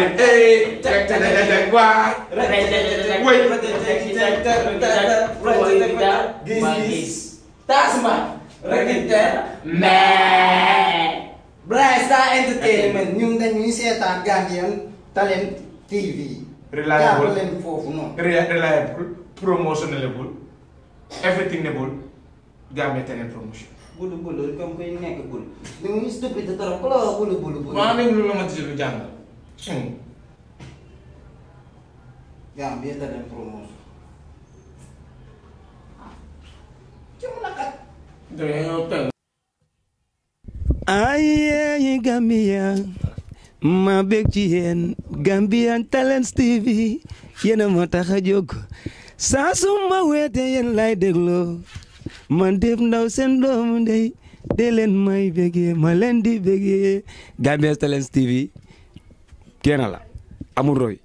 main eh cek cek cek cek wah wait gis tasma regiter me Brasa Entertainment nyung dan nyung setan gandian talent TV reliable talent fofu no reliable promotionable everything able Gambia talent promotion bulu bulu comme ko nek bulu ni stupide torop ko bulu bulu bulu ma ngi lu ma ci lu jangal ceng Gambia ya, dan promosi cuma nakat dari aye Gambia ma beg ci yéen Gambian Talents TV yéen a ma tax a jóg saa su ma weete lay dégloo man def ndaw seen doomu ndey dee begi, may begi, ma leen di Gambian Talents TV kenn la amul roy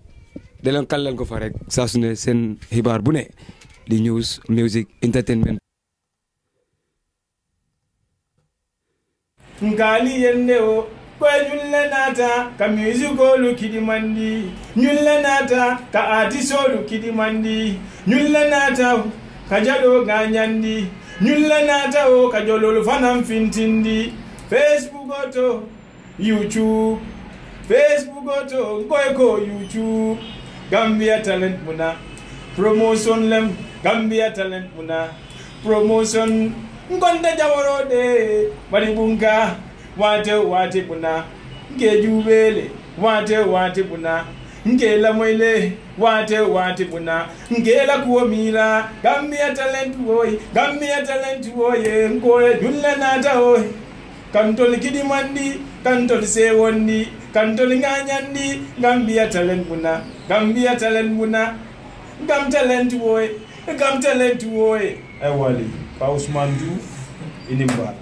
da leen kàllal ko fa rek saa su ne seen bu ne di news music entertainment nkaali yende wo koye ñulle naata ka musicoolu kidimandi ñulle naata ka artisoolu kidimandi ñulle naata ka jaɗo gañandi ñulle naata o ka jololu fanan fintindi facebook oto youtube facebook oto ko youtube gambia talent muna promotion lem gambia talent muna promotion ngonde jaworode mari bunka wate wate muna nke juwele wate wate muna nke lamoile wate wate muna nke la gambia talent gambia talent kan tol sewon ni kan tol ŋañan ni ngam mbiya talent muna ngam mbiya talent muna ngam talent woye ngam talent woye ay wali pa ousmane diouf inimbala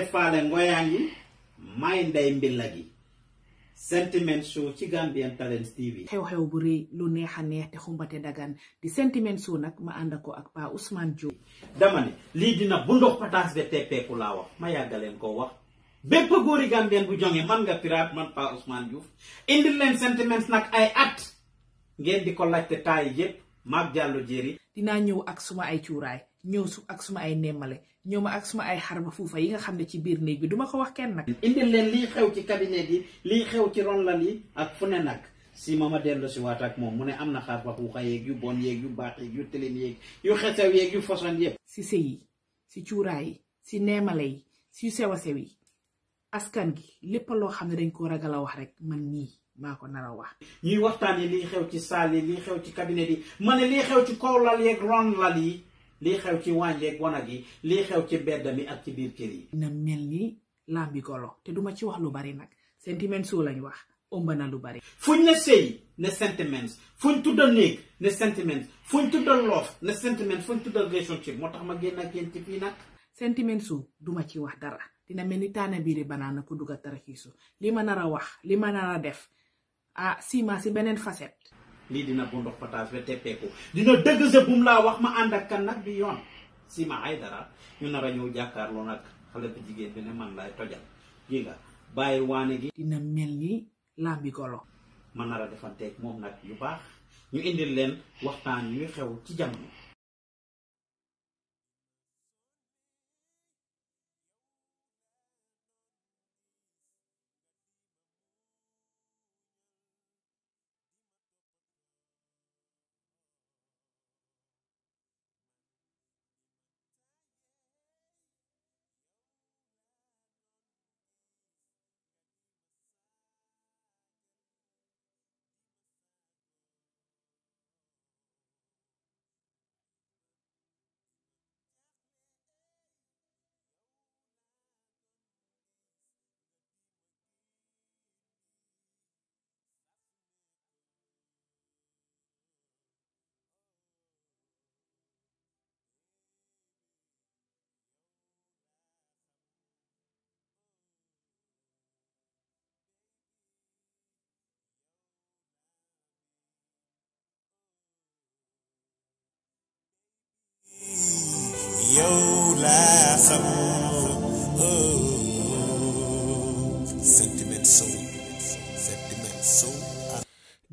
tefaale ngoyaan yi may ndey mbilla gi sentiment show ci Gambian Talents TV. xew-xew bu rëy lu neex a neex te xumbate dagan di sentiment show nag ma ànd ko ak Pa Ousman Joob. dama ne lii dina bu ndox pataas de teppeeku laa wax ma yàggaleen koo wax bépp góori Gambien bu jonge man nga piraat man Pa Ousman Joob indil leen sentiments nag ay at ngeen di ko laajte taay yépp maag jàllu jéeri dinaa ñëw ak suma ay cuuraay. ñëw su ak suma ay nemmale ñëw ma ak suma ay xarba fuufa yi nga xam ne ci biir néeg bi duma ko wax kenn nag indil leen liy xew ci cabinet yi liy xew ci ronlal yi ak fu ne nag si ma ma dellu si waat moom mu ne am na xarba fuufa yeeg yu bon yeeg yu baax yu tëlin yeeg yu xesew yeeg yu si sëy yi si cuuraay yi si neemale yi si sew yi askan gi lépp loo xam ne dañ ko ragal a wax rek man nii maa ko nar a waxtaan yi liy xew ci saal yi liy ronlal yi lii xew ci wàññeek wanag yi lii xew ci mbedd mi ak ci biir kër yi. na mel ni làmbi golo te duma ci wax lu bari nag sentiment soo lañ wax ëmb na lu bari. fuñ ne sëy ne sentiments fuñ tudda néeg ne sentiments fuñ tudda loof ne sentiments fuñ tudda relationship moo tax ma génn ak yéen ci fii nag. sentiments su duma ci wax dara dina mel ni taana biiri banaana ku dugg a tarakiisu li ma nar a wax li ma nar def ah sima si beneen facette. lii dina bu ndox pataas ba teppeeku dina dëgg sa bum laa wax ma ànd ak kan nag bi yoon si ma ay dara ñu nar a ñëw jàkkaarloo nag xale bu jigéen bi ne man laay tojal yi nga bàyyi waane gi dina mel ni làmbi golo ma nar a defanteeg moom nag yu baax ñu indil leen waxtaan yuy xew ci jamono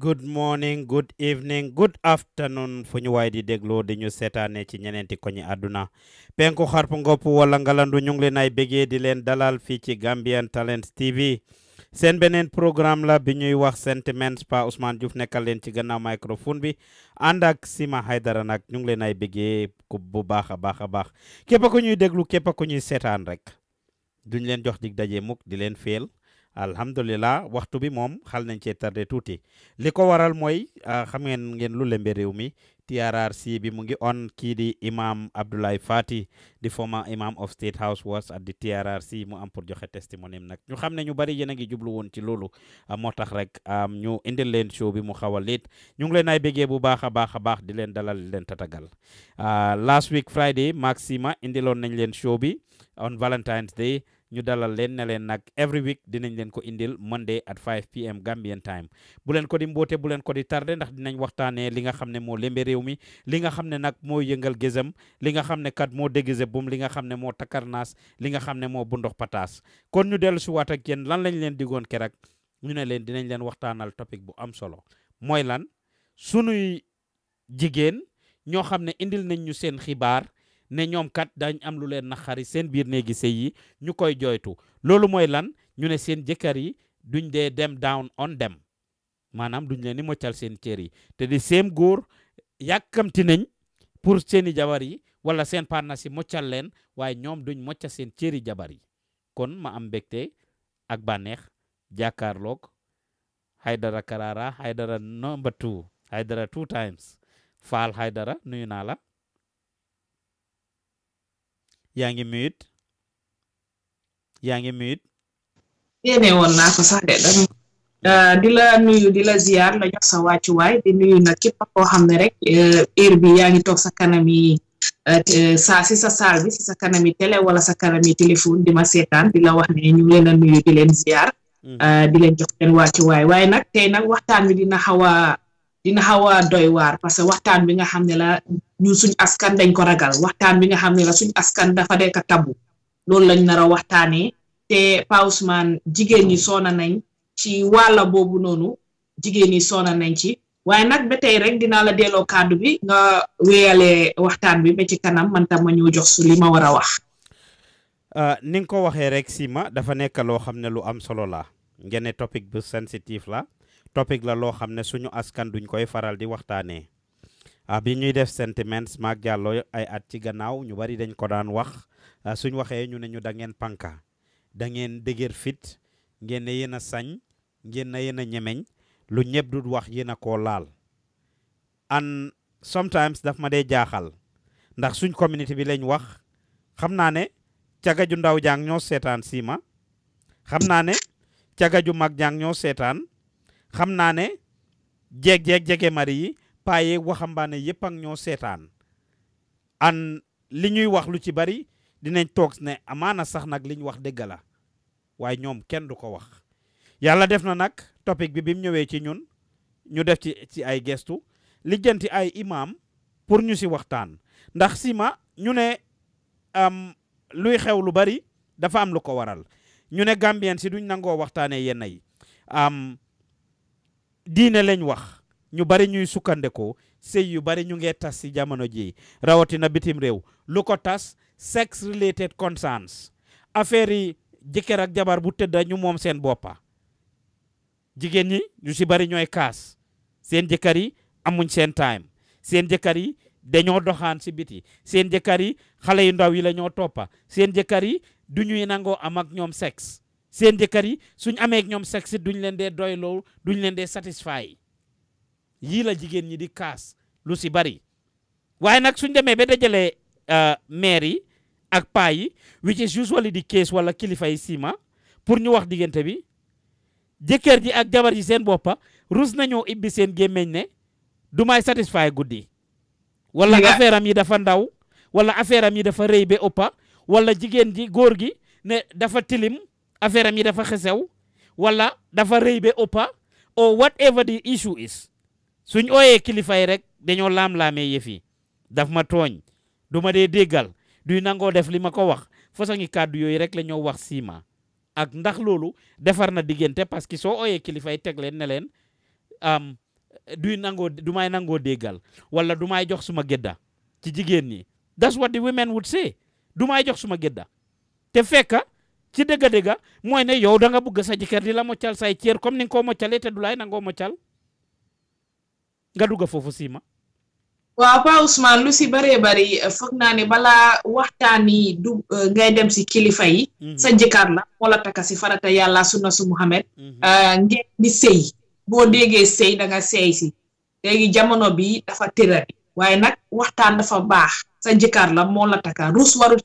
good morning good evening good afternoon fu ñu way di deglo di ñu sétane ci ñeneenti koñi aduna. penku xarpu ngop wala ngalandu ñu ngi leen ay di len dalal fi ci Gambian Talents TV sen benen programme la bi ñuy wax sentiments pa Ousmane Diouf nekkal len ci gannaaw microphone bi andak Sima Haydara nak ñu ngi lay ay bégee ku bu baaxa baaxa baax képp ñuy déglu képp ko ñuy sétane rek duñ len jox dig dajé muk di len feel Alhamdulillah waxtu bi mom xal nañ tuti. tardé touti liko waral moy ah, xam ngeen ngeen lu lembe TRRC bi mu ngi on kiri di imam Abdoulaye Fati di former imam of State House was at the TRRC mu am pour joxe testimonium nak ñu xam ne ñu bari yéen ngi jublu won ci lolu ah, motax rek ñu indil len show bi mu xaw a ñu ngi leen ay bu baax a baax di len dalal len tatagal ah, last week Friday Maxima indilon nañ len show bi on Valentine's Day ñu dalal leen ne leen nag every week dinañ leen ko indil Monday at 5 pm Gambian time bu leen ko di mboote bu leen ko di tardé ndax dinañ waxtaanee li nga xam ne moo lembe réew mi li nga xam ne nag moo yëngal gëzam li nga xam ne kat moo dégise bum li nga xam ne moo takarnaas li nga xam ne moo bundox pataas kon ñu dellu si waat ak yéen lan lañ leen digoon kerak ñu ne leen dinañ leen waxtaanal topic bu am solo mooy lan sunuy jigéen ñoo xam ne indil nañ ñu seen xibaar ne ñom kat dañ am lu leen naxari seen biir neegi sey yi ñu koy jooytu loolu mooy lan ñu ne seen jëkkër yi duñ dee dem down on dem maanaam duñ leen ni moccal seen cër yi te di seen góor yàkkamti nañ pour seeni jabar yi wala seen partenaire si moccal leen waaye ñoom duñ mocca seen yi jabar yi kon ma am mbégte ak bànneex jàkkaarloog Haidara Karara Haidara number two Haidara two times Faal Haidara nuyu naa la yaa ngi mute yaa ngi mute yéene woon naa ko sax de euh, di la nuyu di la ziar la jox sa wàccuwaay di nuyu nag képp koo xam ne rek euh, heure bi yaa ngi toog sa kanam yi euh, saa si sa saal sa kanam yi télé wala sa kanam yi téléphone di ma seetaan di la wax ne ñu ngi leen a nuyu di leen ziar mm-hmm. di leen jox seen wàccuwaay waaye tey nag waxtaan wi dina dina xawa doy war parce que waxtaan bi nga xam la ñu suñ askan dañ ko ragal waxtaan bi nga xam la suñ askan dafa ka tabu lool lañ nara a waxtaanee te Pa Ousmane jigéen ñi soona nañ ci wala bobu nonu jigéen ñi soona nañ ci waye nak ba rek dina la delloo kàddu bi nga wéyalé waxtaan bi ba ci kanam man tam ma ñëw jox su li ma wax. Uh, ni nga ko waxé rek Sima dafa nekk lo xam lu am solo la ngeen topic bu sensitive la topic la loo xam ne suñu askan duñ koy faral di waxtaanee ah, bi ñuy def sentiments maag Diallo ay at ci gannaaw ñu bari dañ ko daan wax ah, suñ waxee ñu ne ñu da ngeen panka da ngeen fit ngeen ne yéen a sañ ngeen na ñemeñ lu ñëpp du wax yéen a laal and sometimes daf ma dee jaaxal ndax suñ community bi lañ wax xam naa ne caga ju ndaw jàng ñoo seetaan siima xam ne caga ju mag ñoo xam naa ne jeeg-jeeg jege mari yi paaye waxambaane yëpp ak ñoo seetaan an li ñuy wax lu ci bari dinañ toog ne amaana sax nag li ñu wax dëgg waaye ñoom kenn du ko wax yàlla def na nag topic bi bi mu ñëwee ci ñun ñu def ci ci ay gestu lijjanti ay imaam pour ñu si waxtaan ndax sima ñu ne luy xew lu bari dafa am lu ko waral ñu ne gambien si duñ nangoo waxtaanee yenn yi diine lañ wax ñu bari ñuy sukkandekoo sey yu bari ñu ngi tass si jamono ji rawatina bitim rew lu ko tass sex related concerns affaire yi jikker ak jabar bu tedda ñu mom seen bopa jigen ñi ñu ci bari ñoy kaas seen amuñ seen time seen jëkkër yi doxaan si biti seen jëkkër yi xale yu ndaw yi lañu topa seen yi am ak ñom sexe seen jëkkër yi suñ amee ak ñoom sexe duñ leen dee doyloo duñ leen dee satisfy yii la jigéen ñi di kaas lu si bari waaye nag suñ demee ba dajalee euh, maire yi ak paa yi which is usually di case wala kilifa yi sima pour ñu wax diggante bi jëkkër ji ak jabar ji seen boppa rus nañoo ibbi seen gémmeñ ne du may satisfy guddi wala affaire am yi dafa ndaw wala affaire am yi dafa rëy ba ëppa wala jigéen ji góor gi ne dafa tilim affaire am yi dafa xesew wala dafa rëy ba ëppa or whatever the issue is suñ ooyee kilifa yi rek dañoo laam-laamee yëf yi daf ma tooñ du ma dee déggal duy nangoo def li ma ko wax façongi kàddu yooyu rek la ñoo wax siima ak ndax loolu defar na diggante parce que soo ooyee kilifa teg leen ne leen duy nangoo du may nangoo déggal wala du may jox suma gédda ci jigéen ñi that's what the women would say du may jox suma gédda te fekka ci dëgg dëgg moy ne yow da nga bëgg sa jëkkër di la cial say cër comme ni nga mo cialé té du laay mo cial nga dugg fofu sima wa Pa Ousmane lu ci baree bari foog na ni bala waxtani du euh, ngay dem si kilifa yi. Mhm. sa jikar la wala taka si farata yalla sunna su Muhammad. Mhm. Euh, ngeen di sey bo déggee sey da nga sey si léegi jamono bi dafa tëradi waye nak waxtan dafa bax sa jikar la mo la taka waru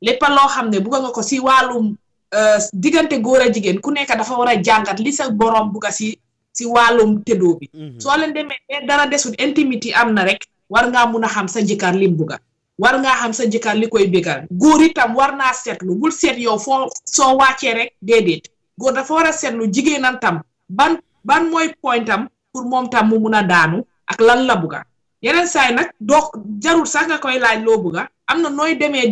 lepp lo xamne bu nga ko walum euh digante goor ak jigen ku nekk dafa wara jangat li sa borom ga si ci walum teddo bi mhm. soo leen demee dara desut intimité am rek war nga mëna xam sa jikar lim ga war nga xam sa jikar likoy bégal goor itam war na seetlu bul seet yo fo so wàccee rek déedéet goor dafa wara a seetlu tam ban ban moy pointam pour mom tam mu mëna daanu ak lan la ga yeneen saay nag doo jarul sax nga koy laaj loo bëgg am na nooy demee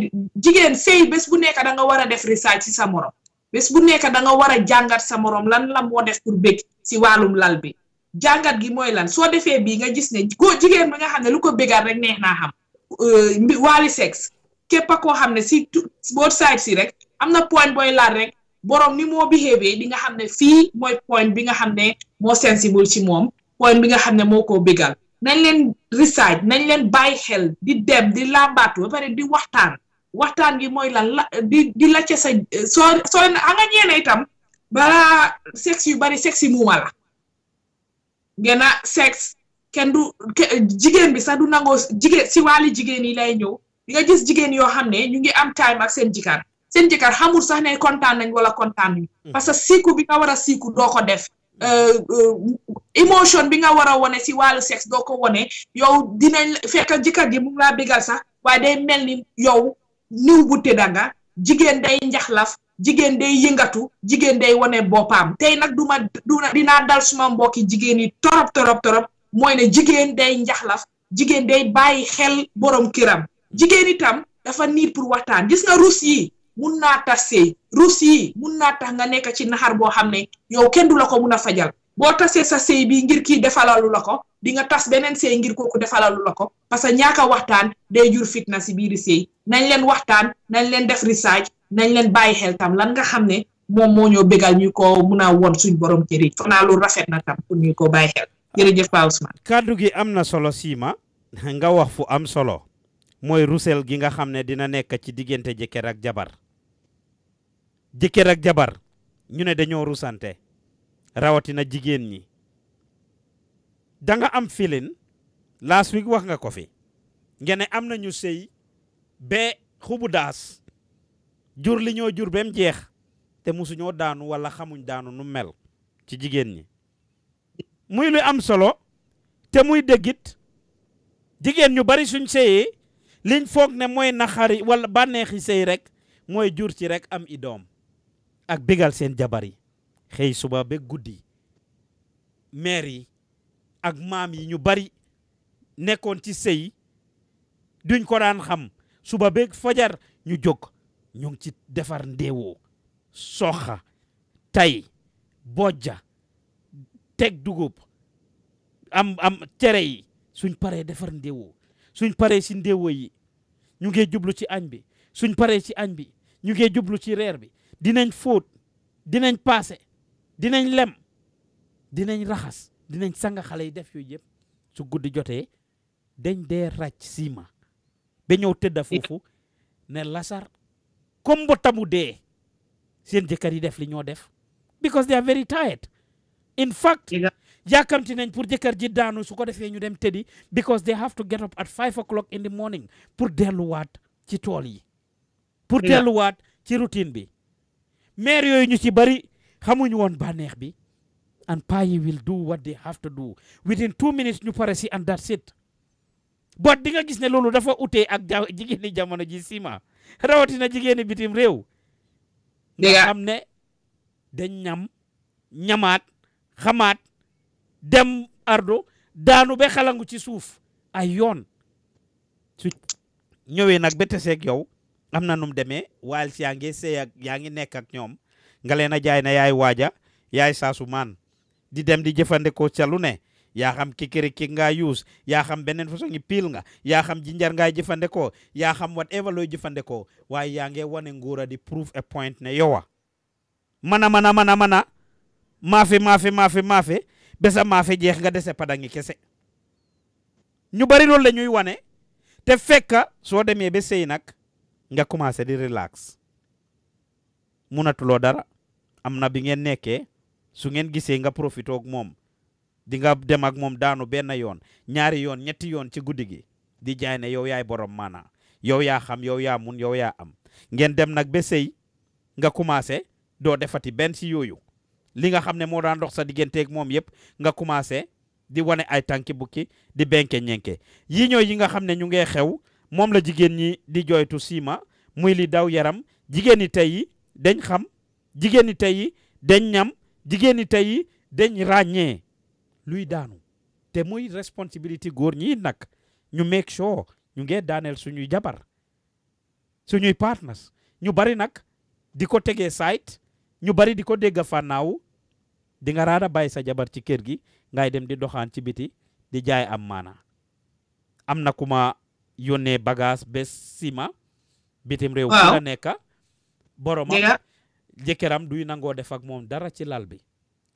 jigéen sëy bés bu nekk da nga war a def research ci sa morom bés bu nekk da nga war a jàngat sa morom lan la moo def pour bëgg si wàllum lal bi jàngat gi mooy lan soo defee bii nga gis ne góor jigéen bi nga xam ne lu ko bëggaat rek neex naa xam euh, waali sexe képp a koo xam ne si both sides si rek am na point booy laal rek borom ni moo behavior di nga xam ne fii mooy point bi nga xam ne moo sensible ci moom point bi nga xam ne moo koo bëggal nañ leen risaaj nañ leen bàyyi xel di dem di làmbaatu ba pare di waxtaan waxtaan gi mooy di di la ca sa soo soo a ah nga ñeene itam bala sex yu bari sex yi muuma la ngeen a sex kenn du jigéen bi sax du nangoo jigéen si wàlli jigéen yi lay ñëw nga gis jigéen yoo xam ne ñu ngi am time ak seen jikar seen jikar xamul sax ne kontaan nañ wala kontaan nañ mm. parce que siiku bi nga war a doo ko def Euh, euh, émotion bi nga war a wone si wàllu sexe doo ko wone yow dinañ fekk jëkkër ji mu ngi laa bégal sax waaye day mel ni yow niw bu tëdda nga jigéen day njaxlaf jigéen day yëngatu jigéen day wone boppam tey nag duma duma dinaa dal suma mbokki jigéen yi torop torop torop mooy ne jigéen day njaxlaf jigéen day bàyyi xel borom këram jigéen itam dafa nii pour waxtaan gis nga rus yi mun naa tas sëy rus mun yau tax nga nek ci nahar bo xam yow kenn dula ko mun a fajal boo tasee sa sey bi ngir ki defalalu lako di nga tas benen sey ngir defalalu lako parce que ñaaka waxtaan day jur fitna ci biir sey nañ leen waxtaan nañ leen def research nañ leen bàyyi xel tam lan nga xam mom nyuko, ñoo bégal ñu ko mun won suñ borom ri fanaa lu rafet na tam pour ñu ko bàyyi xel jërëjëf pa Ousmane kaddu gi am solo sima nga wax fu am solo moy rusel gi nga xam dina nek ci ak jabar jëkkër ak jabar ñu ne dañoo rusante rawati jigéen ñi da nga am filin last week wax nga ko fi nga ne am na ñu sëy ba xubu daas jur li ñoo jur bem jeex te musuñoo daanu wala xamuñ daanu nu mel ci jigéen ñi muy lu am solo te muy dëggit jigéen ñu bari suñ sëyee liñ foog ne mooy naxari wala bànneexi sëy rek mooy jur ci rek am idom. doom ak bégal seen jabar yi xëy suba ba guddi maire yi ak maam yi ñu bari nekkoon ci sey duñ ko daan xam suba ba fajar ñu jóg ñu ngi ci defar ndéewoo soxa tay bojja teg dugub am am cere yi suñ paree defar ndéewoo suñ paree si ndéewoo yi ñu ngee jublu ci añ bi suñ paree ci añ bi ñu ngi jublu ci reer bi dinañ foot dinañ pase, dinañ lem dinañ raxas dinañ sanga xalé yi def yoy yeb su gudd joté dañ dé racc sima ba ñew tedda fofu né lasar comme ba tamu dé seen jëkkar yi def li ñoo def because they are very tired in fact yàkkamti nañ pour jëkkar ji daanu su ko ñu dem because they have to get up at 5 o'clock in the morning pour delluwaat ci tool yi pour ci routine bi maire yooyu ñu ci bari xamuñu woon bànneex bi and PAYE will do what they have to do within two minutes ñu pare si and that's it but di nga gis ne loolu dafa utee ak ja jigéeni jamono ji sima rawatina jigéeni bitim réew nga xam ne dañ ñam ñamaat xamaat dem ardo daanu ba xalangu ci suuf ay yoon su ñëwee nag ba yow am na num demee Wales yaa ngi sëy ak yaa ngi nekk ak ñoom nga leen a jaay na yaay waaja yaay saasu maan di dem di jëfandikoo ca lu ne yaa xam kikiriki nga use yaa xam beneen façon ngi piil nga yaa xam jinjar ngay jëfandikoo yaa xam whatever looy jëfandikoo waaye yaa ngi wane nguura di prove a point ne yowa mana mana mana mana maafe maafe maafe maafe besa maafe jeex nga dese padangi kese ñu bari loolu la ñuy wane te fekka soo demee ba sey nag nga commencé di relax munatuloo dara am na bi ngeen nekkee su ngeen gisee nga profitoog moom di nga dem ak moom daanu benn yoon ñaari yoon ñetti yoon ci guddi gi di jaay ne yow yaay borom maanaa yow yaa xam yow yaa mun yow yaa am ngeen dem nag ba sey nga commencé doo defati benn si yooyu li nga xam ne moo daan dox sa digganteeg moom yëpp nga commencé di wane ay tànki bukki di benke ñenke yi ñooy yi nga xam ne ñu ngee xew moom la jigéen ñi di jooytu siima muy li daw yaram jigéen ñi tey dañ xam jigéen ñi tey yi ñam jigéen ñi tey yi ràññee luy daanu te muy responsabilité góor ñi nag ñu make sure ñu ngee daaneel suñuy jabar suñuy partners ñu bari nag di ko tegee site ñu bari di ko dégg fànnaaw di nga raada bàyyi sa jabar ci kër gi ngay dem di doxaan ci biti di jaay am maana am na kuma yónnee bagaas ba sima bitim réew fu la nekka boromam jëkkëram duy nangoo def ak moom dara ci lal bi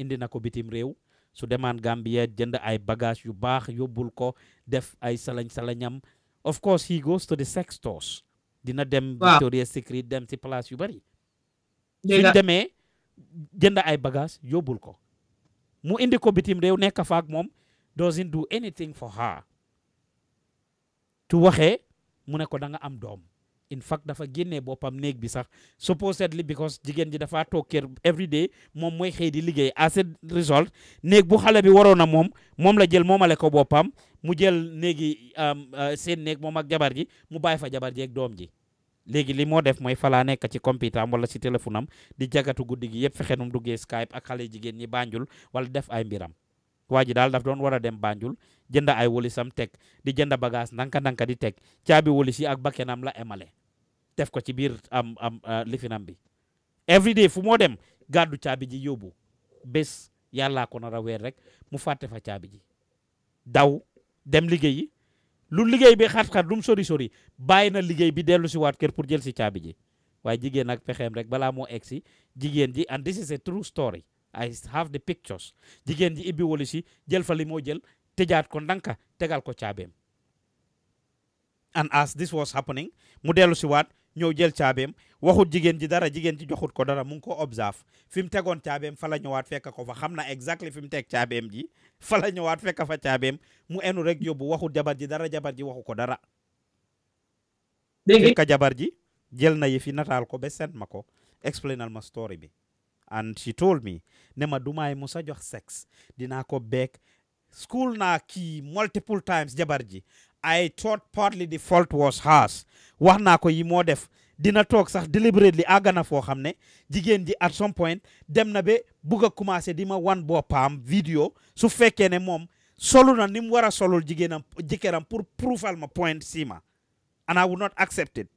indi na ko bitim réew su demaan Gambia jënd ay bagage yu baax yóbbul ko def ay salañ-salañam of course he goes to the sex dina dem Victoria's sécurite dem ci place yu bari suñ demee jënd ay bagage yóbbul ko mu indi ko bitim réew nekk fa ak moom doesn't do anything for her tu waxee mu ne ko da nga am doom in fact dafa génnee boppam néeg bi sax supposedly because jigéen ji dafa toog kër every day moom mooy xëy di liggéey as a result néeg bu xale bi waroon a moom moom la jël moomale ko boppam mu jël néegi um, uh, seen néeg moom ak jabar ji mu bàyyi fa jabar ji doom ji léegi li moo def mooy falaa nekk ci computer am wala ci téléphone di jagatu guddi gi yëpp fexe nu mu duggee Skype ak xale jigéen ñi Banjul wala def ay mbiram waa ji daal daf doon war a dem Banjul jënd ay wolisam teg di jënd bagage ndanka-ndanka di teg caabi wolis yi ak bakkenam la emale def ko ci biir am am euh, lifinam bi every day fu moo dem gàddu caabi ji yóbbu bés yàlla ko nar a weer rek mu fàtte fa caabi ji daw dem liggéeyi lu liggéey bi xat-xat lu mu sori sori bàyyi na liggéey bi dellu si waat kër pour jël si caabi ji waaye jigéen ak pexeem rek balaa moo egg si jigéen ji and this is a true story I have the pictures Jigen di ibi wolisi si jël fa li moo jël ko ndanka tegal ko chabem. and as this was happening mu si wat ñëw jël caabeem waxut jigen ji dara jigen munko joxut ko dara mu ko observe fi tegon tegoon fa la hamna exactly fim teg caabeem ji fa la ñëwaat fekk fa chabem, mu enu rek yobu waxut jabar ji dara jabar ji waxu ko dara fekk jabar ji jël na yi fi nataal ko ba sent ma story bi and she told me ne ma du yi musa jox sex dinaa ko beeg school naa kii multiple times jabar ji I thought partly the fault was hers wax naa ko yi moo def dina toog sax deliberately àgg na foo xam ne jigéen ji at some point dem na ba bugg a commencé di ma wan boppam vidéo su fekkee ne moom solu na ni mu war a solul jigéenam jëkkëram pour prouval ma point sima and I would not accept it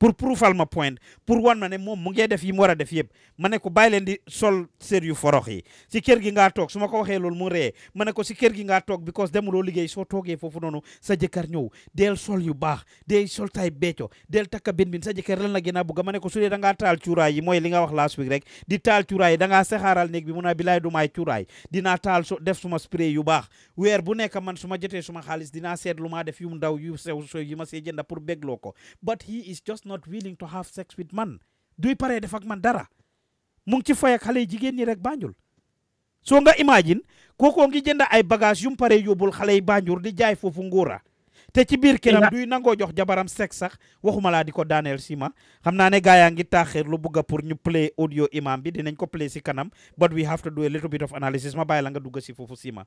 pour prouval ma point pour wan ma ne moom mu ngee def yi mu war def yëpp ma ne ko bàyyi leen di sol sér yu forox yi si kër gi ngaa toog su ma ko waxee loolu mu ree ma ne ko si kër gi nga toog because demuloo liggéey soo toogee foofu noonu sa jëkkër ñëw deel sol yu baax deel sol tay beeco deel takka bin bin sa jëkkër lan la gën a ma ne ko su dee da ngaa taal cuuraay yi mooy li nga wax last week rek di taal cuuraay yi da ngaa sexaaral néeg bi mun naa bilaay du maay cuuraay dinaa taal so def suma spray yu baax weer bu nekk man su ma jotee suma xaalis dinaa seet maa def yu ndaw yu sew yu ma see pour bégloo ko not willing to have sex with man duy paré def ak man dara mu ngi ci fay ak xalé jigen ni rek Banjul so nga imagine koko ngi jënd ay bagage yu paré yobul xalé di jaay fofu ngoura te ci bir kéram duy nango jox jabaram sex sax waxuma la diko ko sima xamna né gaaya ngi taxir lu bëgg pour ñu play audio imam bi dinañ ko play si kanam but we have to do a little bit of analysis ma bay la nga dugg si fofu sima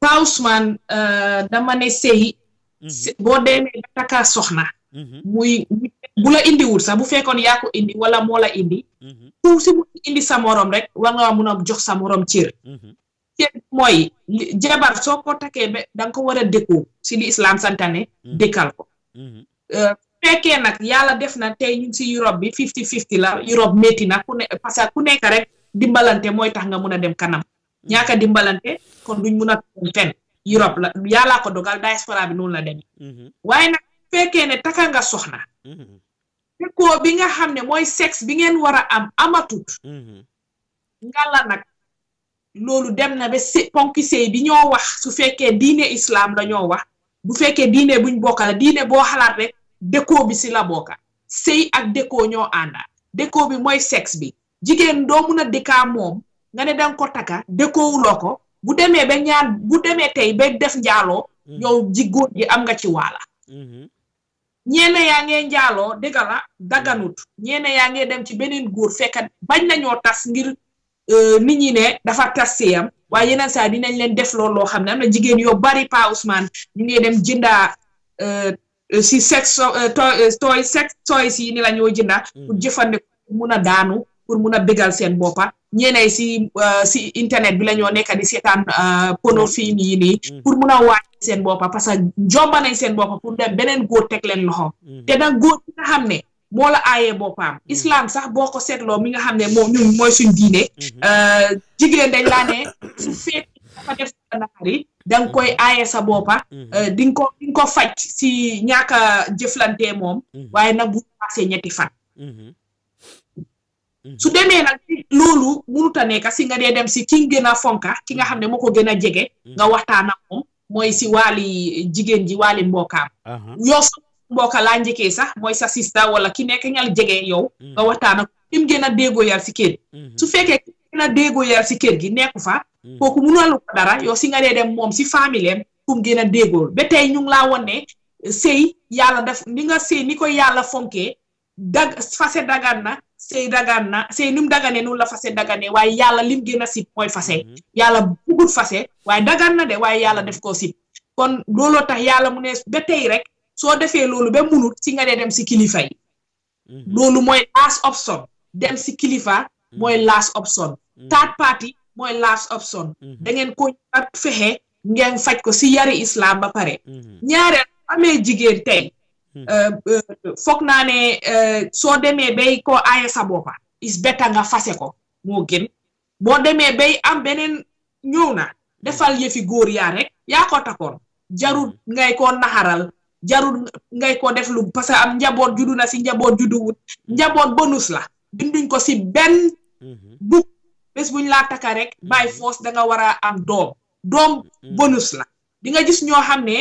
Pausman eh, dama ne sehi mhm. bo demee soxna mhm. muy bula indi wut sax bu fekkon ya ko indi wala mo la indi ku mhm. si mu indi sa morom rek wa nga mu a jox sa morom mhm. moy jabar soko ko be dang ko wara si li islam santane mhm. dekal ko eh, fekkee nak yalla def na tay ñu si Europe bi 50 50 la Europe metti na ku ne parce que ku nekk rek dimbalante moy tax nga mun dem kanam ñaaka dimbalante kon duñ mun fenn Europe la yalla ko dogal diaspora bi non la demee waye nak ne soxna Mm-hmm. déggoo bi nga xam ne mooy sexe bi ngeen war a am amatut mm-hmm. ngala nag loolu dem na ba ponki sëy bi ñoo wax su fekkee diine islam la ñoo wax bu fekkee diine buñ bokka la diine boo xalaat rek déggoo bi si la bokka sëy ak déggoo ñoo ànda déggoo bi mooy sexe bi jigéen doo mun a dëkkaa moom nga ne danga ko taka dëkkoowuloo ko bu demee ba ñaar bu demee tey ba def njaaloo ji mm-hmm. jigóor ji am nga ci waala ñeene yaa ngee njaaloo dëgg la daganut ñeene yaa ngee dem ci beneen góor fekk bañ nañoo tas ngir euh, ni ñi ne dafa tas seyam waaye yeneen saa dinañ leen def loolu loo xam ne am na jigéen yoo bari Pa Ousmane ñu ngee dem jëndaa euh, si sex euh, toy sex toys yi ni la ñoo jënda mm. pour jëfandikoo pour mun a daanu pour mun a bégal seen boppa ñeenay si euh, si internet bi la ñoo nekk di seetaan euh, pono film yi nii mm. pour mun a wàññi seen boppa parce que jomba nañ seen boppa pour dem beneen góor teg leen loxo mm. te nag góor bi nga xam ne moo la aayee boppam mm. islam sax boo ko seetloo mi nga xam ne moom ñun mooy suñ diine mm-hmm. euh, jigéen dañ laa ne su feet dafa def sa naxari danga koy mm-hmm. aaye sa boppa mm-hmm. di ko di ko faj si ñaaka a jëflante moom waaye nag bu passé ñetti fan su mhm. demee nag loolu mënut a nekk si nga dee dem si ki gën a fonka ki nga xam ne moo ko gën a jege. Mhm. nga waxtaan a moom mooy si waali jigéen ji waali mbookaam. yow sa laa njëkkee sax mooy sa wala ki nekk ñal jege yow. Mhm. nga waxtaan ak kim a déggoo yar si kër su fekkee ki gën si kër gi nekku fa. kooku mënalu ko dara yow si nga dee dem moom si famille kum gën a déggool ba tey ñu laa woon ne sëy def ni nga sëy ni ko yàlla fonke dag fase dagan na sëy dagaan na sëy ni mu daganee noonu la fase daganee waaye yàlla lim gën a sib mooy fase mhm. yàlla bugul fase waaye dagaan na de waaye yàlla def koo sib kon looloo tax yàlla mu ne ba tey rek soo defee loolu ba munut si nga dee dem si kilifa yi mhm. loolu mooy last option dem si kilifa mhm. mooy last option third party mooy last option da ngeen ko fexe ngeen faj ko si yari islam ba pare ñaareel amee jigéen tey Hmm. Euh, euh, foog naa ne euh, soo demee bay koo aaye sa boppa is betta nga fase ko moo gën boo demee bay am beneen ñëw na defal yëfi góor yaa rek yaa ko takoon jarut hmm. ngay ko naxaral jarut ngay ko def lu parce que am njaboot juddu na si njaboot juddu wut hmm. njaboot bonus la binduñ ko si benn bug bés buñ laa taka rek by force danga war a am doom doom bonus la di nga gis ñoo xam ne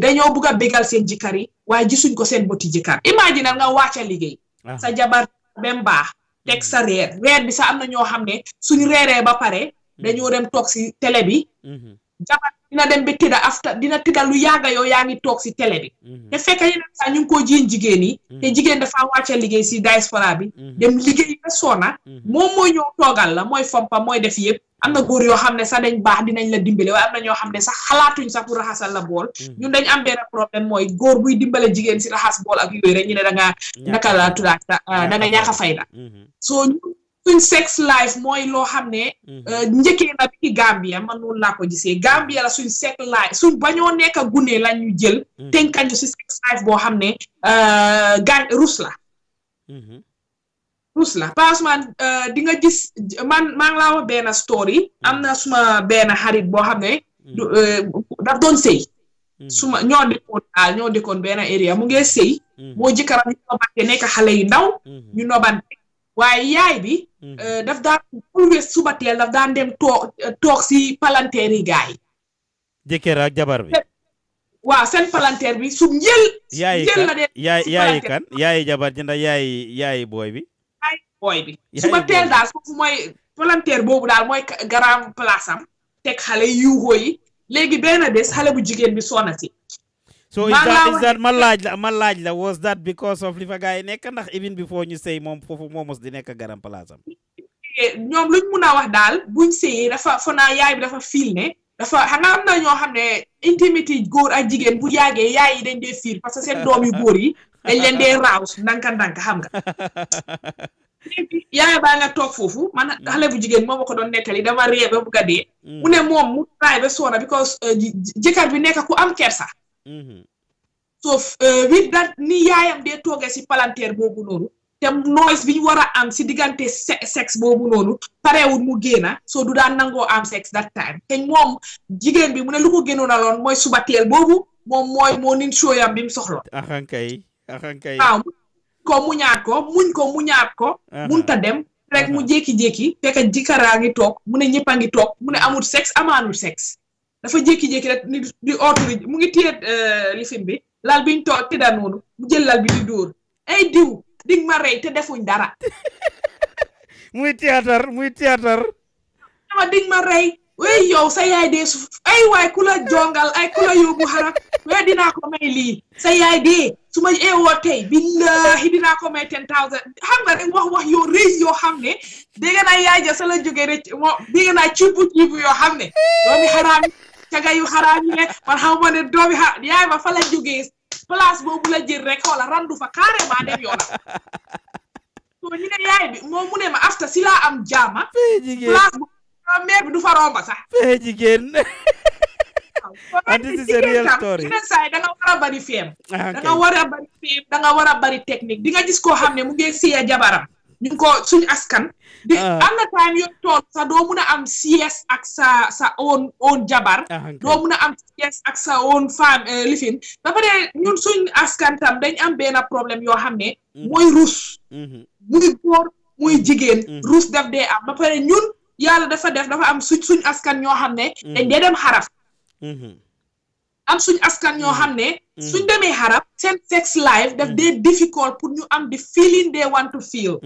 dañoo bugg a bégal seen jëkkër yi waaye suñ ko seen boti jëkkër imagine nga wàcc liggéey ah. sa jabar ba baax teg sa reer reer bi sa am na ñoo xam ne suñ reeree ba pare hmm. dañoo dem toog si tele bi hmm. jabar dina dem ba tëdda afta dina tëdda lu yàgga yoo yaa ngi toog si tele bi hmm. te fekk yeneen saa ñu ngi ko jiin jigéen yi te jigéen dafa wàcce liggéey si diaspora bi dem liggéey ba sona moom mooy ñoo toogal la mooy fompam mooy def yëpp am na góor yoo xam ne sax dañ baax dinañ la dimbale waaye am na ñoo xam ne sax xalaatuñ sax pour raxasal la bool mm-hmm. ñun dañ am benn problème mooy góor buy dimbale jigéen si raxas bool ak yooyu rek ñu ne da nga naka la tuddaat ah, da nga ñàkk a fayda mm-hmm. soo suñ sex life mooy loo xam ne mm-hmm. euh, njëkkee na bi Gambia man noonu laa ko gisee Gambia la suñ sex life suñ bañoo nekk a gunee la ñu jël tënkañu si sex life boo xam ne euh, gan la rusla pas man euh, di nga gis man maa ngi laa wax benn story am na suma benn xarit boo xam ne mm. euh, daf doon sëy mm. suma ñoo dëkkoon daal ñoo dëkkoon benn area mu ngee sëy mm. moo jëkkaram ñu nobante nekk xale yu ndaw mm-hmm. ñu nobante waaye yaay bi mm-hmm. euh, daf daan always suba daf daan dem toog toog si palanteer yi gaay jëkkër ak jabar bi waaw seen palanteer bi su njël yaay kan yaay kan yaay jabar jënda yaay yaay booy bi booy bi suba teel daal foofu mooy volontaire boobu daal mooy grand place am teg xale yuuxoo yi léegi benn bés xale bu jigéen bi soona si so is that ma laaj la ma laaj la was that because of li fa gars yi nekk ndax even before ñu sëy moom foofu moo mos di nekk grand place am eh, ñoom luñ mun a wax daal buñ sëyi dafa fo naa yaay bi dafa fiil ne dafa xam nga am na ñoo xam ne intimité góor ak jigéen bu yàggee yaay yi dañ dee fiir parce que seen doom yu góor yi dañ leen dee raawus ndanka ndanka xam nga Ya baa nga toog foofu man mm. xale bu jigéen moom ko doon nettali dama ree ba bugg a dee mm. mu ne moom mu because euh, jëkkër bi nekk ku am kersa mm-hmm. so with euh, that ni yaayam dee toogee si palanteer boobu noonu te noise bi ñu war a am si diggante sex boobu noonu parewul mu génna so du daan nangoo am sex that time te moom jigéen bi mu ne lu ko génnoon a loon mooy suba boobu nin show yam bi mu soxla. axankay waaw ko mu ñaar ko muñ ko mu ñaat ko munta dem rek mu jékki-jékki fekk jikaraa ngi toog mu ne ñëpp a ngi toog mu ne amul sexe amaanul sexe dafa jékki-jékki rek ni di autori mu ngi téye euh, lifin bi lal biñ toog tëdda noonu mu jël lal bi di dóor ay diw dig ma rey te defuñ dara muy théâtre muy théâtre dama dig ma rey wey yow sa yaay dee su ay waay jongal ay ku la yóbbu wey dinaa ko may lii sa yaay dee su ma eewoo eh, tey billahi dinaa ko may ten thousand xam nga wax wax yoo rëy yoo xam ne dégg naa yaay ja sa la jógee rek moo dégg naa ciibu ciibu yoo xam ma boobu la jël rek wala dem yoona so ñu yaay bi moo ma afta si am jaama place maire bi du fa romba sax fee eh, jigéen anti si c'est real story yeneen saa yi da nga war a bari feem da nga war a bari feem da nga war a bari technique di nga gis koo xam ne mu ngi siya jabaram ñu ko suñ askan di ah. am na time yoo tool sa doo mun a am sies ak sa sa own own jabar ah, doo mun a am sies ak sa own femme eh, lifin ba pare ñun suñ askan tam dañ am benn problème yoo xam ne mooy mm. rus mm-hmm. muy góor muy jigéen mm. rus daf dee am ba pare ñun yàlla dafa def dafa am suñ askan ñoo xam ne. Mm-hmm. dañ dee dem xaraf. Mm-hmm. am suñ askan ñoo xam ne. Mm-hmm. suñ demee xarab seen sex life daf dee difficult pour ñu am di feeling they want to feel.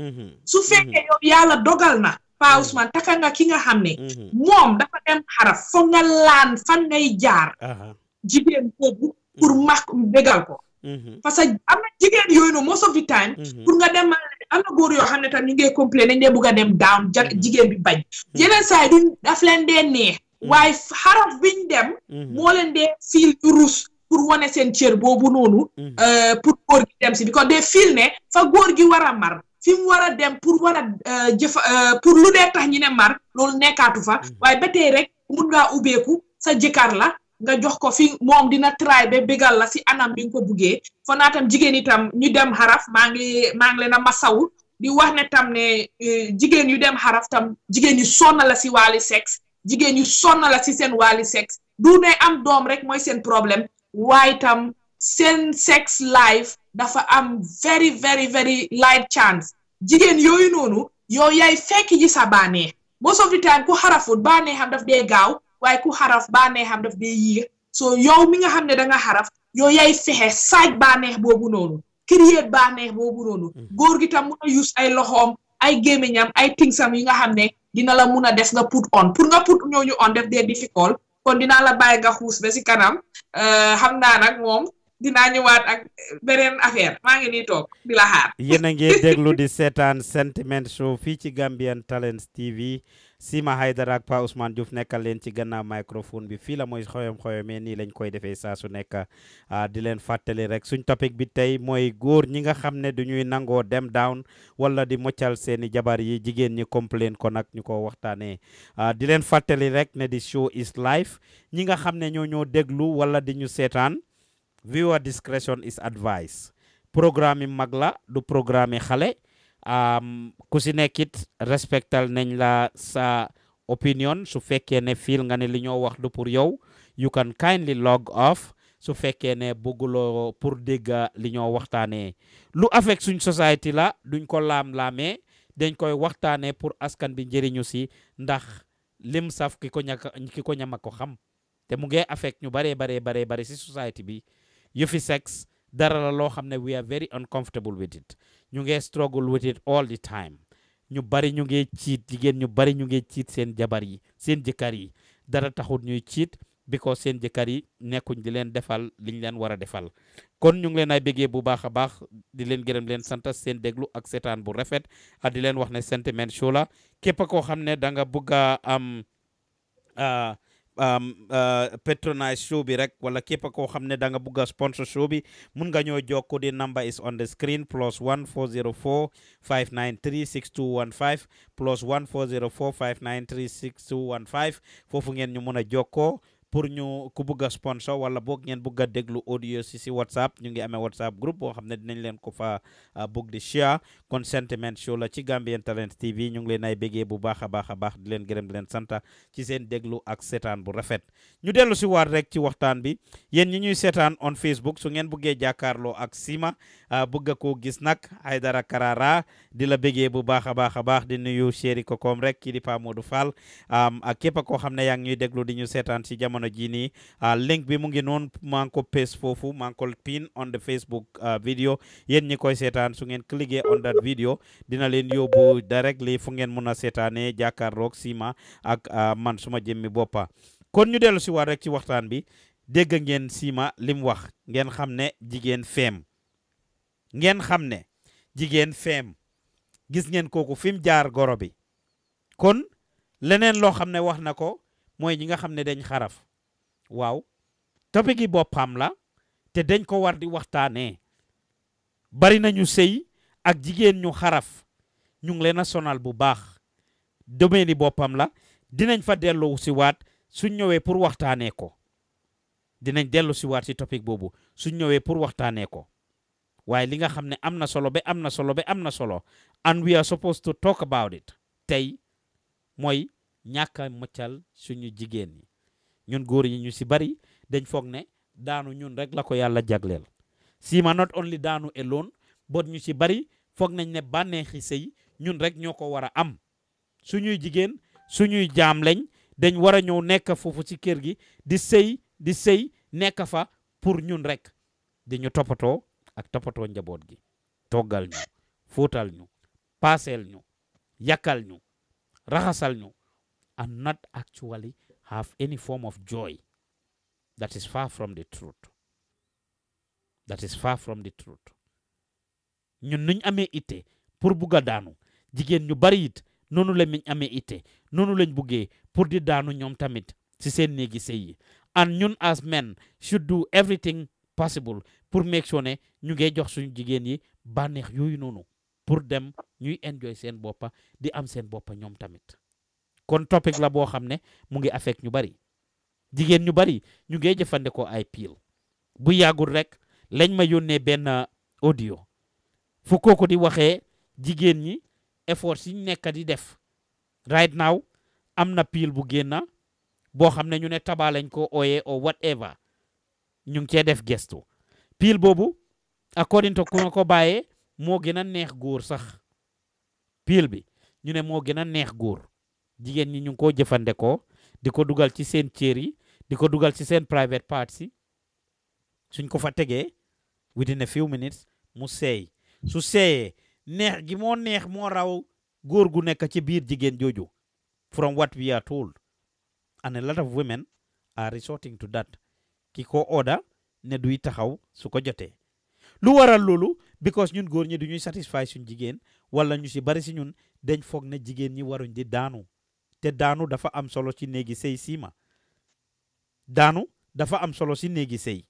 su fekkee yàlla dogal na. Pa Ousman taka nga ki nga xam ne. moom dafa dem xaraf foog nga laan fan ngay jaar. Uh-huh. jigéen boobu pour max bégal ko. Mm-hmm. parce que am na jigéen yooyu noonu most of the time. Mm-hmm. pour nga dem am na góor yoo xam ne tam ñu ngi complain dañ dee bugg a dem down ja mm-hmm. jigéen bi bañ. yeneen saa yi duñ daf leen dee neex. waaye xaraf biñ dem. moo leen dee fiil ñu pour wane seen cër boobu noonu. Euh, pour góor dem si bi kon dee fiil ne fa góor gi war a mar. fi mu war a dem pour war a euh, jëfa euh, pour lu dee tax ñu ne mar loolu nekkaatu fa. waaye ba tey rek mun ngaa ubbeeku sa jëkkër la. nga jox ko fi moom dina try ba bégal la si anam bi nga ko buggee fanaa tam jigéen itam ñu dem xaraf maa ngi maa ngi leen a masawu di wax ne tam ne eh, jigéen yu dem xaraf tam jigéen yu sonna la si waali sexe jigéen yu sonna la si seen waali sexe du ne am doom rek mooy seen problème waaye tam seen sex life dafa am very very very light chance jigéen yooyu noonu yow yaay fekk ji sa baanee most of the time ku xarafut baanee xam daf dee gaaw waaye ku xaraf bànneexam daf dee yéex soo yow mi nga xam ne danga nga xaraf yow yaay fexe saaj bànneex boobu noonu créer neex boobu noonu mm-hmm. góor gi tam mun a use ay loxoom ay gémmiñam ay tingsam yi nga xam ne dina la mun a def nga put on pour nga put ñooñu on def dee difficult kon dinaa la bàyyi nga xuus ba si kanam euh, xam naa nag moom dinaa ñëwaat ak beneen affaire maa ngi nii toog di la xaar. yéen a ngi déglu di seetaan sentiment show fii ci Gambian Talents TV Sima Haidara ak Pa Ousman Joof nekkal leen ci gannaaw microphone bi fii la mooy xoyom-xoyomee nii lañ koy defee saa su nekk ah, di leen fàttali rek suñ topic bi tey mooy góor ñi nga xam ne du ñuy nangoo dem down wala di moccal seeni jabar yi jigéen ñi complain ko nag ñu ko waxtaanee ah, di leen fàttali rek ne di show is life ñi nga xam ne ñoo ñoo déglu wala di ñu seetaan. viewer discretion is advised programme magla du programme xalé kusine ku ci nekit respectal nañ la sa opinion su fekke ne fil nga ne li ñoo wax du pour yow you can kindly log off su fekke ne bugulo pour dega li ñoo waxtane lu affect suñ society la duñ ko lam lamé dañ koy waxtane pour askan bi njëriñu si ndax lim saf kiko ñaka kiko ñama ko xam té mu ngey affect ñu baree baree baree bare si society bi yëfi sex dara la loo xam ne we are very uncomfortable with it ñu ngi struggle with it all the time ñu bari ñu nge ciit jigéen ñu bari ñu nge ciit seen jabar yi seen jëkkar yi dara taxut ñuy ciit because seen jëkkar yi nekkuñ di leen defal liñ leen war a defal kon ñu ngi leen ay béggee bu baax a baax di leen gërëm leen sant seen déglu ak setaan bu rafet ak di leen wax ne Sentiment Show la képp xam ne da nga Euh, patronage show bi rek wala képp koo xam ne da nga bugg a sponsor show bi mun nga ñoo jokku di number is on the screen plus 1 404 593 6215 plus 1 404 593 6215 foofu ngeen ñu mun a jokkoo pour ñu ku bëgg sponsor wala boog ngeen bëgg a déglu audio si si whatsapp ñu ngi amee whatsapp groupe boo xam ne dinañ leen ko fa ah, bëgg di share kon sentiment show la ci Gambian talent TV ñu ngi leen ay bégee bu baax a baax di leen gërëm di leen santa ci seen déglu ak bu rafet ñu dellu si waat rek ci waxtaan bi yéen ñi ñuy seetaan on Facebook su ngeen bëggee jàkkaarloo ak Sima ah, bëgg ko gis nag Aydara Karara di la bégee bu baax a baax a baax di nuyu chéri kokoom rek ki di Pa Modou Fall ak képp ko xam ne ngi déglu di ñu si jamono jamono jii uh, ah, link bi mu ngi non manko pes fofu manko pin on the Facebook ah, video Yen ñi koy sétane su ngeen cliquer on that video dina leen yobbu directly fu ngeen mëna sétane jakar rok Sima ak ah, man suma jëmmi bopa kon ñu dellu si war rek ci waxtaan bi dégg ngeen Sima lim wax ngeen xam jigen fem hamne ngeen xam jigen koko gis ngeen koku fim jaar gorobi kon lenen lo xamne wax nako moy hamne ñi nga xamne dañ xaraf waaw topic boppam la te dañ ko war di waxtaanee bari nañu sëy ak jigéen ñu xaraf ñu ngi leen a sonal bu baax domaine boppam la dinañ fa dellu si waat suñ ñëwee pour waxtaanee ko dinañ dellu si waat si topic boobu suñ ñëwee pour waxtaanee ko waaye li nga xam ne am na solo ba am na solo ba am na solo and we are supposed to talk it tey mooy ñàkk a moccal suñu jigéen ñi ñun góor yi ñu si bari dañ foog ne daanu ñun rek la ko yàlla jagleel siima not only daanu loon boot ñu si bari foog nañ ne bànneexi sëy ñun rek ñoo ko war a am suñuy jigéen suñuy jaam leñ dañ war a ñëw nekk foofu ci kër gi di sëy di sëy nekk fa pour ñun rekk di ñu toppatoo ak toppatoo njaboot gi toggal ñu fóotal ñu paaseel ñu yakkal ñu raxasal ñu and not actually have any form of joy that is far from the truth ñun nuñ amee itte pour bugg a daanu jigéen ñu bari it noonu la ñu amee itte noonu lañ buggee pour di daanu ñoom tamit ci seen néegi sëy yi and ñun as men should do everything possible pour make sure ñu ngey jox suñu jigéen yi bànneex yooyu noonu pour dem ñuy enjoy seen boppa di am seen boppa ñoom tamit kon topic la bo xamne ne mu ngi affect ñu bari jigen ñu bari ñu ngee jëfandiko ay piil bu yagul rek lañ ma yónnee ben uh, audio fu koku di waxe jigen ñi effort yi di def right now amna pil bu génna bo xamne ne ñu ne tabaa lañ ko oyé o whatever ñu ngi def gesto pil bobu according to ku ko baye mo gëna neex goor sax bi ñu ne mo gëna neex goor Jigen ñi ñu ko koo ko diko duggal dugal ci seen ciéri diko duggal ci seen private parts yi suñ ko fa within a few minutes mu sey su seeyee neex gi mo neex mo raw goor gu nekk ci biir jigen joju from what we are told and a lot of women are resorting to that kiko oda order ne duy taxaw su ko jotee lu waral lolu because ñun goor ñi du satisfy suñ jigen wala ñu si bari si ñun dañ foog ne jigen ñi waruñ di daanu te daanu dafa am solo ci néegi sëy siima daanu dafa am solo ci néegi sëy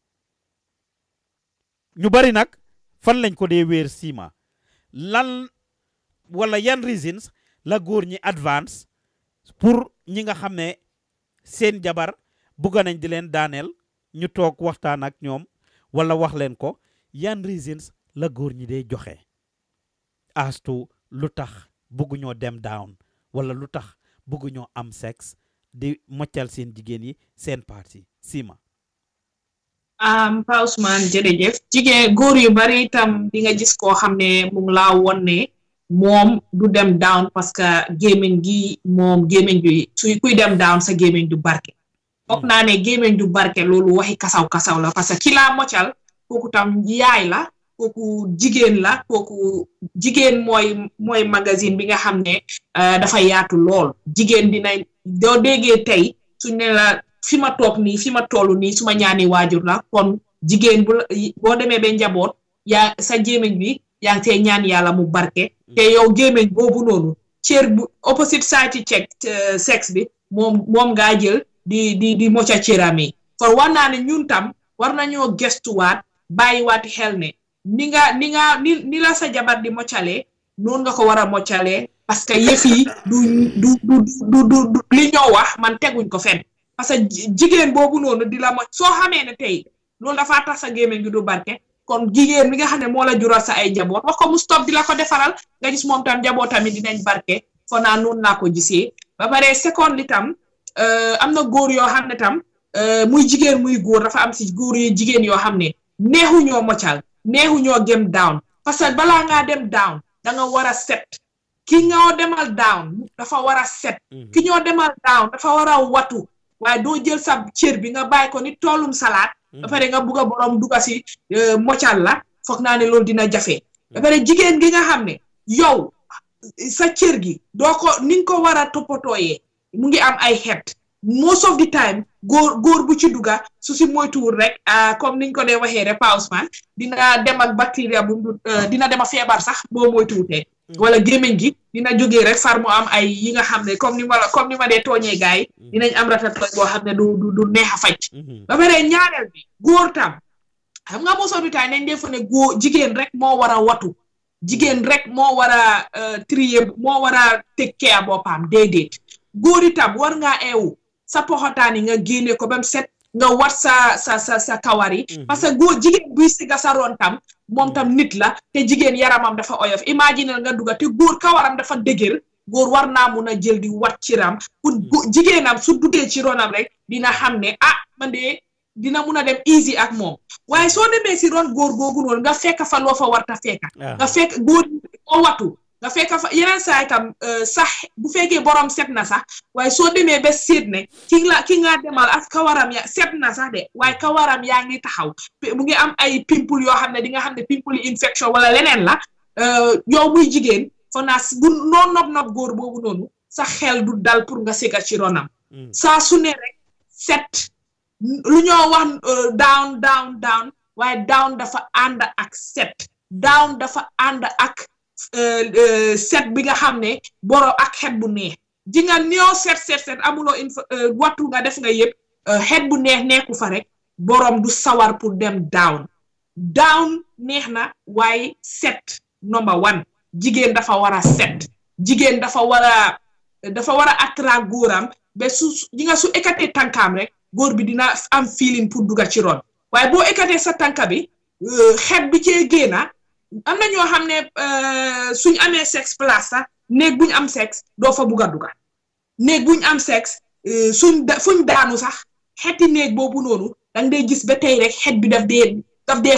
ñu bari nag fan lañ ko dee wéer siima lan wala yan reasons la góor ñi advance pour ñi nga xam ne seen jabar bugga nañ di leen daaneel ñu toog waxtaan ak ñoom wala wax leen ko yan reasons la góor ñi dee joxe as lu tax bugguñoo dem down wala lu tax ñoo am sex di moccal seen jigéen yi seen parti sima am pausman Ousmane jërëjëf jigéen góor yu bari itam di nga gis koo xam ne mu ngi laa ne moom du dem down parce que gémmiñ gi moom gaming bi suy kuy dem down sa gaming du barke foog naa ne gémmiñ du barke loolu waxi kasaw kasaw la parce que ki laa moccal kooku tam yaay la kooku jigéen la kooku jigéen mooy mooy magazine bi nga xam ne euh, dafa yaatu lool jigéen dina doo déggee tey su ne la fi ma toog nii fi ma toll nii su ma ñaani waajur la kon jigéen bu boo demee ba njaboot yaa sa gémmiñ bi yaa see ñaan yàlla mu barke te yow gémmiñ boobu noonu cër bu opposite side check euh, sex bi moom moom ngaa jël di di di mocca cëram yi kon war naa ne ñun tam war nañoo gestuwaat bàyyiwaat xel ne ni nga ni nga ni ni la sa jabar di moccalee noonu nga ko war a moccalee parce que yëf yi du du du du du li ñoo wax man teguñ ko fen parce que jigéen boobu noonu di la mocc soo xamee ne tey loolu dafaa tax sa gémmiñ gi du barke kon jigéen mi nga xam ne moo la jural sa ay njaboot wax ko mu stop di la ko defaral nga gis moom tam njaboot tamit dinañ barke foo naa noonu laa ko gisee ba pare seconde li tam euh, am na góor yoo xam ne tam euh, muy jigéen muy góor dafa am si góor yi jigéen yoo xam ne neexuñoo moccal neexuñoo gem down parce que balaa ngaa dem down da nga war a set ki ñoo demal down dafa war a set mhm. ki ñoo demal down dafa war a watu waaye doo jël sa cër bi nga bàyyi ko ni toolum salaat mhm. ba pare nga bugg a borom dugga si euh, mocal la foog naa ne loolu dina jafe mhm. ba pare jigéen gi nga xam ne yow sa cër gi doo ko ni nga ko war a toppatooyee mu ngi am ay xeet most of the time góor góor bu ci duga su si moytuwul rek ah, comme niñ ko dee waxee rek Ousmane dina dem ak bactéria bu euh, dina dem a feebar sax boo moytuwutee. Mm. wala gémmiñ gi dina jógee rek far mu am ay yi nga xam ne comme ni ma comme ni ma tooñee gars yi mm. dinañ am ratatouille boo xam ne du du neex a faj. Mm-hmm. ba pare ñaareel bi góor tam xam nga mosoo bi taay nañ góor jigéen rek moo war a watu jigéen rek moo war a euh, trier moo war a tekkee boppam déedéet góor itam war ngaa eewu. sa poxotaan yi nga génne ko ba mu set nga wat sa sa sa sa kawar yi mhm. parce que góor jigéen buy siga sa roon tam moom tam mhm. nit la te jigéen yaramam dafa oyof imagine nga duga te góor kawaram dafa dëgër góor war naa mun a jël di wat ciram ram pour mhm. jigéenam su duggee ci ronam rek dina xam ne ah man de dina mun a dem easy ak moom waaye soo demee si ron góor googu noonu nga fekk fa loo fa warta fekka ah. nga fekk góor o watu nga fekk fa yeneen saa itam euh, sax bu fekkee borom seet na sax waaye soo demee ba seet ne ki la ki nga demal ak kawaram ya na sax waaye kawaram yaa ngi taxaw mu ngi am ay pimple yoo xam ne di nga xam ne pimple infection wala leneen la euh, yow muy jigéen fo naa bu noo nob nob góor boobu noonu sax xeel du dal pour nga sega ci ronam. Mm. saa su ne rek set lu ñoo wax euh, down down down waaye down dafa ànd ak set down dafa ànd ak. Euh, euh, set bi nga xam ne boro ak xet bu neex ji nga néew set set set amuloo info euh, wattu nga def nga yëpp xet bu neex neeku fa rek boroom du sawar pour dem down down neex na waaye set number one jigéen dafa war a set jigéen dafa war a dafa war a attract góoram ba su ji nga su ekkatee tànkaam rek góor bi dina am feeling pour dugga ci ron waaye boo ekkatee sa tànka bi xet bi cee génna am na ñoo xam ne euh, suñ amee sexe place sax néeg buñ am sexe doo fa bugg a néeg buñ am sexe euh, suñ da fuñ daanu sax xeeti néeg boobu noonu danga dee gis ba tey rek xet bi daf dee daf dee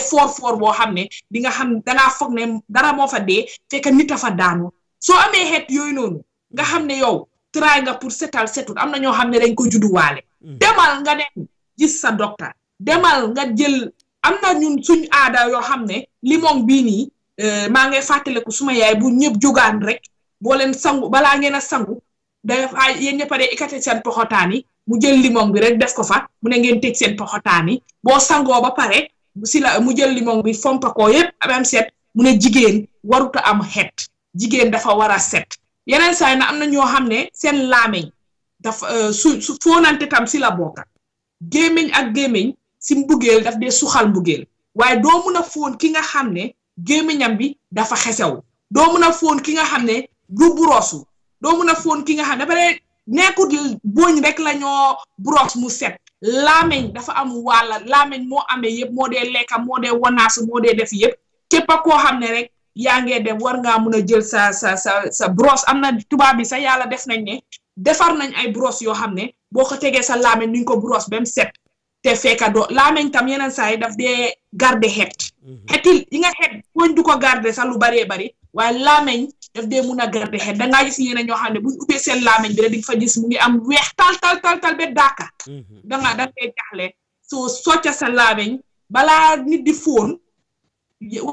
boo xam ne di nga xam dangaa foog ne dara moo fa dee te nit a fa daanu soo amee xeet yooyu noonu nga xam ne yow try nga pour setal setul am na ñoo xam ne dañ ko judduwaale mm. demal nga dem gis sa docteur demal nga jël am na ñun suñ aada yoo xam ne limon bii nii euh, maa ngay fàttaliku suma yaay bu ñëpp jógaan rek boo leen sangu bala ngeen a sangu dafa yéen ñëpp a dee seen poxotaan yi mu jël limon bi rek def ko fa mu ne ngeen tëj seen poxotaan yi boo sangoo ba pare si la mu jël limon bi fompa ko yëpp am set mu ne jigéen waruta am xet jigéen dafa war a set yeneen saay na am na ñoo xam ne seen laameñ dafa euh, su su foonante tam si la bokka ak gémmiñ si mbugeel daf dee suxal mbugeel waaye doo mun a fóon ki nga xam ne gémmiñam bi dafa xesew doo mun a fóon ki nga xam ne du buroosu doo mun a ki nga xam ne dafa dee nekkut booñ rek la ñoo brosse mu set laameñ dafa am wàlla laameñ moo amee yëpp moo dee lekka moo dee wanaasu moo dee def yëpp képp a koo xam ne rek yaa ngee dem war ngaa mun a jël sa sa sa sa brosse am na tubaab bi sa yàlla def nañ ne defar nañ ay brosse yoo xam ne boo ko tegee sa laameñ nuñ ko brosse ba set te fekka doo laameñ tam yeneen saa yi daf dee garde xet mhm. xetil yi nga xet poñ du ko garde sax lu baree bari waaye laameñ daf dee mun a garde xet dangaa gis yeneen ñoo xam ne buñ ubbee seen laameñ bi rek di fa gis mu ngi am weex tal tal ba dàkka danga daf soo socca sa laameñ di fóon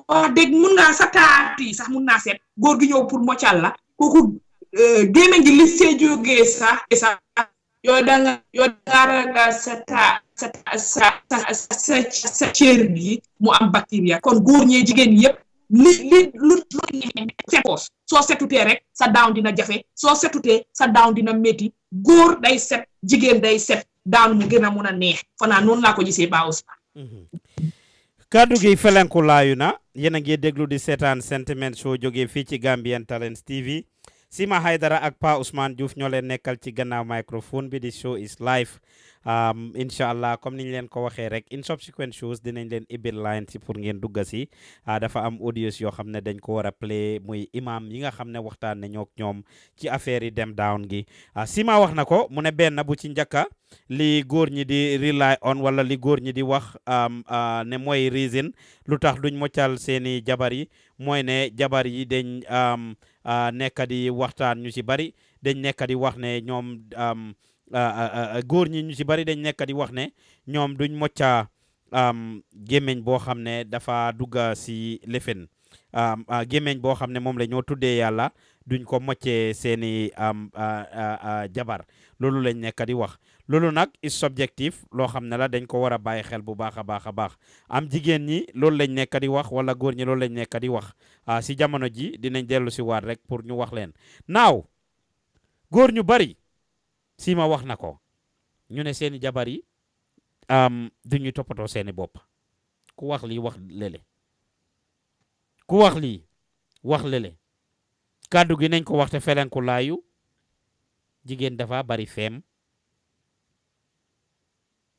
wax dëgg mun ngaa sa taat sax mun naa seet góor gi ñëw pour moccal la kooku euh, gémmiñ gi li see jógee sax yoo danga yoo danga sa taat sa sa sa sa bi mu am bacteria kon góor ñee jigéen yëpp li li lu lu soo setutee rek sa daaw dina jafe soo setute sa daaw dina métti góor day set jigéen day set daaw mu gën a neex fanaan noonu laa ko gisee baaw si mhm. kàddu gi felenku laayu na yéen a ngi déglu di seetaan sentiment show jógee fii ci Gambian Talents TV Sima Haidara ak Pa Ousmane Diouf ñoo leen nekkal ci gannaaw microphone bi di show is live incha allah comme niñ leen ko waxee rek in subsequent shows dinañ leen ibil line si pour ngeen dugga si ah, dafa am audios yoo xam ne dañ ko war play muy imam yi nga xam ne waxtaan nañoo ak ñoom ci affaire yi dem down gi ah, si ma wax na ko mu ne benn bu ci njëkka li góor ñi di rely on wala li góor ñi di wax ah, ne mooy reason lu tax duñ moccal seeni jabar yi mooy ne jabar yi dañ nekk di waxtaan ñu ci bari dañ nekk di wax ne ñoom góor ñi ñu si bari dañ nekk di wax ne ñoom duñ mocca gémmiñ boo xam ne dafa dugga si lefen gémmiñ boo xam ne moom la ñoo tuddee yàlla duñ ko moccee seeni jabar loolu lañ nekk di wax loolu nag is subjectif loo xam ne la dañ ko war a bàyyi xel bu baax a baax a baax am jigéen ñi loolu lañ nekk di wax wala góor ñi loolu lañ nekka di wax si jamono ji dinañ dellu si waat rek pour ñu wax leen naaw góor ñu bari Sima wax na ko ñu ne seeni jabar yi du ñu toppatoo seeni bopp ku wax li wax lele ku wax lii wax lele kàddu gi nañ ko waxte felenku laayu jigéen dafa bari feem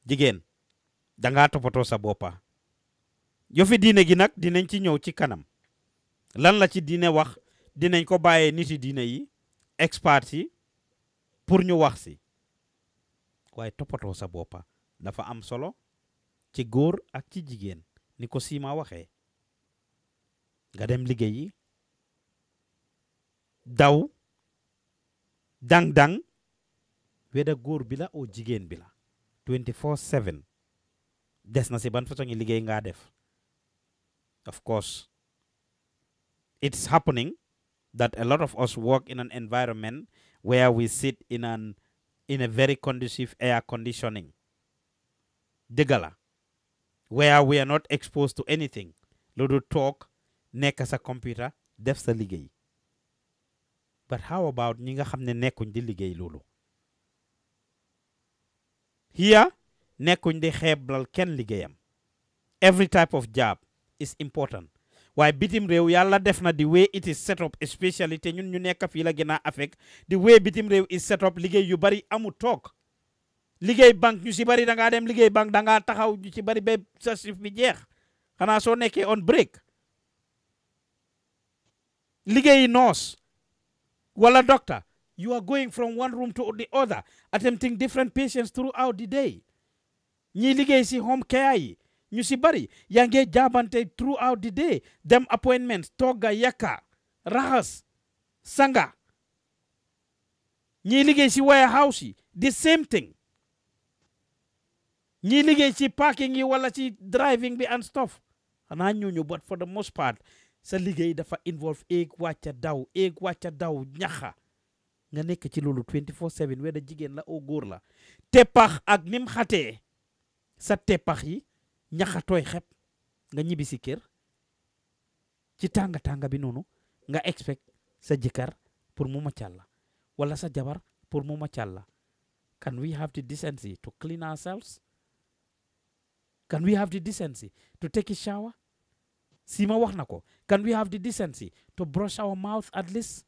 jigéen dangaa toppatoo sa boppa yofi diine gi nag dinañ ci ñëw ci kanam lan la ci diine wax dinañ ko bàyyee niti diine yi experts yi pour ñu wax si waaye toppatoo sa boppa dafa am solo ci góor ak ci jigéen ni ko siima waxee nga dem yi daw dang-dang weda góor bi la oo jigéen bi la 24/7 des na si ban façon ngi liggéey def of course it's happening that a lot of us work in an environment where we sit in an in a very conducive air conditioning. Degala, where we are not exposed to anything. ludo talk, nekk sa computer, def sa liggéey. But how about ñi nga xam ne nekkuñ di liggéey Here, nekkuñ di hebl ken liggéeyam. Every type of job is important. waaye bitim rew yalla def na the way it is set up especially te ñun ñu nekk fi la gëna affect the way bitim rew is set up liggey yu bari amu tok liggey bank ñu ci bari da nga dem liggey bank da nga taxaw ñu ci bari be sa sif bi jeex xana so nekké on break liggey nos wala doctor you are going from one room to the other attempting different patients throughout the day ñi liggey ci home care yi ñu si bari yaa ngee throughout the day dem appointment toga yaka rahas, sanga ñi liggéey si warehouse yi the same thing ñi liggéey si parking yi wala si driving bi and stuff xanaa ñooñu but for the most part sa liggéey dafa involve éeg wàcca daw éeg wàcca daw ñaxa nga nekk ci loolu 24/7 weda jigéen la au góor la teppax ak nim xatee sa teppax yi ñaxa toy xep nga ñibi ci kër ci tanga tanga bi nonu nga expect sa jikar pour mu màccal la wala sa jabar pour mu la can we have the decency to clean ourselves can we have the decency to take a shower sima wax nako can we have the decency to brush our mouth at least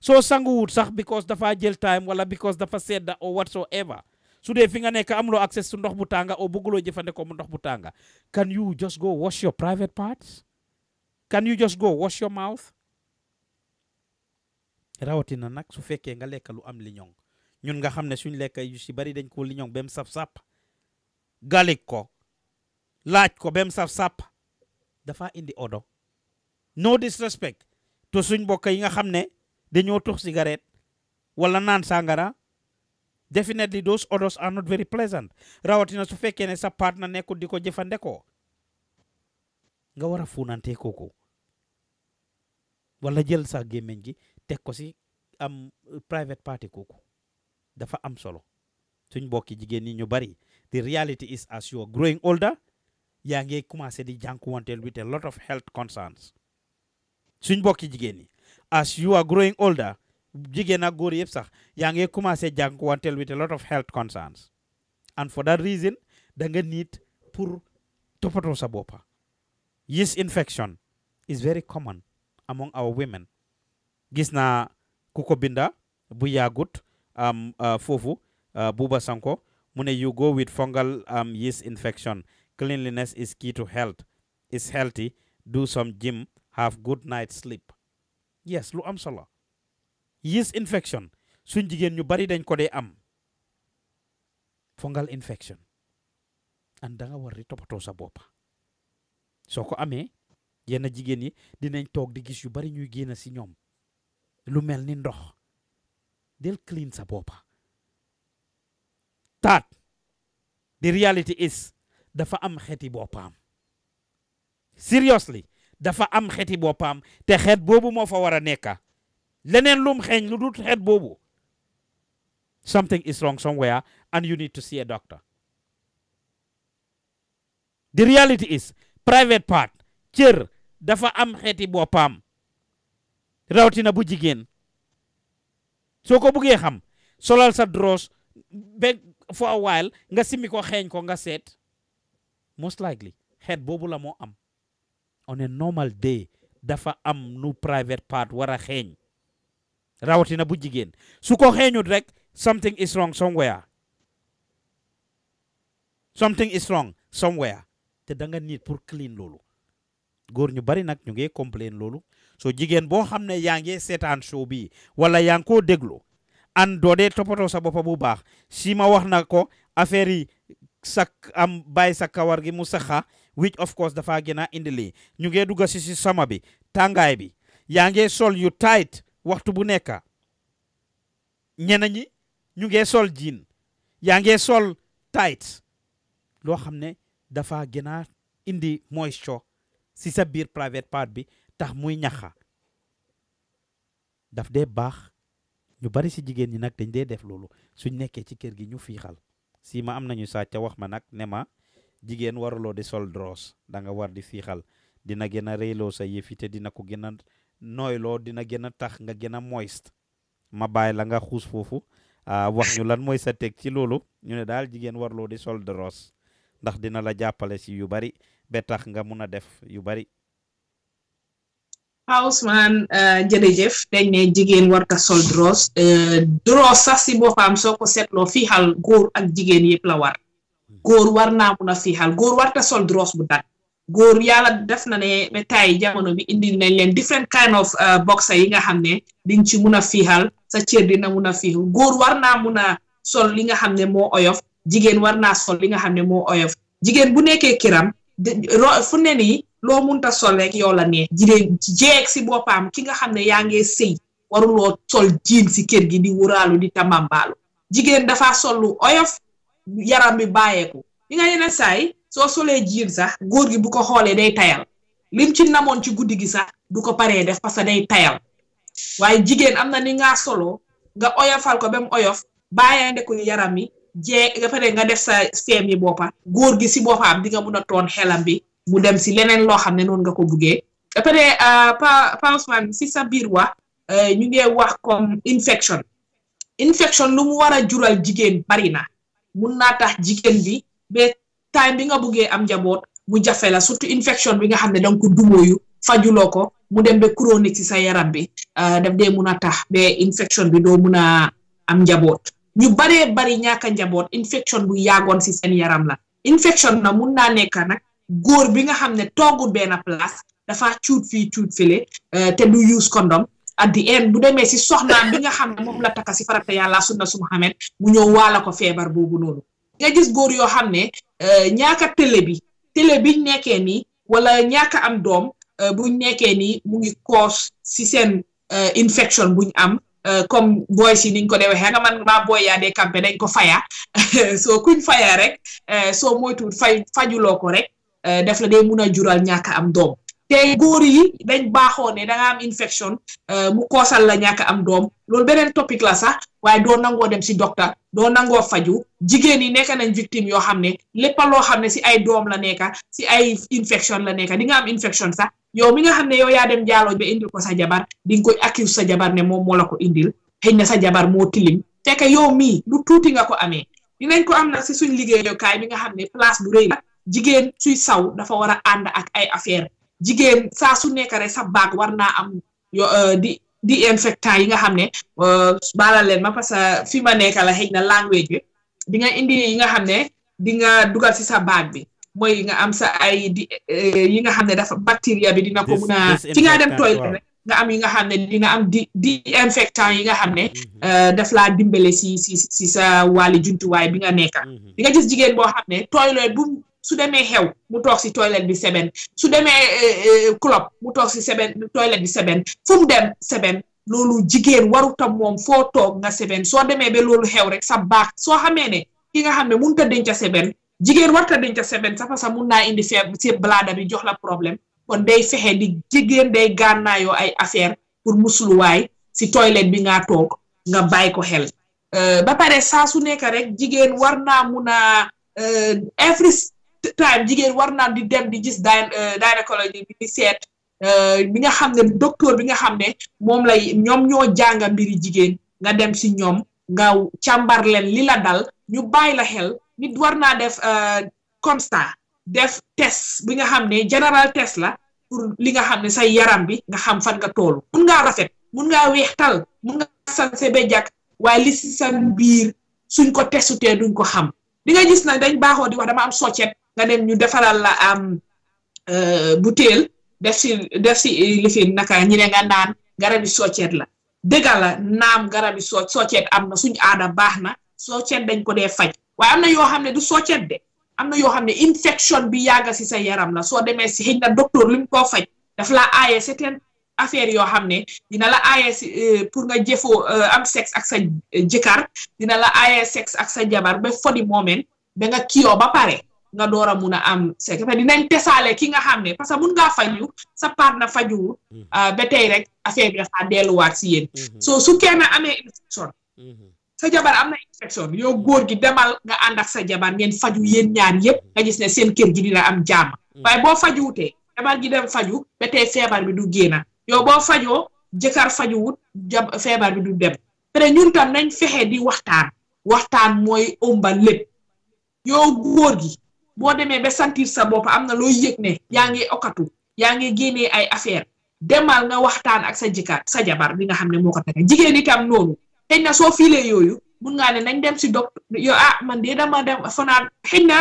so sangu wut sax because dafa jël time wala because dafa sedda or whatsoever su dee fi nga nekk amuloo accès su ndox bu tànga oo bëgguloo jëfandikoo mu ndox bu tànga can you just go wash your private parts can you just go wash your mouth rawatina nag su fekkee nga lekk lu am liñoŋ ñun nga xam ne suñ lekk yu si bari dañ ko liñoŋ ba mu sap-sap galik ko laaj ko bem mu sap-sap dafa indi odo no disrespect to suñ mbokk yi nga xam ne dañoo tux cigarette wala naan sàngara Definitely those odors are not very pleasant. Rawa tinasufeke sa partner neko diko ko Nga wara funante koko. Wala jël sa gémmiñ gi tek ko si am private party koko dafa am solo suñ bokki nyobari. ni ñu bari the reality is as you are growing older ya nge commencer di jànkuwanteel with a lot of health concerns suñ bokki jigen ni as you are growing older jigéen ak góor yëpp sax yaa ngi commencé jànkuwanteel with a lot of health concerns and for that reason da nga need pour toppatoo sa boppa yeast infection is very common among our women gis naa ku binda bu yaagut ah, foofu ah, Buuba Sanko mu ne you go with fungal um, yeast infection cleanliness is key to health is healthy do some gym have good night sleep yes lu am solo yeast infection suñ jigen ñu bari dañ ko dé am fungal infection and da nga war di sa bop soko ko yena jigen yi dinañ tok di gis yu bari ñuy gëna ci ñom lu mel ndox del clean sa bop tat the reality is dafa am xéti bopam seriously dafa am xéti bopam té xeet bobu mo fa wara leneen lum xeeñ lu dut xet boobu something is wrong somewhere and you need to see a doctor the reality is private part cër dafa am xeeti boppam rawatina bu jigéen soo ko buggee xam solal sa dross ba for a while nga simi ko xeeñ ko nga seet most likely xeet boobu la moo am on a normal day dafa am nu private part war a rawatina bu jigéen su ko xeeñut rek something is wrong somewhere something is wrong somewhere te da nga nit pour clean loolu góor ñu bari nag ñu ngi complain loolu so jigen boo xam ne yaa ngi seetaan show bi wala yaa ngi koo déglu an doo dee toppatoo sa boppa bu baax si ma wax na ko affaire yi sak am bàyyi sa kawar gi mu which of course dafa gën a indi lii ñu ngi dugg si sama bi tàngaay bi yaa ngi sol yu tight waxtu bu nekk ñeneen ñi ñu sol jiin yaa sol tight loo xam ne dafa genar indi moisture si sa private part bi tax muy ñaxa daf de baax ñu bari si jigen ñi nag dañ def loolu suñ nekkee ci kër gi ñu fiixal si ma am nañu sàcca wax ma nag ne ma jigéen di sol dross da nga war di fiixal dina gën a réyloo sa yëfi dina ko nooyloo dina gën a tax nga gën a moist ma bàyyi la nga xuus foofu ah, wax ñu lan mooy sa teg ci loolu ñu ne daal jigéen warloo di sol de ndax dina la jàppale si yu bari ba tax nga mun a def yu bari waaw ah, Ousmane euh, jërëjëf dañ ne jigéen warta sol dros euh, dros sax si boppam soo ko seetloo fiixal góor ak jigéen yëpp la war hmm. góor war naa mun a warta sol dros bu dat góor yàlla def na ne ba tey jamono bi indi nañ leen different kind of uh, boxer yi nga xam ne diñ ci mun a fiixal sa cër dina mun a fiixal góor war naa mun a sol li nga xam ne moo oyof jigéen war naa sol li nga xam ne moo oyof jigéen bu nekkee kiram fu ne nii loo munta sol rek yow la nee jigéen jeeg si boppam ki nga xam ne yaa ngi sëy waruloo sol jiin si kër gi di wuraalu di tamambaalu jigéen dafa sol oyof yaram bi bàyyeeku li nga yeneen saay so solee jiin sax góor gi bu ko xoolee day tayal lim ci namoon ci guddi gi sax du ko paree def parce que day tayal waaye jigéen am na ni ngaa solo nga oyofal ko ba mu oyof bàyyande ko yaram yi jee nga pare nga def sa seem yi boppa góor gi si boppam di nga mun a toon xelam bi mu dem si leneen loo xam ne noonu nga ko buggee euh, pa pa Ousmane si sa biir wa euh, ñu ngi wax comme infection infection lu mu war a jural jigéen bari na mun tax jigéen bi be time bi nga buggee am njaboot mu jafe la surtout infection bi nga xam ne danga ko dumóoyu fajuloo ko mu dem ba chronique ci sa yaram bi euh, daf dee mun a tax ba infection bi doo mun a am njaboot ñu baree bari ñaaka njaboot infection bu yaagoon ci seen yaram la infection na mun naa nekk nag góor bi nga xam ne toogu benn place dafa cuut fii cuut file euh, te du use kondom at the end bu demee si soxnaan bi nga xam ne moom la takka ci farata yàlla na su Muhammad mu ñëw waala ko feebar boobu noonu nga góor yoo xam ne euh, ñaaka télé bi télé biñ nekkee nii wala ñaaka am doom euh, buñ nekkee ni mu ngi cause si seen euh, infection buñ am comme boy si niñ ko dee waxee nga man maa booy yaa dee campé dañ ko faya soo kuñ faya rek soo moytuwul fay fajuloo ko rek def la day mun a jural ñaaka am doom te góor yi dañ baaxoo am infection mu koosal la ñaaka am doom loolu beneen topic la sax waaye doo nangoo dem si docteur doo nangoo faju jigéen yi nekk nañ victime yoo xam ne lépp loo xam ne si ay doom la nekka si ay infection la nekka di nga am infection sax yow mi nga xam ne yow yaa dem jaaloo ba indil ko sa jabar di nga koy accuse sa jabar ne moom moo la ko indil xëy na sa jabar moo tilim fekk yow mii lu tuuti nga ko amee dinañ ko am na si suñ liggéeyukaay mi nga xam ne place bu rëy la jigéen suy saw dafa war a ànd ak ay affaire jigéen saa su nekk rek sa baag war naa am yo euh, di di infectant yi nga xam ne euh, baalal leen ma parce que fi ma nekk la xëy na language bi nga indi yi nga xam ne di nga dugal si sa baat bi mooy nga am sa ay di euh, yi nga xam ne dafa bactéria bi dina ko mun a fi nga dem toy nga am yi nga xam ne dina am di di infectant yi nga xam ne mm-hmm. euh, daf laa dimbale si si si sa wàlli jumtuwaay bi nga nekka mm-hmm. di nga jigéen boo xam ne toilet bu su démé xew mu tok ci toilette bi seben su démé eh, eh, club mu tok ci seben toilette bi seben fu mu dem seben jigen waru tam mom fo tok nga seben so démé be lolu xew rek sa bax so xamé né ki nga xam ne munta denca seben jigéen warta denca seben sa fasa mu na indi feeb ci blada bi jox la problème kon day fexé di jigen day ganna yo ay affaire pour way ci toilette bi nga tok nga bay ko xel euh ba paré sa su nekk rek jigen war mu na a eh, every time jigen war di dem di gis euh, gynecology bi di set euh, bi nga xamne docteur bi nga xamne mom lay ñom ñoo jàng mbiri jigen nga dem ci ñom nga chambar len lila dal ñu la xel war def euh, constat def test bi nga xamne general test la pour li nga xamne ne yaram bi nga xam fan nga toolu mun nga rafet mun ngaa weextal mun nga sanse be jak way li ci sa biir suñ ko duñ ko xam di nga gis na dañ baxo di wax dama am socet nga dem ñu defaral la am euh, butéel def si def si lifin naka ñi ne nga naan garabi soccet la dëgga la naam garabi so soccet am na suñ aada baax na soccet dañ ko dee faj waaye am na yoo xam ne du soccet de am na yoo xam ne infection bi yàgga si sa yaram la soo demee si xëy na docteur luñ koo faj daf laa aaye ten affaire yoo xam ne dina la aaye si euh, pour nga jëfoo euh, am sexe ak sa jëkkër dina la aaye sexe ak sa jabar ba fodi moment ba nga kiyoo ba pare nga doora mun am c'est fa dinañ tesaale ki nga xam ne parce que mun ngaa faju sa partner faju mm-hmm. euh, ba tey rek affaire bi dafa delluwaat si yéen mm-hmm. so su kenn amee infection mm-hmm. sa jabar am na infection yow góor gi demal nga ànd ak sa jabar ngeen faju yéen ñaar yépp nga gis ne seen kër gi dina am jàmm waaye boo fajuwutee jabar gi dem faju ba tey feebar bi du génn yow boo fajoo jëkkar fajuwut jab feebar bi du dem pare ñun tam nañ fexe di waxtaan waxtaan mooy ombal lépp yow góor gi boo demee ba sentir sa bopp am na loo yëg ne yaa ngi okatu yaa ngi génnee ay affaire demal nga waxtaan ak sa jikaat sa jabar bi nga xam ne moo ko tere jigéen itam noonu xëy na soo filee yooyu mun ngaa ne nañ dem si dok yo ah man de dama dem fanaan xëy na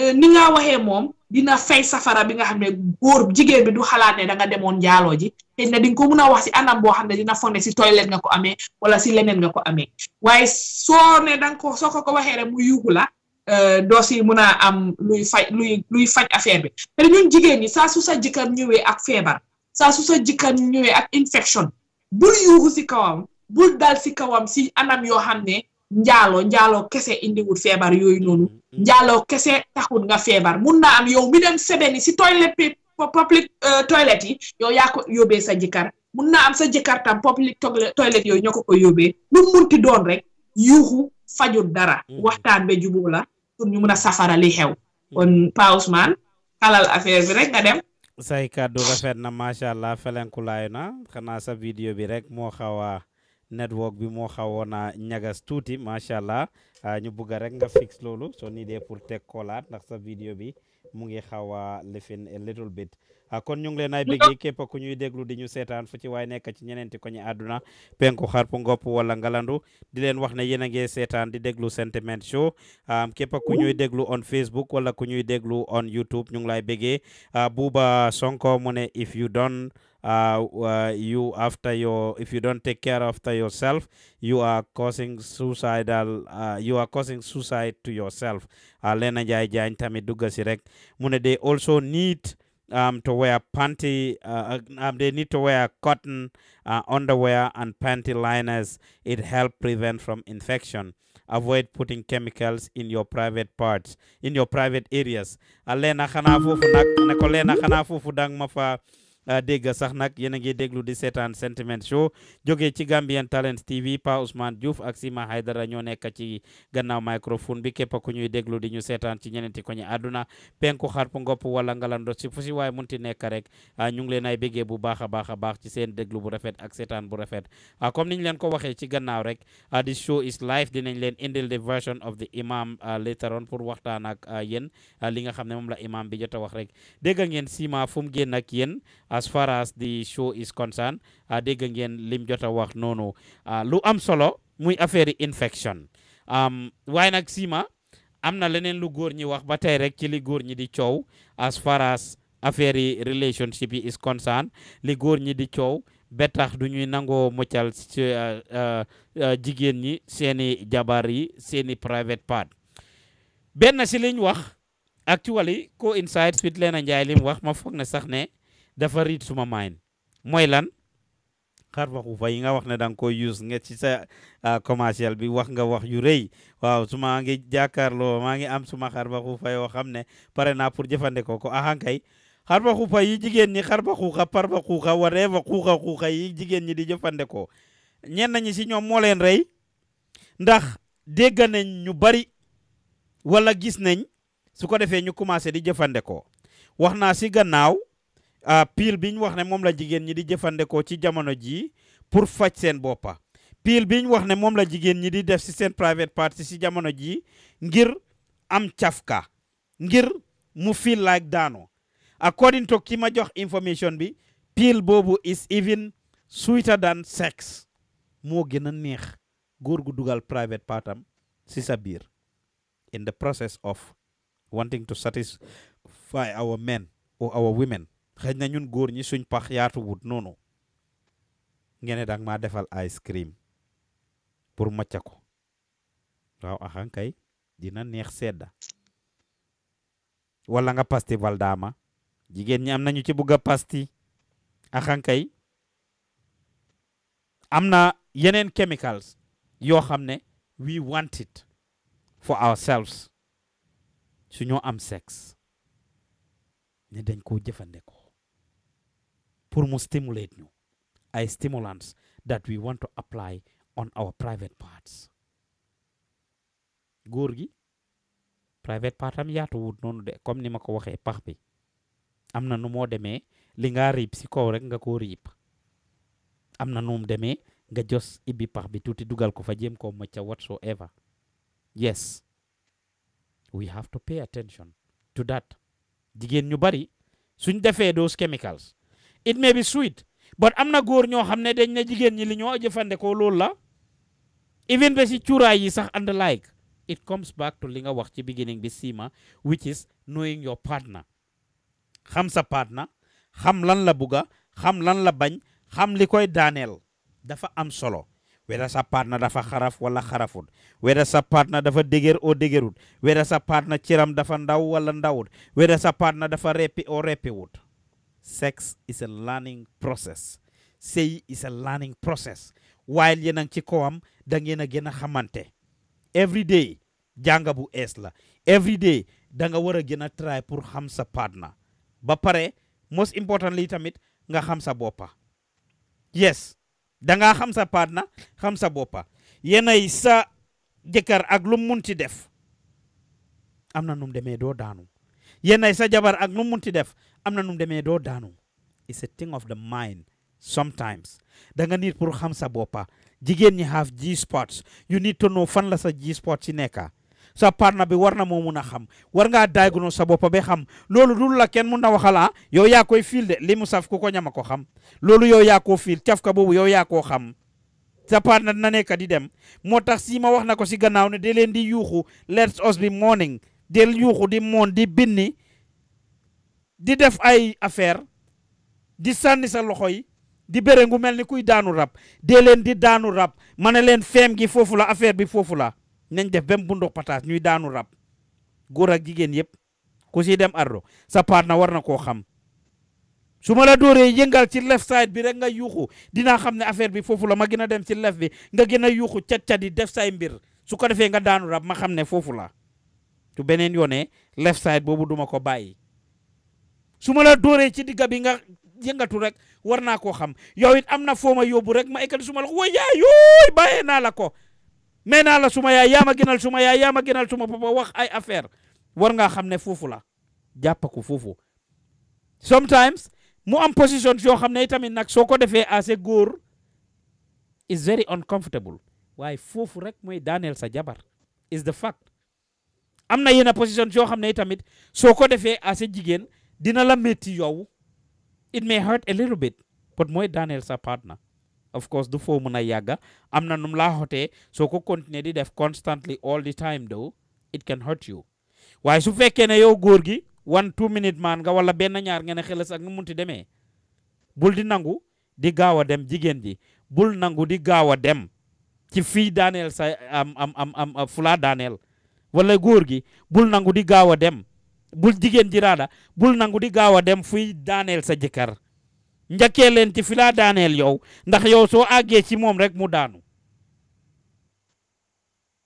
euh, ni nga waxee moom dina fay safara bi nga xam ne góor jigéen bi du xalaat ne da nga demoon jaaloo ji xëy na di ko mun a wax si anam boo xam ne dina fone si toilette nga ko amee wala si leneen nga ko amee waaye soo ne da ko soo ko ko waxee rek mu Euh, doo si mun a am luy faj luy luy faj affaire bi te ñun jigéen ñi saa su sa jëkkër ñëwee ak feebar sa su sa jëkkër ñëwee ak infection bul yuuxu si kawam bul dal si kawam si anam yoo xam ne njaaloo njaaloo kese indiwul feebar yooyu noonu mm-hmm. njaaloo kese taxul nga feebar mun na am yow mi dem sebeni si toilet bi public euh, toilet yi yow yaa ko yóbbee sa jëkkër mun na am sa jëkkër tam public toilet yooyu ñoo ko ko yóbbee lu munti doon rek yuuxu fajul dara mm-hmm. waxtaan be jubóo la pour ñu mun a safara xew kon Pa Ousmane affaire bi rek nga dem say kàddu rafet na macha allah felenkulaayu na xanaa sa vidéo bi rek moo xawa network bi moo xawoon ñagas tuuti macha allah ñu bugg rek nga fix loolu soo nii dee pour teg koolaat ndax sa vidéo bi mu ngi xawa lifin a little bit Ah, kon ñu ngi leen ay bëggee ku ñuy déglu di ñu seetaan fu ci waay nekk ci ñeneenti ko ñi àdduna penku xarpu ngopp wala ngalandu di leen wax ne yéen a ngi seetaan di déglu sentiment show ah, képp ku ñuy déglu on Facebook wala ku ñuy déglu on YouTube ñu ngi lay bëggee ah, Buuba Sonko mu ne if you don't Uh, uh, you after your if you don't take care after yourself you are causing suicidal uh, you are causing suicide to yourself Lena Jai Jain tamit dugg si rek mu ne also need um, to wear panty, uh, uh, um, they need to wear cotton uh, underwear and panty liners. It helps prevent from infection. Avoid putting chemicals in your private parts, in your private areas. dégg sax nag yéen a ngi déglu di seetaan sentiment show jógee ci Gambian Talents TV Pa Ousmane Diouf ak Sima Haydara ñoo nekk ci gannaaw microphone bi képp ku ñuy déglu di ñu seetaan ci ñeneenti ko ñu àdduna penku xarpu ngopp wala ngalando si fu si waaye munti nekk rek ñu ngi leen ay béggee bu baax a baax a baax ci seen déglu bu rafet ak seetaan bu rafet comme niñ leen ko waxee ci gannaaw rek di show is live dinañ leen indil the version of the imam later on pour waxtaan ak yéen li nga xam ne moom la imam bi jot a wax rek as far as the show is concerned ah, dégg ngeen lim jot a wax noonu ah, lu am solo muy affaire infection waaye nag Sima am na leneen lu góor ñi wax ba tey rek ci li góor ñi di coow as far as affaire yi relationship yi is concerned li góor ñi di coow ba du ñuy nangoo muccal ah, jigéen ñi seeni jabar yi seeni private part benn si liñ wax actually coincides with Lena Njaay lim wax ma foog ne sax ne dafa rit suma mind moy lan xarfa xuufa yi nga wax ne dang ko use nga ci sa ah, commercial bi wax nga wax yu reuy waaw suma ngi am suma xar waxu yoo yo xamne pare napur pour jëfandikoo ko xar waxu xuufa yi xa par waxu xa parfa waxu xa xuuxa xa yi jigen ni di ko ñen nañ ci ñom mo leen reuy ndax dégg nañ ñu bari wala gis nañ su ko defee ñu commencé di jëfandikoo ko waxna ci gannaaw uh, pil biñ wax ne mom la jigen ñi di jëfandikoo ci jamono ji pour fajj seen boppa pil biñ wax ne mom la jigen ñi di def ci seen private party ci jamono ji ngir am tiafka ngir mu feel like daano according to kima ma jox information bi pil bobu is even sweeter than sex mo gëna neex gu dugal private partam si sa biir in the process of wanting to satisfy our men or our women xejna ñun goor ñi suñ pax yaatu wut noonu ngene dang ma defal ice cream pour macca ko waaw axan kay dina neex sedda wala nga pasti valdama jigen ñi am nañu ci pasti axan kay yenen yenen chemicals Yohamne, xamne we want it for ourselves suñu am sex. ne dañ ko mu stimulate ñu ay stimulants that we want to apply on our private parts goor gi private part am yaatu wut noonu de comme ni ma ko waxee pax bi am na nu moo demee li nga riib si kaw rek nga koo riib am na nu mu demee nga jos ibbi pax bi tuuti dugal ko fa jéem whatsoever yes we have to pay attention to that jigéen ñu bari suñ defee those chemicals it may be sweet but am na góor ñoo xam ne dañ na jigéen ñi li ñoo jëfandikoo loolu la even ba si cuuraay yi sax and it comes back to li nga wax ci beginning bi siima which is knowing your partner xam sa partner xam lan la bugga xam lan la bañ xam li koy daaneel dafa am solo weda sa partner dafa xaraf wala xarafut weda sa partner dafa dëgër oo dëgërut weda sa partner ciram dafa ndaw wala ndawut weda sa partner dafa reppi oo reppiwut sex is a learning process sëy is a learning process while yéen a ngi ci kawam da ngeen a gën a xamante every day jànga bu ees la every day da nga war a gën a try pour xam sa partner ba pare most importantly tamit nga xam sa boppa yes dangaa xam sa partner xam sa boppa yenay sa jëkkër ak lu mun ci def am na num demee doo daanu yenay sa jabar ak lu mun def amna num deme do danu it's a thing of the mind sometimes da nga nit pour xam sa bopa jigen ñi have G spots you need to know fan la sa G spots ci neka sa parna bi warna na moo mun xam war nga diagnose sa bopa be xam lolu dul la ken mun na waxala ah, yow ya koy fiil de limu saf ku ko ñama ko xam lolu yow yaa koo fiil cafka bobu yow ya ko xam sa parna na neka di dem motax si ma wax na ci gannaaw ne de len di yuxu let's us be morning del yuxu di mon di binni di def ay affaire di sànni sa loxo yi di bére ngu mel ni kuy daanu rab dee di daanu rab ma ne leen gi foofu la affaire bi foofu la nañ def bem bundox patas ñuy daanu rab góor ak jigéen yëpp ku dem ardo sa partenaire war na koo xam su ma la dóoree yëngal ci left side bi rek nga yuuxu ne affaire bi foofu la ma dem ci left bi nga gën a yuuxu cat di def say mbir su ko defee nga daanu rab ma ne foofu la su beneen left side bobo duma ko bàyyi suma la doore ci diga bi nga yëngatu rek war naa koo xam yow it am na foo ma yóbbu rek ma ekkati suma ma la wa yaay yooy bàyyee naa la ko mais naa la suma yaay yaa ma suma yaay yaa ma suma papa wax ay affaire war ngaa xam ne foofu la jàpp foofu sometimes mu am position yoo xam ne itamit nag soo ko defee assez góor is very uncomfortable waaye foofu rek mooy daaneel sa jabar is the fact am na yenn position yoo xam ne itamit soo ko defee assez dina la métti yow it may hurt a but mooy daaneel sa partner of course du foo mun a yàgga am na num laa xotee soo ko continuer di def constantly all the time though it can hurt you waaye su fekkee ne yow góor gi one two minute man nga wala benn ñaar ngeen xeles ak nu munti deme bul di nangu di gaaw a dem jigéen ji bul nangu di gaaw a dem ci fii daaneel sa am am am am fulaa daaneel wala góor gi bul nangu di gaaw a dem bul jigéen ji raada bul nangu di gaaw a dem fuy daaneel sa jëkkër njëkkee leen ci fi laa daaneel yow ndax yow soo àggee ci moom rek mu daanu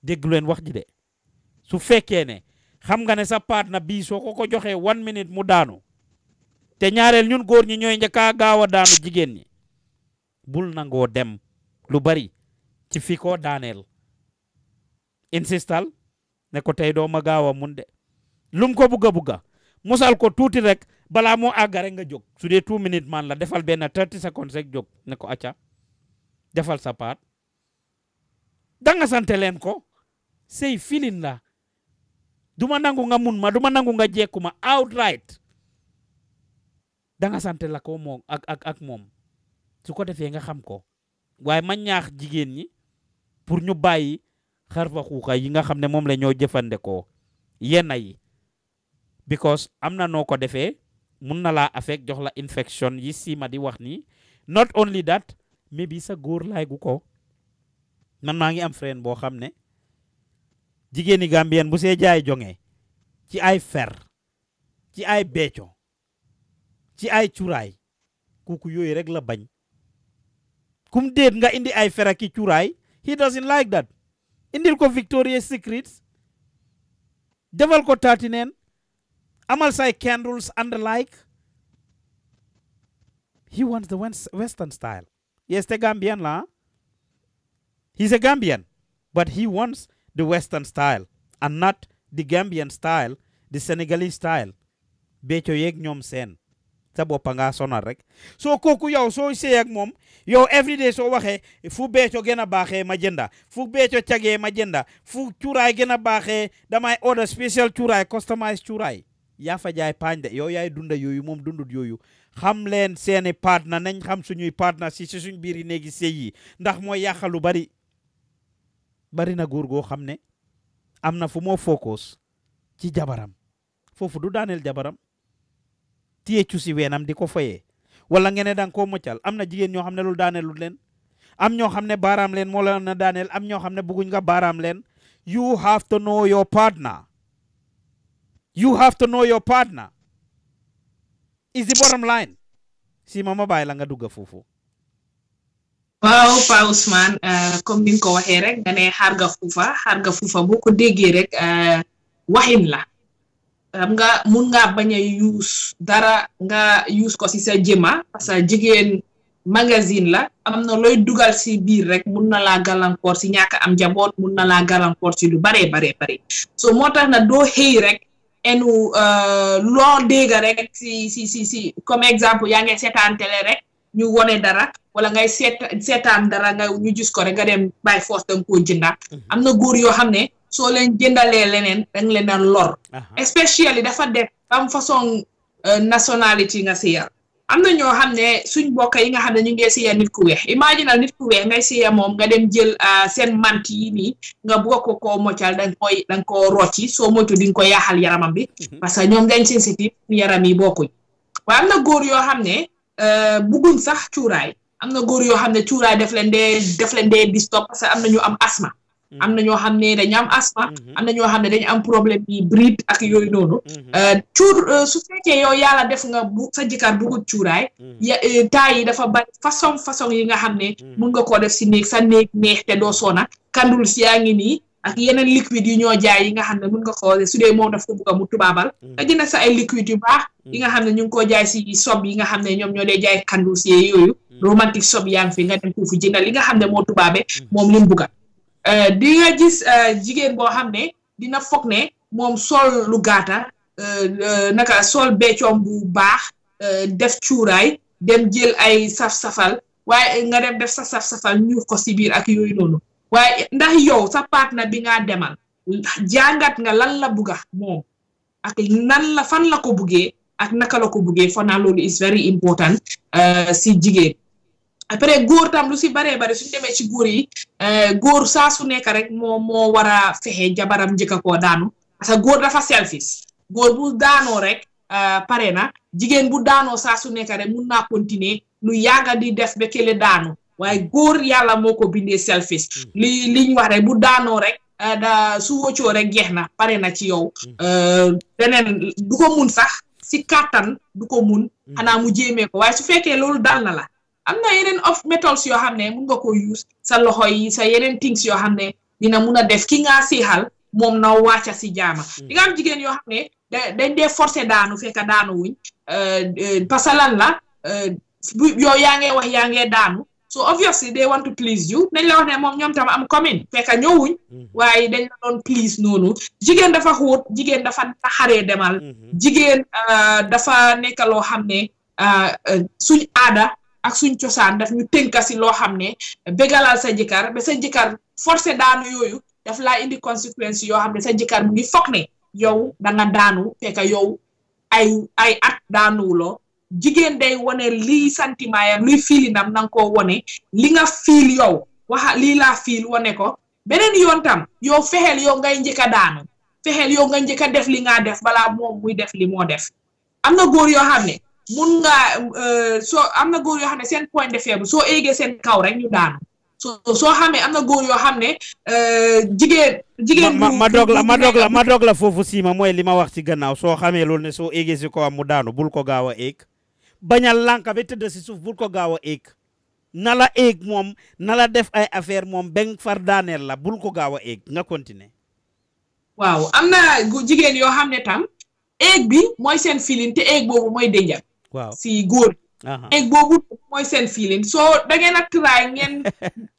dégg leen wax ji de su fekkee ne xam nga ne sa na bii soo ko ko joxee one minute mu daanu te ñaareel ñun góor ñi ñooy njëkkaa gaaw a daanu jigéen ñi bul nangoo dem lu bari ci fiko ko daaneel insistal ne ko tey doo ma gaaw a mun de lum ko buga buga musal ko tuti rek bala mo agare nga jog su de two minute man la defal ben thirty secondes rek jog ne ko acha defal sa da nga sante len ko sey filin la duma nangu nga mun ma duma nangu nga jekuma ma outright nga sante la ko mo ak ak ak mom su ko defé nga xam ko way ma ñaax jigen ñi pour ñu bayyi xarfa xuuxa yi nga xamne mom la ñoo yi because am na noo ko defee mun na laa affect jox la infection yi siima di wax nii not only that maybe sa góor laay gu ko nan maa ngi am friend boo xam ne jigéeni gambien bu see jaay jonge ci ay fer ci ay beeco ci ay cuuraay kooku yooyu rek la bañ kum déet nga indi ay fer ak i cuuraay he doesn't like that indil ko Victoria's Secret defal ko taati neen Amalsai candles and the like. He wants the Western style. Yes, the Gambian la. He's a Gambian, but he wants the Western style and not the Gambian style, the Senegalese style. Becho yeg nyom sen. sa boppa nga sonal rek soo kooku yow soo sey ak moom yow everyday soo waxee fu beeco gën a baaxee ma jënda fu beeco cagee ma jënda fu cuuraay gën a baaxee damay order special churai, customized churai. yaa fa jaay paañ de yow yaay dunda yooyu moom dundut yooyu xam leen seeni partner nañ xam suñuy partner si si suñ biir yi néegi sëy ndax mooy yàqa lu bari bari na góor goo xam ne am na fu moo focus ci jabaram foofu du daaneel jabaram téye cu si weenam di ko foyee wala ngeen ne danga koo moccal am na jigéen ñoo xam ne loolu daaneelul leen am ñoo xam ne baaraam leen moo la na daaneel am ñoo xam ne bëgguñ nga baaraam leen you have to know your partner You have to know your partner. Is the bottom line. Simama ba lang nga duga fufu. waaw pa Ousmane eh, comme ni nga ko waxee rek nga ne fufa fuufa xarga fuufa boo ko déggee rek eh, waxin la xam nga mun nga bañ a use dara nga use ko si sa jëma parce que jigéen magazine la am na looy dugal si biir rek mun na laa gàllankoor si ñàkk am jaboot mun na laa gàllankoor si lu bare bare bare so moo tax na doo xëy rek enu euh, loo dégga rek si si si si comme exemple yaa ngay seetaan télé rek ñu wone dara wala ngay seet seetaan dara nga ñu gis ko rek nga dem bàyyi force danga koo jëndaat mhm. am na góor yoo xam ne soo leen jëndalee leneen danga leen daan lor especially dafa def am façon euh, nationalité nga si am na ñoo xam ne suñ mbokk yi nga xam ne ñu ngi siya nit ku weex imaginal nit ku weex ngay siya moom nga dem jël ah, seen mant yi nii nga bugg ko koo moccal danga koy danga koo rocci soo moytu di nga ko yaaxal yaramam bi mhm. parce que ñoom dañ sensitive yaram yi bokkuñ waaye am na góor yoo xam ne euh, bugguñ sax cuuraay am na góor yoo xam ne cuuraay def leen dee def leen dee parce que am na ñu am asma am na ñoo xam ne dañu am asthme. Mm-hmm. am na ñoo xam ne dañu am problème yi bride ak yooyu noonu. Mm-hmm. Euh, cuur euh, su fekkee yow yàlla def nga bu sa jëkkër bëggut cuuraay. Mm-hmm. ya euh, taay yi dafa bari façon façon yi nga xam ne. mun nga koo def si néeg sa néeg neex te doo soona kandul si yaa ngi nii. ak yeneen liquide yu ñoo jaay yi xam ne mun nga ko su dee moom daf ko bugg mu tubaabal. nga jënd sa ay liquide yu baax. yi nga xam ne ñu ngi koo jaay si sob yi nga xam ne ñoom ñoo dee jaay kandul si yooyu. romantique sob yaa ngi fi nga dem foofu jëndal li nga xam ne moo tubaabee moom lim bugga Eh, di nga gis eh, jigen bo xamne dina ne mom sol lu gata eh, naka sol beccoom bu bax def ciuray dem jël ay saf-safal wa nga dem def sa saf-safal ñu ko ci biir ak yoy nonu waaye ndax yow sa partner bi nga demal jangat nga lan la buga mom, ak nan la fan la ko buggee ak naka la ko buggee fanaa lolu is very important si jigen. après góor tam lu si baree bari su demee ci góor yi eh, góor saa su nekk rek moo moo war a fexe jabaram njëkka ko daanu parce que góor dafa selfish góor bu daanoo rek eh, pare na jigéen bu daanoo saa su nekk rek mun naa continuer nu yàgga di def ba kële daanu waaye góor yàlla moo ko bindee selfish mm. li liñ wax rek bu daanoo rek eh, da su wóccoo rek geex na pare na ci yow mm. beneen du ko mun sax si kattan du ko mun mm. xanaa mu jéemee ko waaye su fekkee loolu dal la am na yeneen of métals yoo xam ne mun nga ko use sa loxo yi sa yeneen things yoo xam ne dina mun a def ki nga siixal moom na wàcca si jaama hmm. di am jigéen yoo xam ne dañ dee forcé daanu fekk daanu wuñ euh, euh, parce que lan la euh, yow yaa ngee wax yaa ngee daanu so obviously they want to please you dañ la wax ne moom ñoom tam am commune fekk ñëwuñ hmm. waaye dañ la doon please noonu jigéen dafa xóot jigéen dafa taxaree demal hmm. jigéen dafa nekk loo xam ne suñ aada ak suñ cosaan daf ñu tënka si loo xam ne bégalal sa jëkkër ba sa jëkkër forcé daanu yooyu daf laa indi conséquence yoo xam ne sa jëkkër mu ngi foog ne yow da daanu fekk yow ay ay at daanuwuloo jigéen day wone santiment santimaayam luy fiilinam na nga koo wone li nga fiil yow waxa lii fiil wone ko beneen yoon tam yow fexeel yow ngay njëkk a daanu fexeel yow nga njëkka def li nga def balaa moom muy def li moo def am na góor yoo xam ne mun nga euh, soo am na góor yoo xam ne seen point de faible soo eegee seen kaw rek ñu daanu soo soo xamee am na góor yoo xam ne euh, jigéen. jigéen ma ma doog la ma doog la ma doog la foofu siima mooy li ma wax ci gannaaw soo xamee loolu ne soo eegee si kawam mu daanu bul ko gaaw a eeg bañal lànka bi tëdd si suuf bul ko gaaw a eeg na la eeg moom na la def ay affaire moom benn far daaneel la bul ko gaaw a éeg nga continuer. waaw am na jigéen yoo xam ne tam eeg bi mooy seen filin te eeg boobu mooy dénjal waaw si góor léegi boobu mooy seen feeling soo da ngeen a try ngeen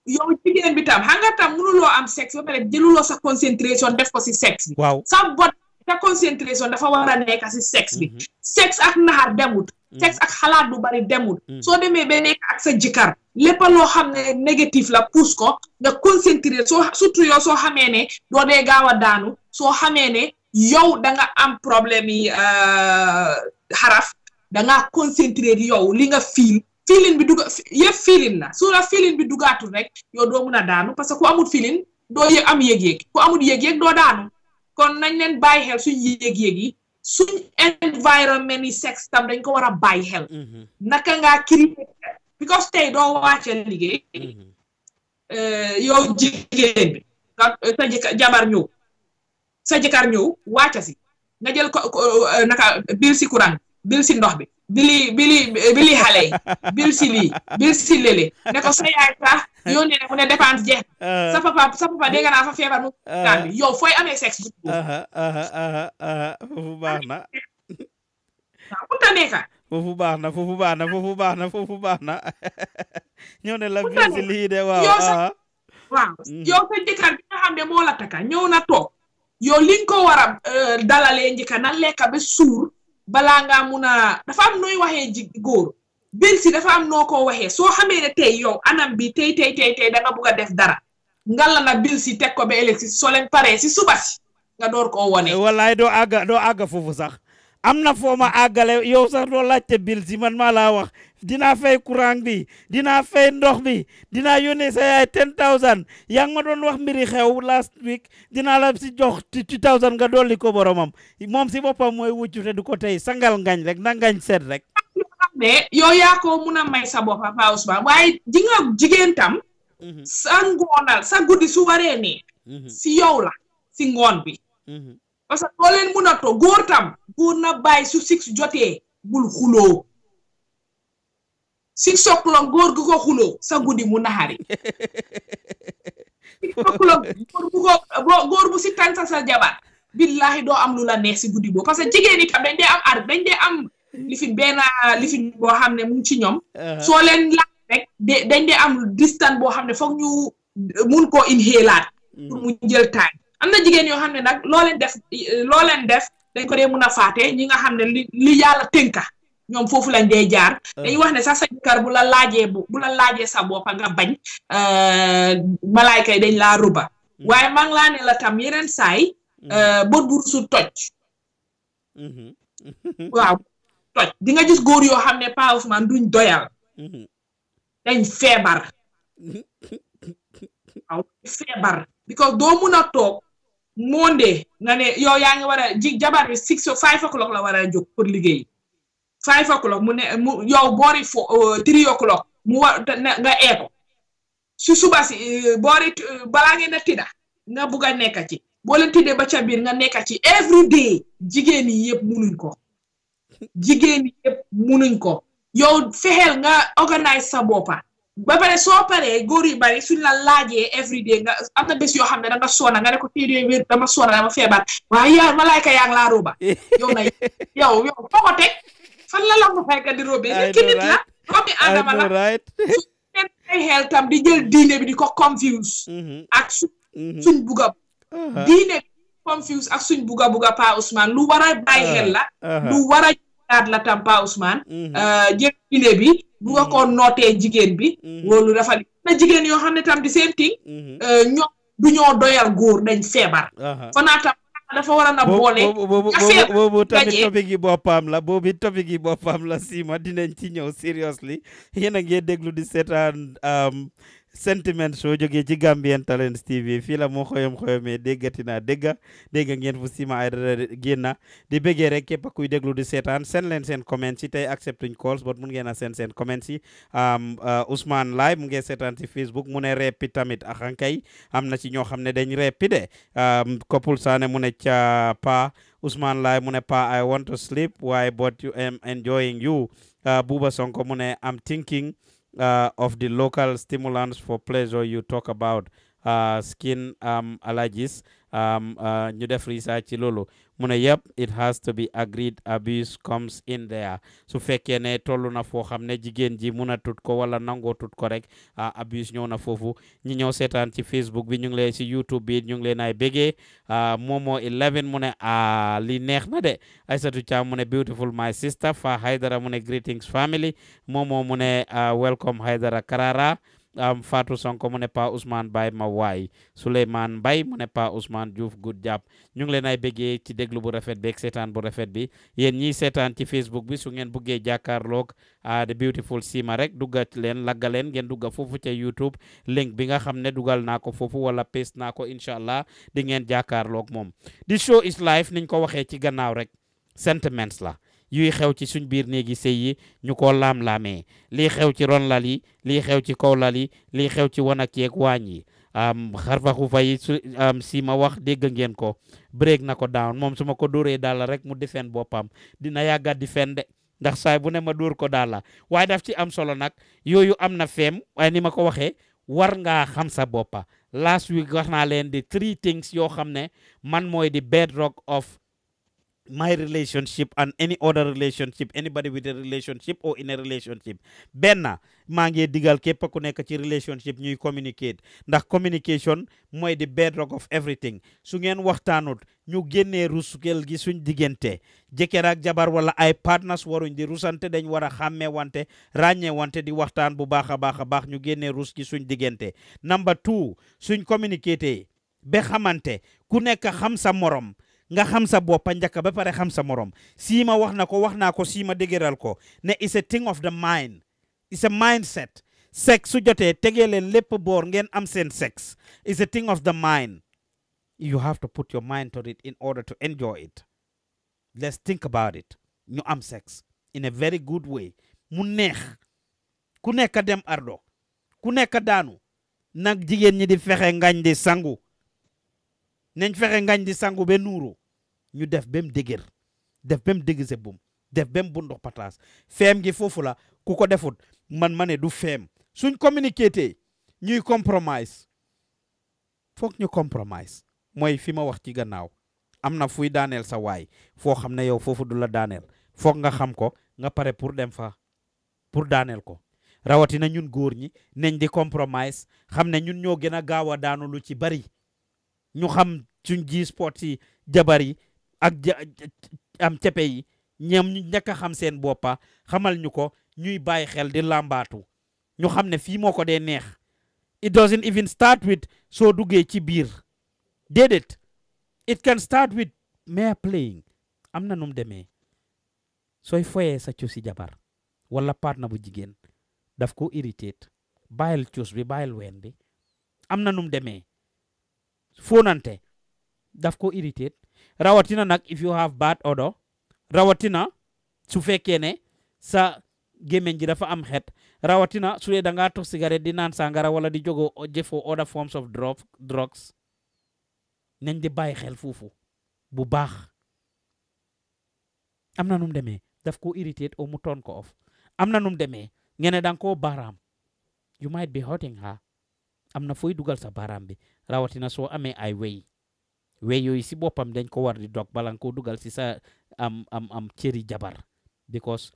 yow jigéen bi tam xam nga tam mënuloo am sexe ba pare jëluloo sa concentration def ko si sexe bi waaw sa bot sa concentration dafa war a nekk si sexe bi mhm. sexe ak naxar demut mhm. sexe ak xalaat bu bari demut mhm. soo demee ba nekk ak sa jikkar lépp loo xam ne négatif la pousse ko nga concentré soo surtout yow soo xamee ne doo dee gaaw a daanu soo xamee ne yow danga am problème yi euh, xaraf dangaa concentré di yow li nga fiil feeling bi duga yëpp feeling la su la feeling bi dugaatul rek yow doo mun a daanu parce que ku amul feeling doo yëg am yëg-yëg ku amul yëg-yëg doo daanu kon nañ leen bàyyi xel suñ yëg-yëg yi suñ environnement yi sex tam dañ ko war a bàyyi xel mm-hmm. naka ngaa créer because tey doo wàccee liggéey mm-hmm. eh, yow jigéen bi sa jëkkër jabar ñëw sa jëkkër ñëw wàcca si nga jël ko eh, naka biir si courant bil si ndox bi bili bili bili bil si lii bil si lële ne sa yaay sax yónnee ne mu ne dépense jeex uh-huh. sa papa sa papa dégg naa fa feebar mu uh-huh. daan bi yow fooy uh-huh, baax na baax na foofu baax na baax na foofu baax na ñëw ne la bil si lii de mm-hmm. uh, dalalee njëkka na lekka ba suur balaa ngaa mun a dafa am nooy waxe ji góor bir si dafa am noo ko waxee soo xamee ne tey yow anam bi tey tey tey tey da nga def dara ngalla na bil si teg ko ba ëllëg si soo leen paree si suba si nga door ko wane wallaay doo àgga doo àgga foofu sax am na foo ma àggale yow sax doo laajte bil si man maa laa wax dina fay courant bi dina fay ndox bi dina yone say ten thousand yang ngi wax mbiri xew last week dina la si jox two thousand nga doli ko boromam mom si bopam moy wuccu te duko tay sangal ngagn rek na ngagn set rek mais yo ya ko muna may sa bopp Papa Ousmane waaye di nga jigen tam mhm. sa sa goudi su waré ni mhm. si yow la si bi mhm. parce que len muna to gor tam gor na bay su six joté bul si o'clock góor gu sa guddi mu naxari six o'clock góor bu ko góor si tànn sa sa jabar billahi doo am lu la neex si guddi boobu parce que jigéen itam dañ dee am ar dañ dee am lifin benn lifin boo xam ne mu ci ñoom uh-huh. soo leen laaj rek de dañ dee am distance boo xam ne foog ñu mun koo inhalaat mm. pour mu jël time am na jigéen yoo xam ne nag loo leen def loo leen def dañ ko dee mun a faate ñi nga xam ne li li yàlla tënka ñoom foofu lañ dee jaar ah. dañuy wax ne sax sa jëkkër bu la laajee bu la laajee sa boppa nga bañ euh, malaayka yi dañ laa ruba mm-hmm. waaye maa ngi laa ne la tam yeneen saay ba dur su toj mm-hmm. waaw toj di nga gis góor yoo xam ne Pa Ousmane duñ doyal mm-hmm. dañ feebar waaw feebar because doo mun a toog monde nga ne yow yaa ngi war a ji jabar bi six five o'clock la war a jóg pour liggéey five o'clock mu ne mu yow boori fo uh, three o'clock mu war nga eeko su suba si uh, boori uh, balaa ngeen a nga bugg a nekk ci boo leen ba ca biir nga nekk ci every day jigéen yi yëpp munuñ ko jigéen yi yëpp munuñ ko yow fexeel nga organise sa boppa ba pare soo paree góor yu bari suñ la laajee every day nga am na bés yoo xam ne da nga soona nga ne ko téere wér dama soona dama feebar waaye yaa malaayka yaa ngi yow yow yow foo fan la la ko fay ka di robee nekk nit la doomi adama la suñ xel di jël mm-hmm. mm-hmm. uh-huh. diine uh-huh. uh-huh. mm-hmm. eh, bi nah, di ko confuse ak suñ buga diine bi confuse ak suñ buga buga pa Ousmane lu war a bàyyi xel la lu war a daat la tam pa Ousmane jël diine bi buga ko nootee jigéen bi loolu dafa li na jigéen yoo xam ne tam di seen ting ñoom du eh, ñoo doyal góor dañ feebar fanaa tam dafa waroon a boole. affaire boobu tamit topic yi boppam la boobu topic yi boppam la siima dinañ ci ñëw seriously yéen a ngi déglu di seetaan um, sentiment show jógee ci Gambian Talents TV fii la moo xoyom xoyomee déggati naa dégga dégga ngeen di bëggee rek képp kuy déglu di seetaan seen leen seen comments yi tey acceptuñ calls but mun ngeen a seen seen comments yi uh, Ousmane Laye mu ngi seetaan si Facebook mu ne reppi tamit axankay am na ci ñoo xam ne dañ reppi de Kopul Sané mu ne ca pa Ousmane Laye mu ne pa I want to sleep why but you am enjoying you uh, Buuba Sonko mu am thinking uh, of the local stimulants for pleasure you talk about uh, skin um, allergies um, uh, ñu def research ci lolo mu ne yëpp it has to be agreed abuse comes in there su fekkee ne toll na foo xam ne jigéen ji mun tut ko wala nangoo tut ko rek abuse ñëw na foofu ñi ñëw seetaan ci Facebook bi ñu ngi leen si YouTube bi ñu ngi leen ay bégee moomoo 11 mu ne a li neex na de Aysatu Caam mu ne beautiful my sister Fa Haydara mu ne greetings family moomoo mu ne welcome Haydara Karara Fatou Sonko mu ne Pa Ousmane Baye ma waay Souleymane Mbaye mu ne Pa Ousmane Diouf good job ñu ngi leen ay bëggee ci déglu bu rafet beeg seetaan bu rafet bi yéen ñiy seetaan ci Facebook bi su ngeen buggee jàkkaarloog ah, the beautiful Sima rek dugga leen lagga leen ngeen dugga foofu ca YouTube link bi nga xam ne dugal naa ko foofu wala paste naa ko incha allah di ngeen jàkkaarloog moom. di show is life niñ ko waxee ci gannaaw rek sentiments la. yuy xew ci suñ biir néegi sëy yi ñu ko laam-laamee lii xew ci ron lal yi lii xew ci kaw lal lii xew ci wanak yeeg waañ yi xarfaxu fay su si ma wax dégg ngeen ko break na ko down moom su ma ko dóoree daala rek mu defeen boppam dina yàggat di fen de ndax saay bu ne ma dóor ko daala waaye daf ci am solo nag yooyu am na feem waaye ni ma ko waxee war nga xam sa boppa last week wax naa leen di three things yoo xam ne man mooy di bedrock of my relationship and any other relationship anybody with a relationship or in a relationship benn maa ngi digal képp ku nekk ci relationship ñuy communicate ndax communication mooy the bedrock of everything su ngeen waxtaanut ñu génnee rusukel gi suñ diggante jëkkër ak jabar wala ay partners waruñ di rusante dañ war a xàmmee wante ràññee wante di waxtaan bu baax a baax a baax ñu génnee rus gi suñ diggante number two suñ communicate be xamante ku nekk xam sa morom nga xam sa bopp njëkk ba pare xam sa morom siima wax na ko wax naa ko siima dëgëral ko ne it's a thing of the mind it's a mindset sex su jotee tegee leen lépp ngeen am sen sex it's a thing of the mind you have to put your mind to it in order to enjoy it let's think about it ñu am sex in a very good way mu neex ku nekk dem ardo ku nekk daanu nak jigen ñi di fexé ngañ di sangu nañ fexe ngañ di sangu ba nuuru ñu def ba mu dëgër def ba mu bum def ba mu bundox pataas feem gi foofu la ku ko defut man ma ne du feem suñ communiqué ñuy compromais foog ñu compromise mooy fi ma wax ci gannaaw am na fuy daaneel sa waay foo xam ne yow foofu du la daaneel foog nga xam ko nga pare pour dem fa pour daaneel ko rawatina ñun góor ñi neñ di compromise xam ne ñun ñoo gën a gaaw a daanu lu ci bari ñu xam suñ ji sport si jabar yi ak am cepe yi ñoom ñu njëkk a xam seen boppa xamal ñu ko ñuy bàyyi xel di làmbaatu ñu xam ne fii moo ko dee neex it doesn't even start with soo duggee ci biir déedéet it can start with mere playing am na num demee sooy foyee sa cuusi jabar wala na bu jigéen daf ko irritate bàyyil cuus bi bàyyil ween bi am na num demee foonante daf ko irritate rawatina nag if you have bad odor rawatina su fekkee ne sa gémmiñ ji dafa am xet rawatina su dee da ngaa tox cigarette di naan sàngara wala di jogo jëfoo other forms of drugs nañ di bàyyi xel foofu bu baax am na num demee daf ko irritate o mu toon ko off am na num demee ngene dang ko baaraam you might be hurting her am na fooy dugal sa baaraam bi rawatina soo amee ay wey wey yooyu si boppam dañ ko war di dog bala nga koo dugal si sa am am am cëri jabar because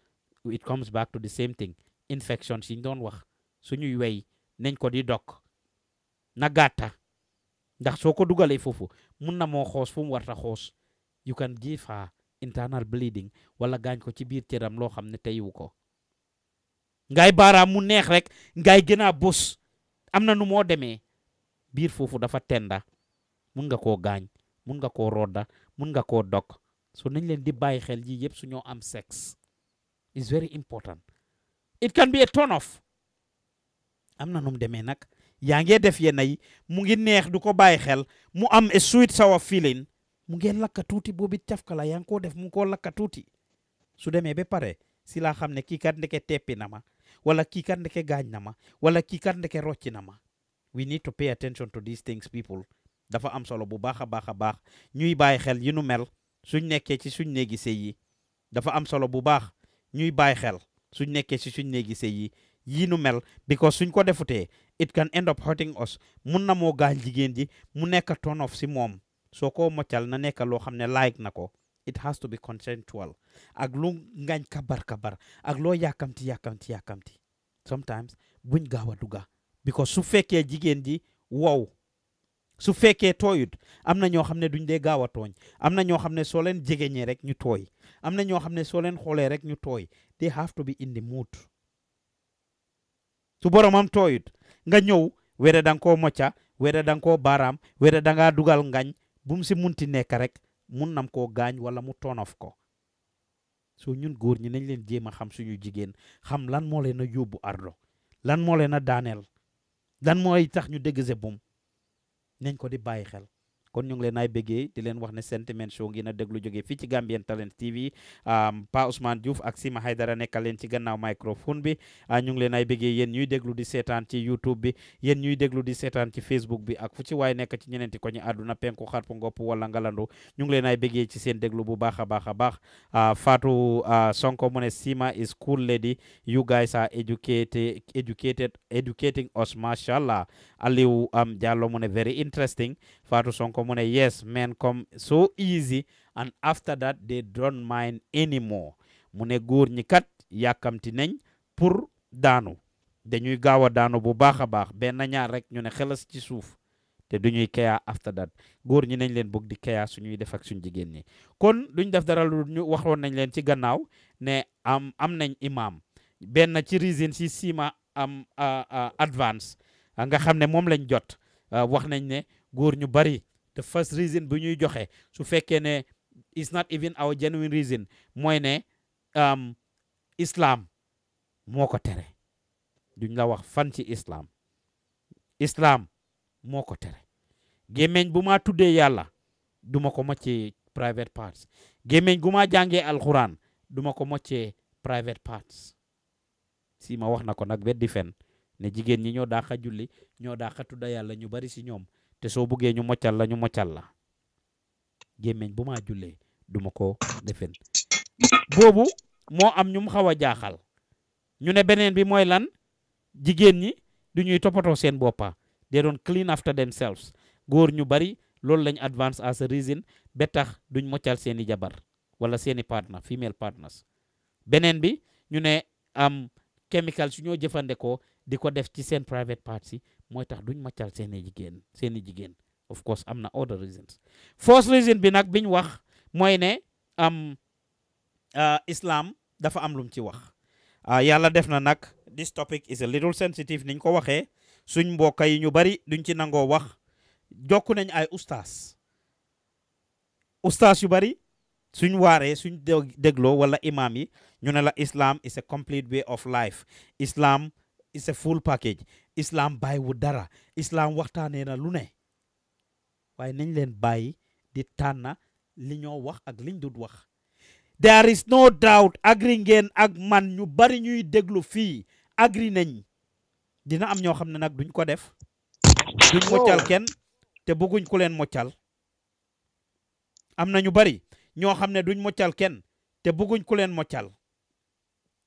it comes back to the same thing infection si ñu wax su suñuy wey nañ ko di dog na gàtta ndax soo ko dugalee foofu mun na moo xoos fu war ta xoos you can give her internal bleeding wala gaañ ko ci biir cëram loo xam ne teyiwu ko ngay baaraam mu neex rek ngay gën bus am na nu moo demee biir foofu dafa tenda mun nga koo gaañ mun nga koo rodda mun nga koo dog so nañ leen di bàyyi xel yi yëpp su ñoo am sexe is very important it can be a turn off am na nu mu demee nag yaa ngee def yenn yi mu ngi neex du ko bàyyi xel mu am a sweet sour feeling mu ngee lakka tuuti boobu cafka la yaa ngi ko def mu ngi koo lakka tuuti su demee ba pare si laa xam ne kii kat ndeke teppi na ma wala kii kat ndeke gaañ na ma wala kii kat ndeke rocci na ma we need to pay attention to these things people dafa am solo bu baax a baax a baax ñuy bàyyi xel yi nu mel suñ nekkee ci suñ néegi sëy yi dafa am solo bu baax ñuy bàyyi xel suñ nekkee ci suñ néegi sëy yi yii nu mel because suñ ko defutee it can end up hurting us mun na moo gaañ jigéen ji mu nekk turn si moom soo ko moccal na nekk loo xam ne like na ko it has to be consensual ak lu ngañ kabar kabar ak loo yàkkamti yàkkamti yàkkamti sometimes buñ gaaw a dugga because su fekkee jigéen ji wow su fekkee tooyut am na ñoo xam ne duñ de gaaw a tooñ am na ñoo xam ne soo leen jegeñee rek ñu tooy am na ñoo xam ne soo leen xoolee rek ñu tooy they have to be in the mood su boromam tooyut nga ñëw wede danga koo mocca wede danga koo dugal ngañ bu si munti nekk rek mun nam ko gaañ wala mu tonof ko so ñun góor ñi nañ leen jéem a xam suñu jigéen xam lan moo leen a yóbbu ardo lan moo leen a daaneel lan mooy tax ñu dégg se bum nañ ko di bàyyi xel kon ñu ngi leen ay bëggee di leen wax ne sentiment show ngi na déglu jógee fii ci Gambian Talent TV Pa Ousmane Diouf ak Sima Haydara nekkal leen ci gannaaw microphone bi ñu ngi leen ay bëggee yéen ñuy déglu di seetaan ci YouTube bi yen ñuy déglu di seetaan ci Facebook bi ak fu ci waaye nekk ci ñeneenti ko ñu àdduna penku xarpu ngopp wala ngalandu ñu ngi leen ay bëggee ci seen deglu bu baax a baax a baax Fatou Sonko mu ne Sima is cool lady you guys are educated educated educating us mashallah Aliou Diallo mu ne very interesting Fatou Sonko ko mu ne yes men come so easy and after that they don't mind anymore mu ne góor ñi kat yàkkamti nañ pour daanu dañuy gaaw a daanu bu baax a baax benn ñaar rek ñu ne xelas ci suuf te du ñuy keyaa after that góor ñi nañ leen bëgg di keyaa suñuy def ak suñ jigéen ñi kon duñ def dara lu ñu waxoon nañ leen ci gannaaw ne am am nañ imaam benn ci reason si sima am advance anga xam ne moom lañ jot wax nañ ne góor ñu bari the first reason bu ñuy joxe su fekkee ne it's not even our genuine reason mooy ne um, islam moo ko tere duñ la wax fan ci islam islam moo ko tere gémmiñ bu ma tuddee yàlla duma ko moccee private parts gémmiñ gu ma jàngee alxuraan duma ko moccee private parts si ma wax na ko nag weddi fen ne jigéen ñi ñoo daaxa julli ñoo daaxa tudda yàlla ñu bari si ñoom te so nyu ñu moccal la ñu moccal la gémmiñ bu ma duma ko defen bobu mo am ñum xawa nyu jaaxal ñu ne benen bi moy lan jigen ñi du ñuy toppatoo seen bopa they don't clean after themselves gur ñu bari lol lañ advance as a reason ba tax duñ moccal seeni jabar wala seeni partner female partners benen bi ñu ne am chemical suñu jëfandé ko diko def ci seen private party mooy tax duñ màccal seeni jigéen seeni jigéen of course am na other reasons first reason bi nag biñ wax mooy ne am uh, islam dafa am lum ci wax uh, yàlla def na nag this topic is a little sensitive niñ ko waxee suñ mbokk yi ñu bari duñ ci nangoo wax jokk nañ ay ustaas ustaas yu bari suñ waaree suñ dégloo wala imaam yi ñu ne la islam is a complete way of life it's a full package islam bàyyiwu dara islam waxtaanee na lu ne waaye nañ leen bàyyi di tànna li ñoo wax ak liñ dut wax there is no doubt agri ngeen ak man ñu bari ñuy déglu fii agri nañ dina am ñoo xam ne nag duñ ko def duñ moccal kenn te bëgguñ ku leen moccal am na ñu bari ñoo xam ne duñ moccal kenn te bëgguñ ku leen moccal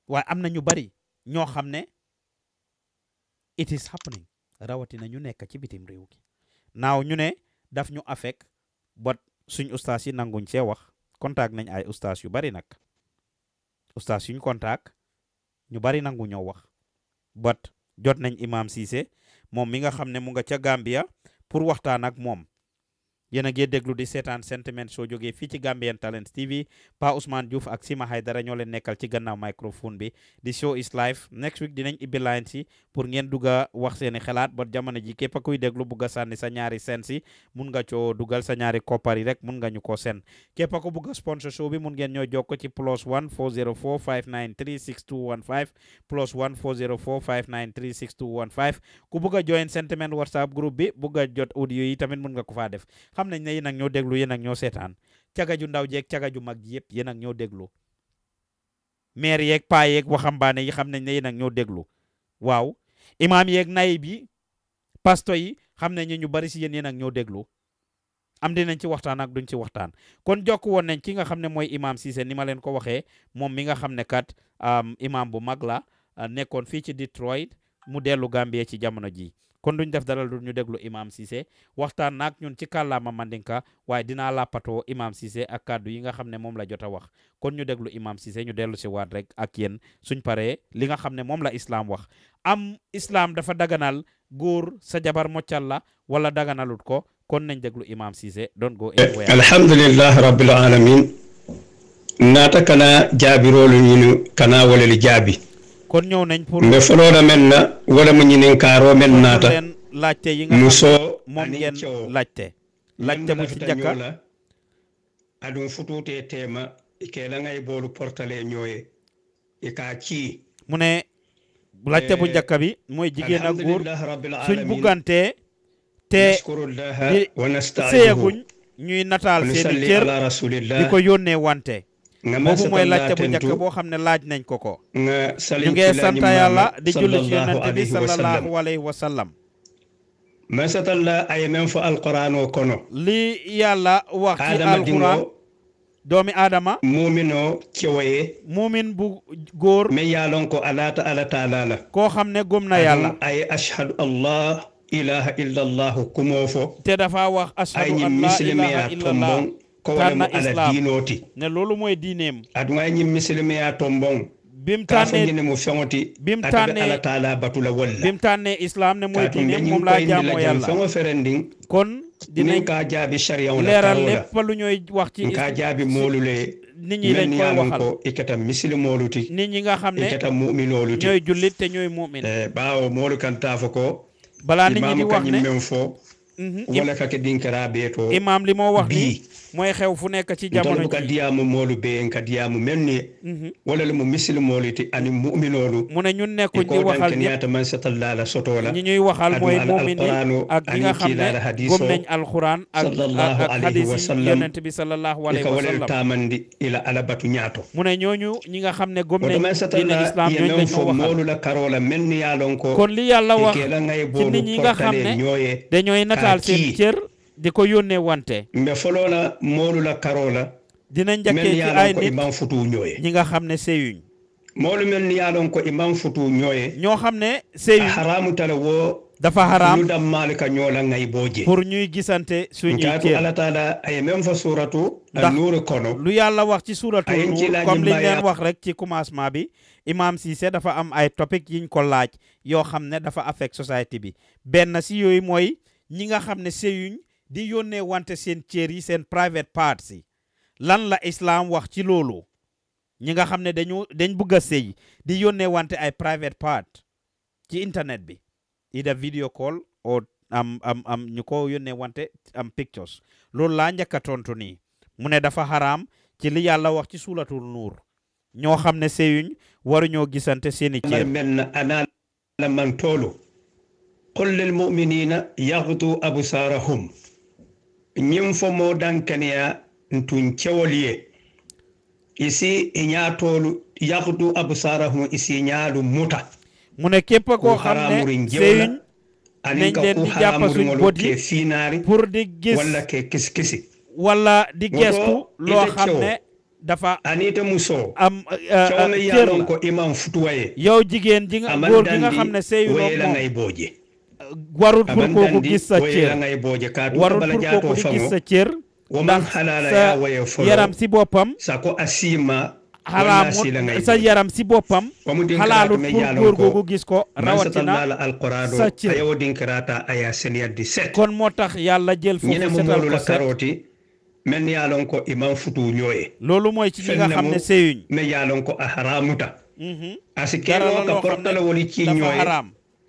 waaye am na ñu bari ñoo xam ne it is happening rawatina ñu nekk ci bitim réew gi naaw ñu ne daf ñu affect bot suñ ustaas yi nanguñ see wax contact nañ ay ustaas yu bari nag ustaas yuñ contact ñu bari nangu ñoo wax bot jot nañ Imam sise moom mi nga xam ne mu nga ca Gambia pour waxtaan ak moom yéen a déglu di seetaan Sen Minutes soo jógee fii ci Gambian Talents TV Pa Ousman Joof ak Sima Haydara ñoo leen nekkal ci gannaaw microphone bi di show is live next week dinañ ibbi line si pour ngeen dugga wax seeni xalaat ba jamono ji képp kuy déglu bugg a sànni sa ñaari sen si mun nga coo dugal sa ñaari koppar yi rek mun nga ñu ko sen képp ku bugg a sponsor show bi mun ngeen ñoo jokko ci plus 1 404 593 6215 plus 1 404 593 6215 ku bugg a join Sen Minutes WhatsApp group bi bugg a jot audio yi tamit mun nga ko faa def xam nañ ne yéen ak ñoo déglu yéen ñoo seetaan caga ju ndaw jeeg caga ju mag ji yëpp yéen ak ñoo déglu maire yeeg paa yeeg waxambaane yi xam nañ ne yéen ak ñoo déglu waaw imaam yeeg nayib yi pasto yi xam nañ ne ñu bari si yéen yéen ak ñoo déglu am dinañ ci waxtaan ak duñ ci waxtaan kon jokk woon nañ ki nga xam ne mooy imaam Cissé ni ma leen ko waxee moom mi nga xam ne kat imam bu mag la nekkoon fii ci Detroit mu dellu Gambie ci jamono ji kon duñ def dara lu ñu déglu Imam Ceesay waxtaan naak ñun ci kàllaama Mandinka waaye dinaa làppatoo Imam Ceesay ak kàddu yi nga xam ne moom la jot a wax kon ñu déglu Imam Ceesay ñu dellu si waat rek ak yéen suñ paree li nga xam ne moom la islam wax am islaam dafa daganal góor sa jabar moccal la wala daganalut ko kon nañ deglu Imam Ceesay doon go alhamdulillah rabbil alamin naata kana jaabiroolu ñinu kana walali jaabi nde folooɗo men na wala mo ñinin kaaro men naata muso anin cewo min naftañola aɗum futuute tema e keelaŋa e boolu portale ñooye e ka eh, bi mooy jigéen ñuy nataal seeni cër di ko nga ma boobu mooy laajte bu njëkk boo xam ne laaj nañ ko ko. nga sali ñu ngi sant yàlla di julli ci yonente bi sallallahu alayhi wa sallam. ma satalla ay men fo alquran o kono. lii yàlla wax ci alquran. doomi Adama. muuminoo cewoye. muumin bu góor. mais yaalon ko alaata ala taala la. koo xam ne gëm na yàlla. ay ashhadu allah ilaha illallah kumoo fo. te dafa wax ashhadu an la ilaha illallah. kowalemo ala diinoti ne loolu mooy diineem aduŋa ñiŋ misilimi ye a tombong bim tànnee ne mu feŋoti bim tànnee ala taala feŋo ferendiŋ kon dinañ kaa jaabi sariyaw la leeral lépp lu ñooy wax ci nkaa jaabi moolu le nit ñi lañ koy waxal ko ikata misilimoolu ti nit ñi nga xam ne ikata muminoolu ti ñooy jullit te ñooy mumin eh, baawo moolu kan taafo ko balaa nit ne imaamu kañim meŋ imaam li moo wax ni mooy xew fu nekk ci jamono kadiyamu moolu be kadiyamu menni mhm. wala le mu misili moolu ti ani mu'minolu mu ne ñun nekkuñ di waxal ñata man satallala sotola ñi ñuy waxal mooy mu'mini ak ñi nga xam ne gëm nañ alquran ak ak hadis yi yonent bi sallallahu alayhi wa sallam tamandi ila alabatu ñaato mu ne ñooñu ñi nga xam ne gëm nañ diine islam ñooñu lañ ko waxal la karola menni yaalon ko kon li yàlla wax ci nit ñi nga xam ne dañooy nataal seen cër di ko yónnee wante mbe foloo la moolu la karoo la dina njëkkee ci ay nit ñi nga xam ne seeyuñ moolu mel ni yaalon ko imam futu ñooye ñoo xam ne seeyuñ haramu tale woo dafa haram ñu dam ka ñoo la ngay booje pour ñuy gisante suñuy kee ala taala ay même fa suuratu nuuru kono lu yàlla wax ci suuratu comme liñ leen wax rek ci commencement bi imam Cissé dafa am ay topic yiñ ko laaj yoo xam ne dafa affect société bi benn si yooyu mooy ñi nga xam ne seeyuñ di yónnee wante seen cër yi seen private parts si lan la islaam wax ci loolu ñi nga xam ne dañu dañ bugg a sëy di yónnee wante ay private part ci internet bi either video call or am am ñu ko yónnee wante am pictures loolu laa njëkk tontu nii mu ne dafa xaraam ci li yàlla wax ci suulatul nuur ñoo xam ne sëyuñ waruñoo gisante seeni cër man toolu qul lil muminina yaxdu absaarahum ñiŋ fo moo dankaneya ntuŋ kewolu ye i i ñaatoolu yakdu absarahum i si ñaalu muta mu ne képp koo xam ne seyuñ nañ leen di jàpp suñ bët di gis wala ke kisi-kisi wala di gestu loo xam ne dafa anita muso am eh, eh, cewna eh, yaalon ko iman futuwaye yow jigéen ji nga góor gi nga xam ne seyuloo moom warul pour kooku gis sa cër warul pour kooku di gis sa cër ndax sa yaram si boppam xalaamut sa yaram si boppam xalaalut pour góor googu gis ko sa cër kon moo tax yàlla jël foofu setal ko set men ye a ko i man futuu ñoo ye loolu mooy ci ñi nga xam ne seyuñ mais ye a lon ko a haramuta mhm. a si kenoo ka portala woli ci ñoo ye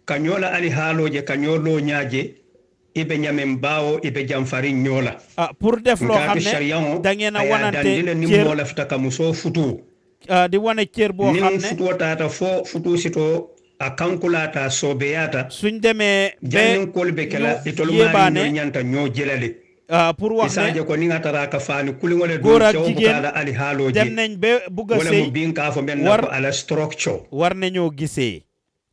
kañola ali haaloje kañolo ñaaje ibe ñamen baawo ibe jamfarin ñoola ah, pour deflo xam ne da ngeen wanante ni moo lafta ka muso futu ah, di wane cër bo xamne ni futu tata fo futu sito a kankulata soobeyata suñ demee janninkolu be kela itolumaani ñoo ñanta ño jelale ah, pour wax ne ko ni nga tara ka faani kuliŋole dun cewo bukala ali haaloo je dem nañ be bugga sey wala mo bin ka fo men na ko ala structure war nañu gisee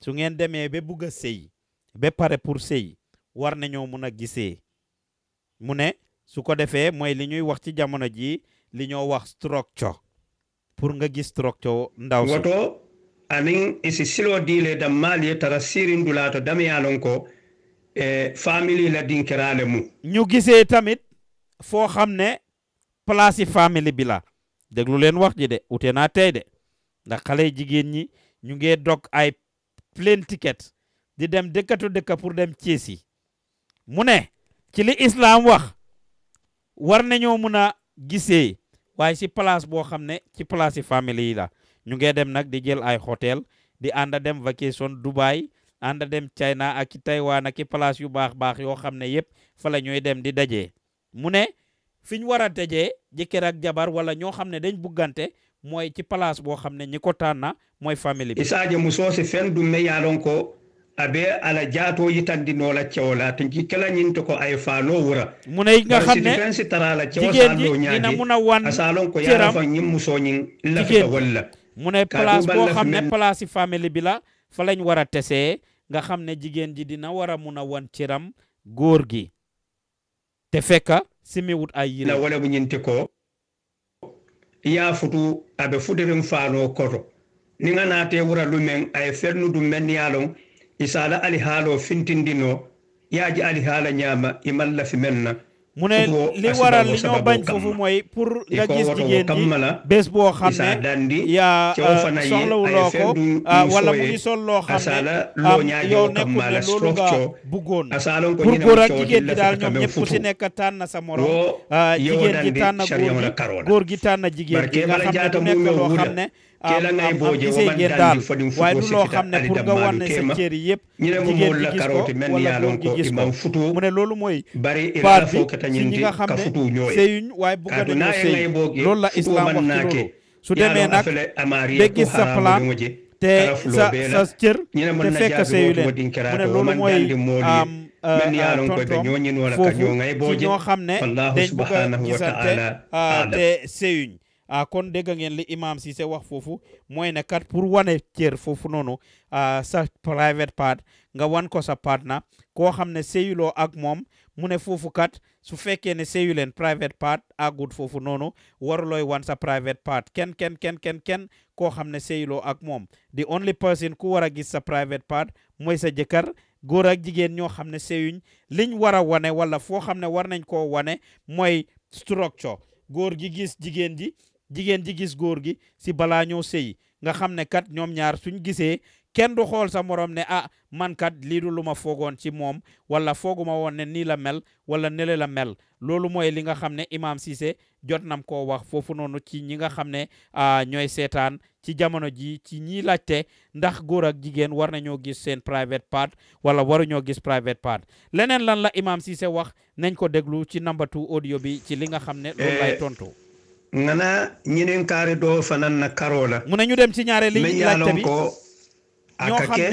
su ngeen demee ba bugg a sëy ba pare pour sëy war nañoo mun a gisee mu ne su ko defee mooy li ñuy wax ci jamono ji li ñoo wax structure pour nga gis structure ndaw so woto anin isi silo diile dam ye tara sirin dulaato damiyaalon ko e famille la dinkiraale mu ñu gisee tamit foo xam ne place yi famille bi la déglu leen wax ji de ute naa tey de ndax xale jigéen ñi ñu ngee dog ay plane ticket di dem dëkkatu dëkka pour dem Thiès yi mu ne ci li islam wax war nañoo mun a gisee waaye si place boo xam ne ci place yi famille la ñu ngi dem nag di jël ay hôtel di ànd dem vacation Dubai ànd dem China ak ci Taiwan ak ci place yu baax baax yoo xam ne yëpp fa la ñuy dem di dajee mu ne fi ñu war a dajee jëkkër jabar wala ñoo xam ne dañ buggante mooy ci place boo xam ne ñi ko tànna mooy famille bi isaaje mu soose fen ɗum me yaalon ko abe ala jaato yitandinoola cewola to jikkalañinto ko ay faano wura mu ne nga ko yaara fan ñim musoñin lafita famille bi la fa lañ war a tesee nga xam ne jigéen ji dina war a mun a wan ciram góor gi te fekka simiwut ay yire wala bu ñinti ko yaafutu aɓe fuɗiren faano koto ni ganaate wura lumen aye fernudu menniyalon isaala ali haalo fintindino yaaji ali haala ñaama imallafi menna mu ne li waral li ñoo bañ foofu mooy pour nga gis jigéen ji bés boo xam ne yaa euh, soxlawuloo ko euh, wala mu ngi sol loo xam ne yow nekkul ne loolu nga bëggoon pour góor ak jigéen ji daal ñoom ñëpp si nekk tànn sa morom euh, jigéen ji tànn góor gi góor jigéen ji nga xam ne loo xam ne am gisee ngeen daal waaye du loo xam ne pour nga sa cër yëpp jigéen ji gis ko wala góor ji gis ko mu ne loolu mooy baat bi si ñi nga xam ne seyuñ waaye bu ko defee sey loolu la islam wax ci loolu su demee nag ba gis sa plan te sa sa cër te fekk seyu leen mu ne loolu mooy am euh, tontom foofu ci ñoo xam ne dañ bëgg a gisante te euh, seyuñ ah kon dégg ngeen li imam Ceesay wax foofu mooy ne kat pour wane cër foofu noonu ah, sa private part nga wan ko sa na koo xam ne séyuloo ak moom mu ne foofu kat su fekkee ne séyu leen private part àggut foofu noonu warulooy wan sa private part kenn kenn kenn kenn kenn koo xam ne séyuloo ak moom the only person ku war a gis sa private part mooy sa jëkkër góor ak jigéen ñoo xam ne séyuñ liñ war a wane wala foo xam ne war nañ ko wane mooy structure góor gi gis jigéen ji jigéen ji gis góor gi si balaa ñoo sey nga xam ne kat ñoom ñaar suñ gisee kenn du xool sa morom ne ah man kat lii du lu ma foogoon ci moom wala fooguma woon ne nii la mel wala nele la mel loolu mooy li nga xam ne Imam Cissé jot nam ko wax foofu noonu ci ñi nga xam ne ah, ñooy seetaan ci jamono ji ci ñii laajte ndax góor ak jigéen war nañoo gis seen private part wala waruñoo gis private part leneen lan la Imam Cissé wax nañ ko déglu ci number two audio bi ci li nga xam ne. loolu eh, tontu. ngana ñinin kaari do fanan na karoo la mu ne ñu dem ci ñaare li laajte bi ko aka ke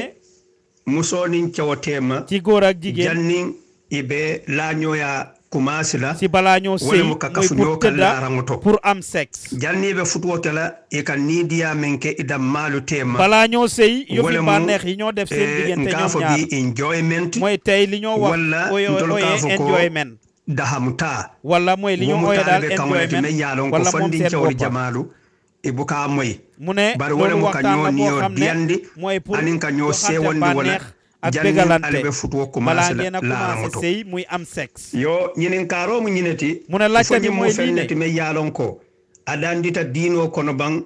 musonin cewotema ci góor ak jigéen jannin ibe laañoya commence la si balaño sey mo kaka fuño kan larango to pour am sexe janni be wote la e kan ni diya menke ida malu tema balaño sey yo fi neex yi ñoo def seen eh, digënté ñoo ñaar enjoyment moy tay li ñoo wax oyo enjoyment dahamta walla moye li ñoo oya daal enjoyment walla moom seet boppam i buka moy mu ne bari wala mu ka ñoo niyo diyandi moye pour anin ka ñoo seewandi wala a begalante bala ngeen a commencé sey muy am sexe yo ñininkaro mu ñineti mu ne laajte bi mooy lii ne me yaalon ko a dandita diinoo kono ban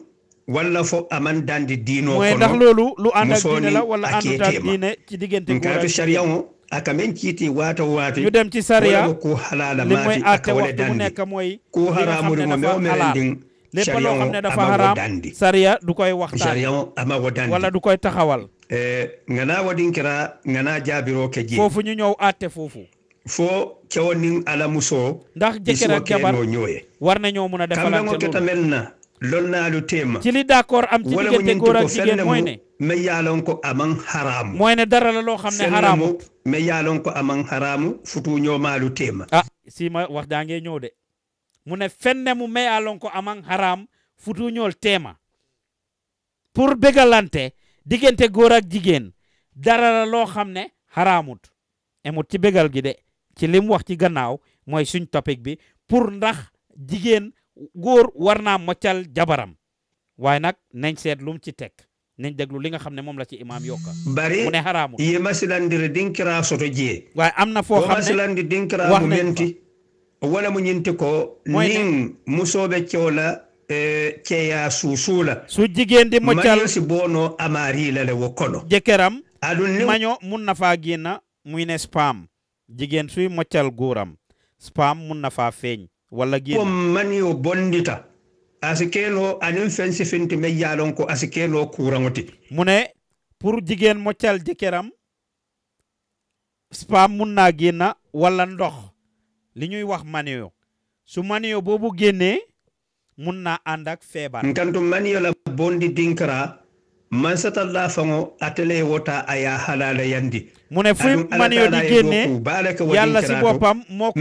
walla fo aman dandi diinoo kono mooy ndax loolu lu ànd ak diine la walla ànduta diine ci diggante ko nkaatu sharia o aka men kiiti waato waati ñu dem ci sariya ko halala li mooy a waxtu mu nekk mooy ko haramude mo sariya du koy waxtaan sariya ama ko dandi wala du koy taxawal eh, ngana wadin kira ngana jaabiro ke ji foofu ñu ñëw àtte foofu fo kewo nin ala muso ndax jëkkër ak jabar war na ñoo mun a defalante loolu kamen na loolu naalu teema ci li d'accord am ci diggante góor ak jigéen mooy ne mais yaalon ko aman haramu mooy ne dara la loo xam ne haramu mais yaalon ko aman haramu futu ñoomaalu tema ah wax daangee ñëw de mu ne fenne mu meyalon ko aman haram futu teema pour bégalante diggante góor ak jigéen dara la loo xam ne haraamut emut ci bégal gi de ci lim wax ci gannaaw mooy suñ topic bi pour ndax jigéen góor war naa moccal jabaram waaye nag nañ seet lum ci teg nañ déglu li nga xam ne moom la ci imaam yokka bari mu ne haraamul ye masilandiri dinkira jee waaye am na foo xam ne masilandi dinkira mu ñenti wala mu ñinti ko nin musoobe cew la e, ceya suusuu la su jigéen di moccal maño si boono amaari la wo kono jëkkëram aɗum ni maño mun na faa génna muy ne spam jigéen suy moccal góoram spam mun na faa feeñ wala génn ko man bondita asikelo anin fen si finti me yalon ko asikelo mu mune pour jigen moccal jikeram spa mun na génna wala ndox li ñuy wax manio su manio bobu génnee mun na andak febar nkantu manio la bondi dinkara man la fango atele wota aya halala yandi mune fuy manio di genné yalla si bopam moko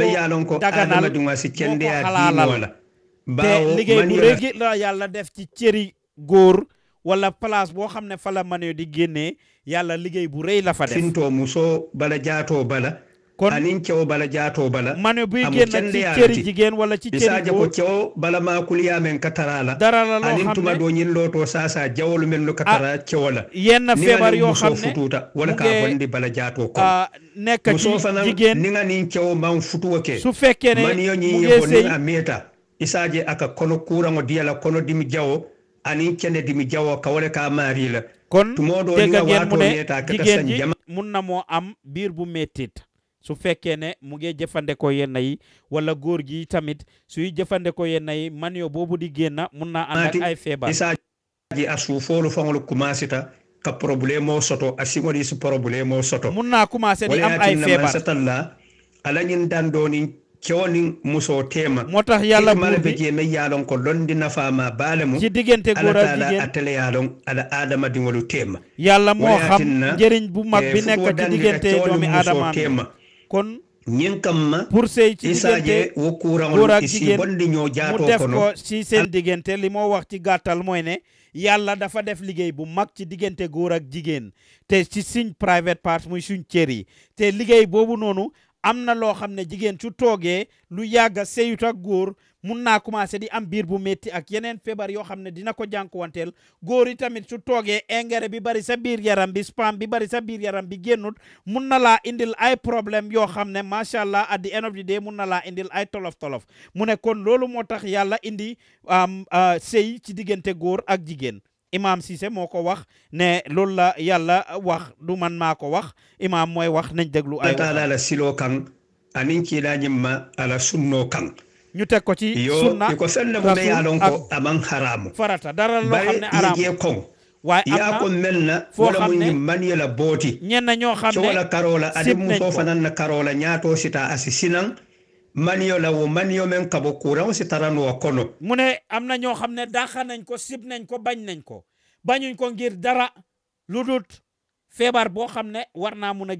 daganal moko halalal te liggéey bu régi la yàlla def ci cëri góor wala place boo xam ne fa la manio di génnee yàlla liggéey bu rëy la fa def sintoo musoo bala jaatoo bala kon anin cewo bala bala manio buy génn ci cëri jigéen wala ci cëri góor ko cewo bala maakuliyaa men ka la dara la loo xam ne lu ah, ka tara cewo la yenn feebar xam ne futuuta wala kaa bondi bala jaatoo ko ah, nekk ci jigéen ni nga nin futuwo ke su fekkee ne mu ngi sëy a meeta isaje aka kono kuraŋo diya la kono dimi jawo aniŋ kene dimi jawo ka wo le ka maari la kon tumoɗo niŋa waato neta kata saŋ mun na moo am biir bu mettit su fekkee ne mu ngee jëfandikoo yenn yi wala góor gi tamit suy jëfandikoo yenn yi manio boobu di génn mun naa ànd ay feebar isaji a suufoolu faŋolu commencé ta ka problème soto a siŋolu si problème soto mun naa commencé di am ay feebar kewolin muso tema moo tax yàlla mala be jeena yaalon ko londi nafaama baale mu ci diggante góor ak jigéen atale yaalon ala aadama diŋolu tema yàlla moo xam njëriñ bu mag bi nekk ci diggante doomi aadama tema kon ñin kam ma pour sey ci diggante góor ak jigéen mu def ko ci seen diggante li moo wax ci gàttal mooy ne yàlla dafa def liggéey bu mag ci diggante góor ak jigéen te ci suñ private part muy suñ cër yi te liggéey boobu noonu am na loo xam ne jigéen su toogee lu yàgg seyut ak góor mun naa commencé di am biir bu métti ak yeneen feebar yoo xam ne dina ko jànkuwanteel góor yi tamit su toogee engrais bi bari sa biir yaram bi spam bi bari sa biir yaram bi génnut mun na laa indil ay problème yoo xam ne macha allah at the end of the day mun na laa indil ay tolof tolof mu ne kon loolu moo tax yàlla indi ah, sey ci diggante góor ak jigéen. imaam Cissé moo ko wax ne loolu la yàlla wax du man maa ko wax imaam mooy wax nañ déglu ay taala la siloo kan anin kiilañimma ala sunnoo kan ñu teg ko ci sunna iko felle mu ne yaalon ko aman haramu farata dara loo xam ne haramu bare kon waaye am na yaa ko mel na foo xam ne man yela booti ñenn ñoo xam ne sib nañ ko cogola karola ade mu foo asi sinan maniyo la wo maniyo men kabo kura si sitara no kono mu ne am na ñoo xam ne nañ ko sib nañ ko bañ nañ ko bañuñ ko ngir dara ludut febar feebar boo xam ne war naa mun a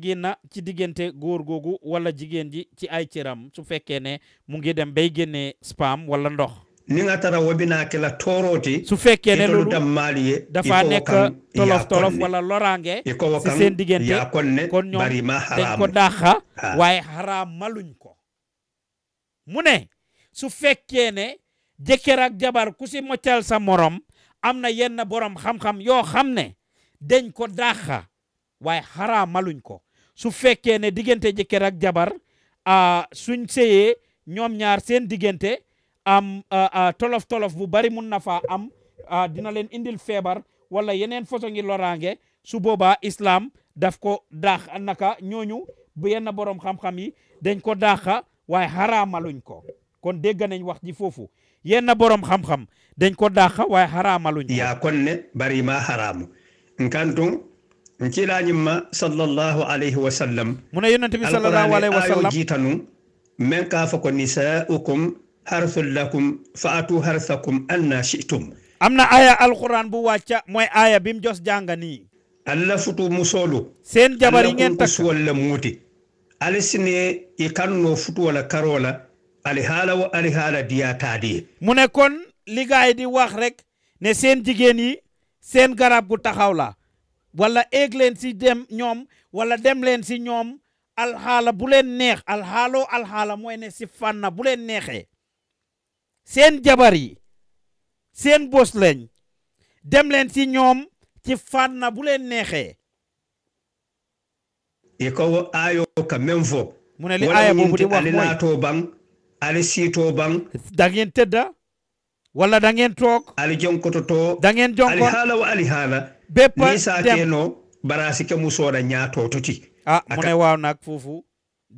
ci diggante gor gogu wala jigéen ji ci ay ciram su fekkee ne mu ngi dem bay génnee spam wala ndox ni nga tara wobinaa ke la toorooti su fekkee ne dam loolu dafa nek tolof tolof wala lorange si seen digeunte kon ma haram ko daaxa waaye haram maluñ ko mu ne su fekkee ne jëkkër jabar ku si moccal sa morom am na yenn borom xam-xam yoo xam ne dañ ko dàqa waaye xaraamaluñ ko su fekkee ne diggante jëkkër ak jabar suñ sëyee ñoom ñaar seen diggante am tolof tolof bu bari mun na faa am dina leen indil feebar wala yeneen façon ngi su boobaa islam daf ko daax naka ñooñu bu yenn borom xam-xam yi dañ ko daaxa waaye xaraamaluñ ko kon dégg nañ wax ji foofu yenn borom xam-xam dañ ko dàqa waaye xaraamaluñ ko yaa kon ne bari ma xaraamu nkantum nkiilañimma sallallahu alayhi wa sallam mu ne yonente bi sallallahu alayhi wa men kaa ko nisaukum harthun lakum fa atu anna shitum am na aya alquran bu wàcca mooy aya bim jos jànga nii allah futu musoolu seen jabar yi ngeen takk muuti ali sine i futuwola karola ali haala wo ali haala mu ne kon ligaay di wax rek ne seen jigéen yi seen garab gu taxaw la wala eeg leen si dem ñoom wala dem leen si ñoom alxaala bu leen neex alxaaloo alxaala mooy ne si fànna bu leen neexee seen jabar yi seen bos lañ dem leen si ñoom ci fànna bu leen neexee e kawo ayo ka men fo mu ne li aaya boobu di wax mooy laatoo ban ali siitoo ban da ngeen tëdda walla da ngeen toog ali jonkototoo da ngeen jonko ali haala wa ali haala bépp ni saakeenoo baraasi ke mu sooda ñaatoo toti ah mu ne waaw nag foofu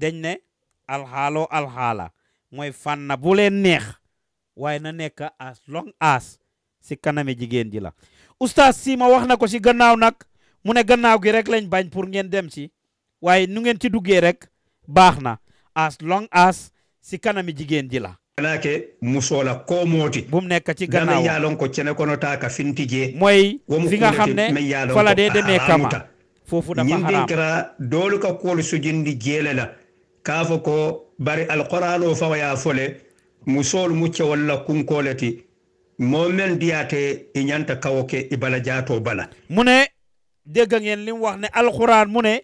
dañ ne alxaaloo alxaala mooy fànna bu leen neex waaye na nekk as long as si kaname jigéen ji la oustaz Sima ko si gannaaw nag mu gannaaw gi rek lañ bañ pour ngeen dem si waaye nu ngeen ci duggee rek baax na as long as si kanami jigéen ji la alake musola ko mooti bu nekk ci gannaaw dana yaalon ko cene kono taa ka finti jee mooy fi nga xam ne fala dee demee kama foofu dafa haram ñin kira doolu ka koolu sujindi jeele la kaa fo ko bari alqur'ano fawa yaa fole musoolu mu cewol la kunkoo ti moo men diyaate i ñanta kawo i bala jaatoo bala mu ne dégg ngeen wax ne alqur'an mu ne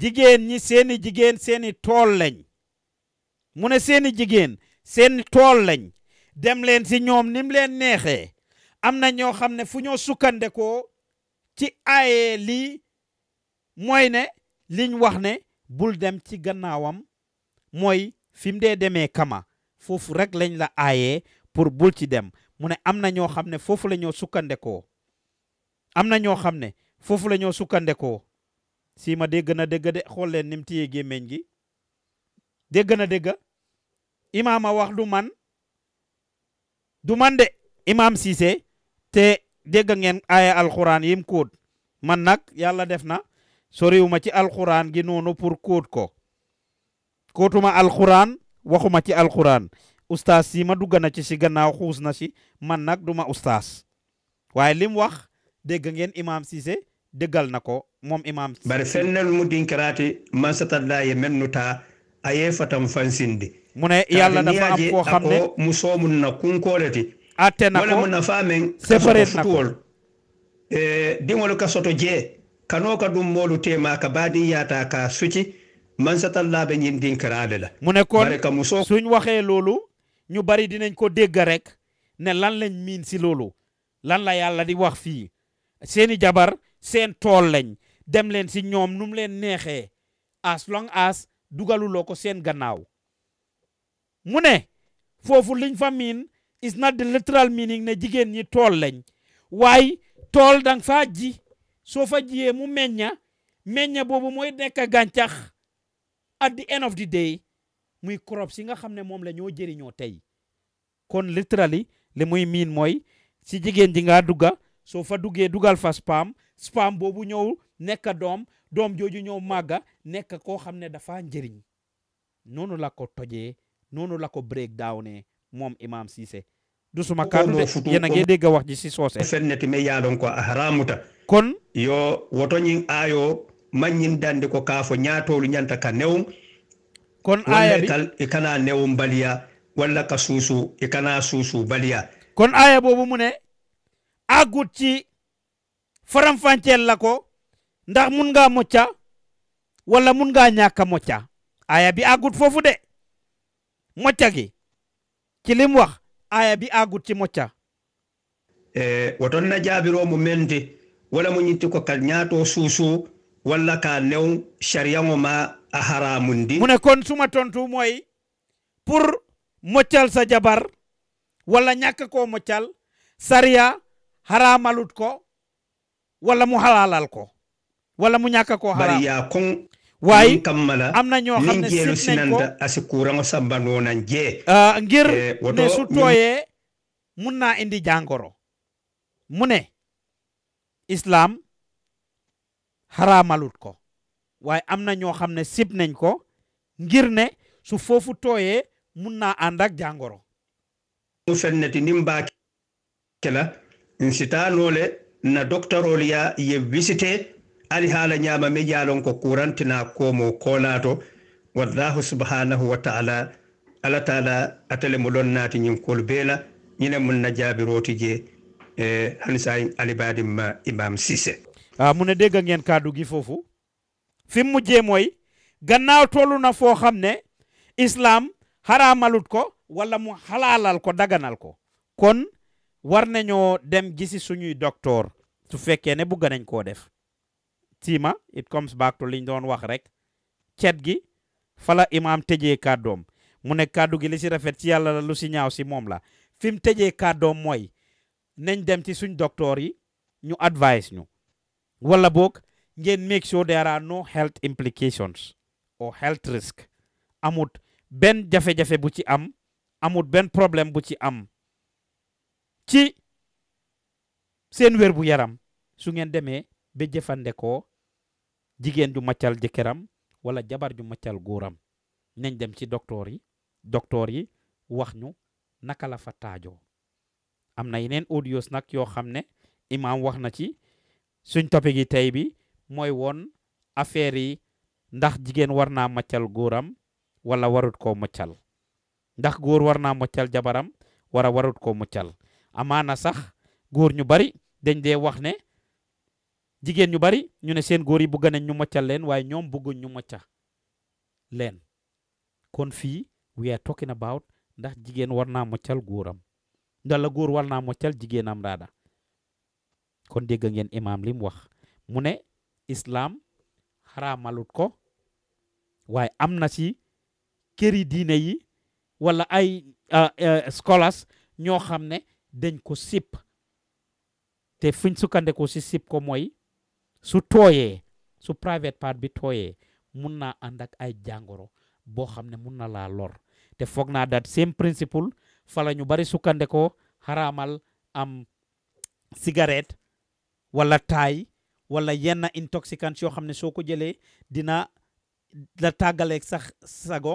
jigéen ñi seeni jigéen seeni tool lañ mu ne seeni jigéen seeni tool lañ dem leen si ñoom nim leen neexee am na ñoo xam ne fu ñoo sukkandekoo ci aaye lii moy ne liñ wax ne bul dem ci gannaawam mooy fi dee demee kama foofu rek lañ la aaye pour bul ci dem mu ne am na ñoo xam ne foofu la ñoo sukkandekoo am na ñoo xam ne foofu la ñoo sukkandekoo sii ma dégg na dégg de xool leen ni mu gémmiñ gi dégg na dégg imaama wax du man du man de imaam Cissé te dégg ngeen aaya alxuraan yim kóod man nag yàlla def na soriwuma ci alxuraan gi noonu pour kóod ko kóotuma alxuraan waxuma ci alxuraan ustaas sii ma dugg na ci si gannaaw xuus na si man nag duma ustaas waaye lim wax dégg ngeen imaam Cissé déggal na ko moom imam bare fennel mudin karaati mansatallahi mennuta a yefatam fansinde mu ne yàlla dafa am koo xam ne mu soomun na kunkooleti atte na ko wala mu nafa men séparé na ko e diŋolu ka soto jee kanoo ka ɗum moolu tema ka baadin yaata ka suci mansatallaa be ñin dinkaraale la mu ne kon suñ waxee loolu ñu bari dinañ ko dégg rek ne lan lañ miin si loolu lan la yàlla di wax fii seeni jabar seen tool lañ dem len si ñom num len nexé as long as dugalu loko seen gannaaw mu ne foofu liñ fa min is not the literal meaning ne jigen ñi tol lañ way tol dang fa ji so fa jiyee mu meñña meñña bobu moy nekk gantax at the end of the day muy crop si nga xam ne moom la ñoo kon literally le muy min moy si jigen ji nga dugga so fa duggé dugal fa spam spam bobu ñëw nekk doom doom jooju ñëw màgga nekk koo xam ne dafa njëriñ noonu la ko tojee noonu la ko break down moom imam Ceesay du suma kàddu de yéen a ngi dégg wax ji si soose fenneti me yaalon ko haramuta kon yoo woto ñin aayo maññin dandi ko kaafo ñaatoolu ñanta ka newum kon aya bi i kana newum boobu mu ne àggut ci faramfàcceel ndax mun nga mocca walla mun ngaa ñàkk a mocca aaya bi àggut foofu de mocca gi ci lim wax aaya bi àggut ci mocca e woton na jaabiroo mu menti wala mu ñitti ko kal ñaato suusu wala ka new sariyaŋo ma a haramundi mu ne kon suma tontu mooy pour moccal sa jabar wala ñàkk ko moccal sariya haramalut ko wala mu halalal ko wala mu ñàkk koo xaraam bari yaa kon waaye am na ñoo xam ne sit nañ ko asi kuuraŋo sambandoo nañ jee ah, ngir eh, ne su tooyee mun naa indi jàngoro mu ne islam xaraamalut ko waaye am na ñoo xam ne sib nañ ko ngir ne su foofu tooyee mun naa ànd ak jàngoro mu fenneti ni ke la nsitaanoole na doctorol ya ye visité ali haala ñaama mijaalon ko kurantina komo koolaato wallahu subhanahu wa taala allah taala atele mo ɗon naati ñinkol beela ñine mum najaabi rootije e hani sa in alibadima imam sise a mune degang en kaadugi fofu fimmu jeemoy gannaaw tolluna foo xam ne islam haramalut ko walla mu halaalal ko daganal ko kon war nañoo dem gisi suñuy docteur su fekkee ne bugga nañ koo def tiima it comes back to liñ doon wax rek cet gi fala imaam tëjee kàddoom mu ne kàddu gi li si rafet ci yàlla lu si ñaaw si moom la fi mu tëjee kàddoom mooy nañ dem ci suñ docteur yi ñu advise ñu wala boog ngeen make sure there are no health implications or health risk amut benn jafe-jafe bu ci am amut benn problème bu ci am ci seen wér bu yaram su ngeen demee ba jëfandikoo jigéen ju maccal jëkkëram wala jabar ju maccal góoram nañ dem ci docteur yi docteur yi wax ñu naka la fa am na yeneen audios nag yoo xam ne imaam wax na ci suñ topic gi tey bi mooy woon affaire yi ndax jigéen war naa maccal góoram wala warut koo maccal ndax góor war naa maccal jabaram wara warut koo maccal amaana sax góor ñu bari dañ dee wax ne jigéen ñu bari ñu ne seen góor yi bugg nañ ñu moccal leen waaye ñoom bugguñ ñu mocca leen kon fii wee are talking about ndax jigéen war naa moccal góoram ndax la góor war naa moccal jigéenam raada kon dégg ngeen imaam lim wax mu ne islaam xaraamalut ko waaye am na si këri diine yi wala ay ah, eh, scholars ñoo xam ne dañ ko sip te fuñ sukkandekoo si sip ko mooy su tooyee su private part bi tooyee mun naa ànd ak ay jàngoro boo xam ne mun na laa lor te foog naa daat same principle fa la ñu bari sukkandekoo xaraamal am cigarette walla taay wala yenn intoxicants yoo xam ne soo ko jëlee dina la tàggaleeg sax sago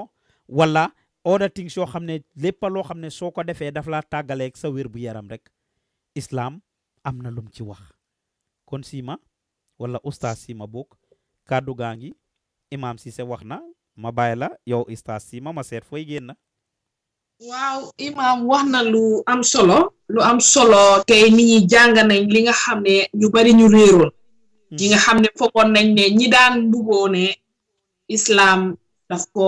walla other things yoo xam ne lépp loo xam ne soo ko defee daf la tàggaleeg sa wér bu yaram rek islam am na lum ci wax kon siima wala ustaas si ma bokk kàddu gaa ngi si se wax na ma bàyyi la yow ustaas si ma ma seet fooy génn. waaw imaam wax na lu am solo lu am solo tey nit ñi jàng nañ li nga xam ne ñu bari ñu réeroon hmm. ñi nga xam ne foogoon nañ ne ñi daan mbugoo ne islaam daf ko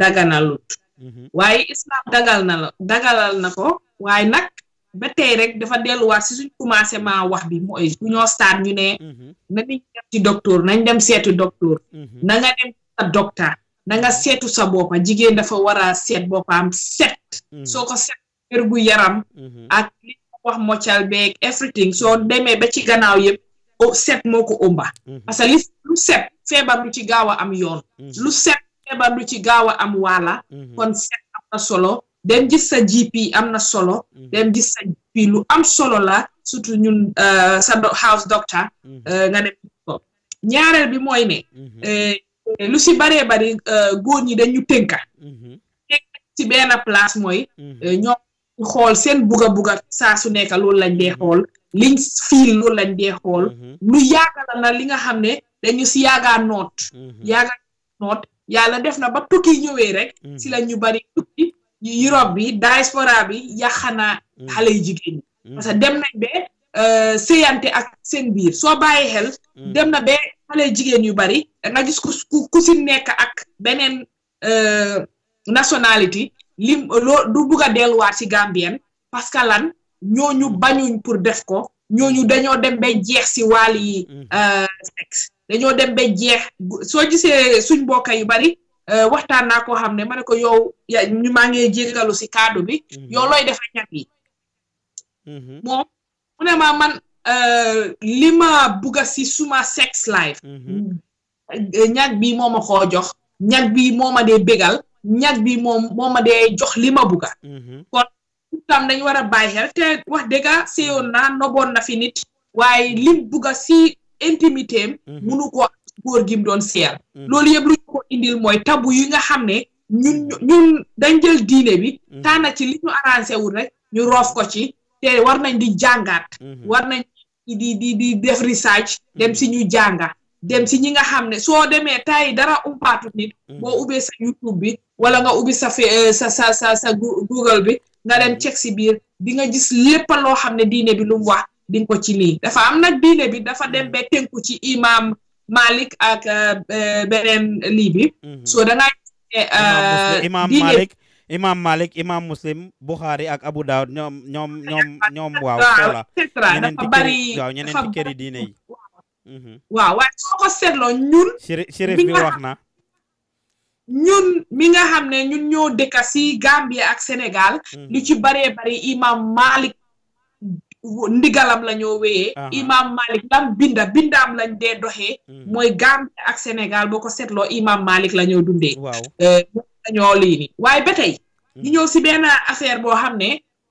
daganalut hmm. waaye islaam dagal na la dagalal na ko waaye nag ba tey rek dafa delluwaat si suñ commencement wax bi mooy bu ñoo ñu ne mhm. na dem ci docteur nañ dem seetu docteur mhm. na nga dem sa docteur na nga seetu sa boppa jigéen dafa war a seet boppam set mhm. soo ko set wér gu yaram ak li wax moccal beeg everything soo demee ba ci gannaaw yëpp seet moo ko ëmba parce que li lu seet feebar lu ci gaaw a am yoon lu set feebar lu ci gaaw a am waala kon set am na solo dem gis sa GP am na solo mm-hmm. dem gis sa GP lu am solo la surtout ñun euh, sa house doctor mm-hmm. euh, nga dem ko ñaareel bi mooy ne mm-hmm. euh, lu si baree bari góor ñi dañu tënka tënka ci benn place mooy ñoo xool seen buga buga saa su nekk loolu lañ dee xool liñ fiil loolu lañ dee xool lu yàggala na li nga xam ne dañu si yaagaa noot yaagaa noot def na ba tukki ñëwee rek si la bari tukki Europe bi diaspora bi yàqanaa mm. xale yu jigéen ñi mm. parce que dem nañ ba euh, séyante ak seen biir soo bàyyi xel mm. dem na ba xale jigéen yu bari nga gis ku ku si nekk ak beneen euh, nationalité lim loo du bugg delluwaat si Gambien parce que lan ñooñu bañuñ pour def ko ñooñu dañoo dem ba jeex si wàll yi euh, sexe dañoo dem ba jeex soo gisee suñ mbokk yu bari Euh, waxtaan naa koo xam ne ma ne ko yow maa ngi jégalu si kaddu bi. Mhm. yow looy def ñam yi. Mhm. moom mu ne ma euh, li ma bugga si suma sex life. Mhm. Euh, ñag bi moo ma koo jox. ñag bi moo ma dee bégal. ñag bi moom moo ma dee jox li ma bugga. kon tam dañ war a bàyyi xel te wax dëgga seyoon na noboon na fi nit. waaye lim bugga si intimité am. munu ko boor gi mu doon seer mm-hmm. loolu yëpp lu ñu ko indil mooy tabu yi nga xam ne ñun mm-hmm. ñun dañ jël diine bi mm-hmm. tànna ci li ñu arrangé rek ñu roof ko ci te war nañ di jàngaat war nañ di di di def research dem si ñu jànga dem si ñi nga xam ne soo demee tay dara umpaatu nit boo ubbee sa YouTube bi wala nga ubbi sa euh, sa sa sa sa Google bi nga dem check si biir di nga gis lépp loo xam ne diine bi lu wax di ko ci lii dafa am nag diine bi dafa dem ba ci imaam Malik ak euh, euh, beneen lii bi. Mhm. so da ngaa gis imaam Malik imaam Malik imaam Muslim Bukhari ak Abu Dawud ñoom ñoom ñoom waaw. voilà ñeneen ci këri diine yi. Mhm. waaw waaye soo ko seetloo ñun. shérif bi ñun mi nga xam ne ñun ñoo dëkka si Gambie ak Sénégal. Mhm. lu ci baree bari imaam Malik. ndigalam la ñoo wéyee imam malik lam binda bindaam lañ dee doxee hmm. mooy Gambie ak Sénégal boo ko seetloo imam malik la ñoo dundee eh, lañoo lii ni waaye ba tey hmm. ñu ñëw si benn affaire boo xam ne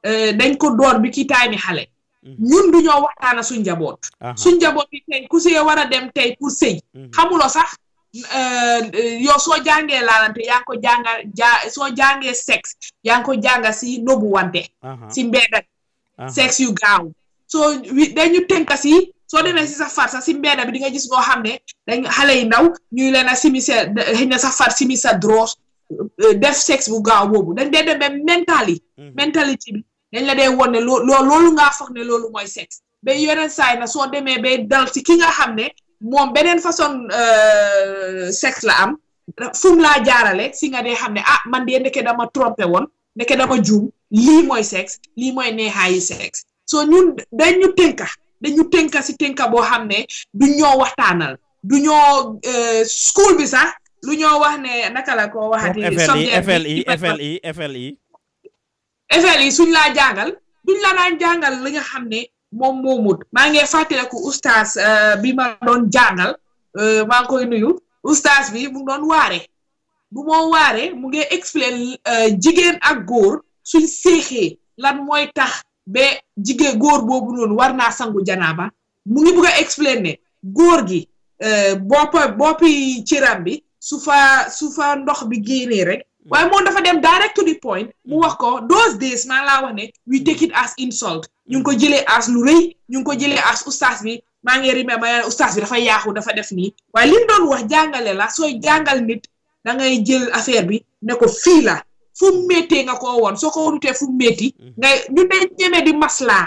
eh, dañ ko door bi ci taay mi xale hmm. ñun du ñoo waxtaana suñ njaboot suñ njaboot yi tey ku see war a dem tey pour sëy xamulo sax eh, yow soo jàngee laalante yaa ngi ko jànga soo jàngee sexe yaa ngi ko jànga si nobu wante si mbedd Uh-huh. sexe yu gaaw soo dañu tënka si soo demee si sa far sa si mbedd bi di nga gis ngoo xam ne dañ xale yi ndaw ñuy leen a simi sa xëy na sa far simi sa droos euh, bu gaaw boobu dañ dee demee mental yi mm-hmm. mentality bi dañ la dee woon ne loo loolu ngaa foog ne loolu mooy sexe ba yeneen saay na soo demee bay dal si ki nga xam ne moom beneen façon euh, sexe la am fu mu laa jaarale si nga dee xam ne ah man de ndeke dama trompé woon ndeke dama juum lii mooy sexe lii mooy neexaayu sexe soo ñun dañu tënka dañu tënka si tënka boo xam ne du ñoo waxtaanal du ñoo euh, school bi sax lu ñoo wax ne naka la ko waxati FLI FLI FLI FLI suñ laa jàngal duñ la daan jàngal li nga xam ne moom moomut maa ngi fàttaliku ustaas euh, bi ma doon jàngal euh, maa ngi koy nuyu ustaas bi mu doon waare bu moo waare mu ngi explain jigéen ak góor suñ séexee lan mooy tax ba jigéen góor boobu noonu war naa sangu janaaba mu ngi bëgg a expliquer góor gi euh, bopp boppi ciram bi su fa su fa ndox bi génnee rek mm. waaye moom dafa dem direct to the point mu mm. wax ko those days maa laa wax ne we take it as insult ñu ngi ko jëlee as lu rëy ñu ngi ko jëlee as ustaas bi maa ngi remember yaa ustaas bi dafa yaaxu dafa def nii waaye li mu doon wax jàngale la sooy jàngal nit da ngay jël affaire bi ne ko fii la fu metti nga ko won soko wonute fu metti mhm. nga ñu ne ñëmé di masla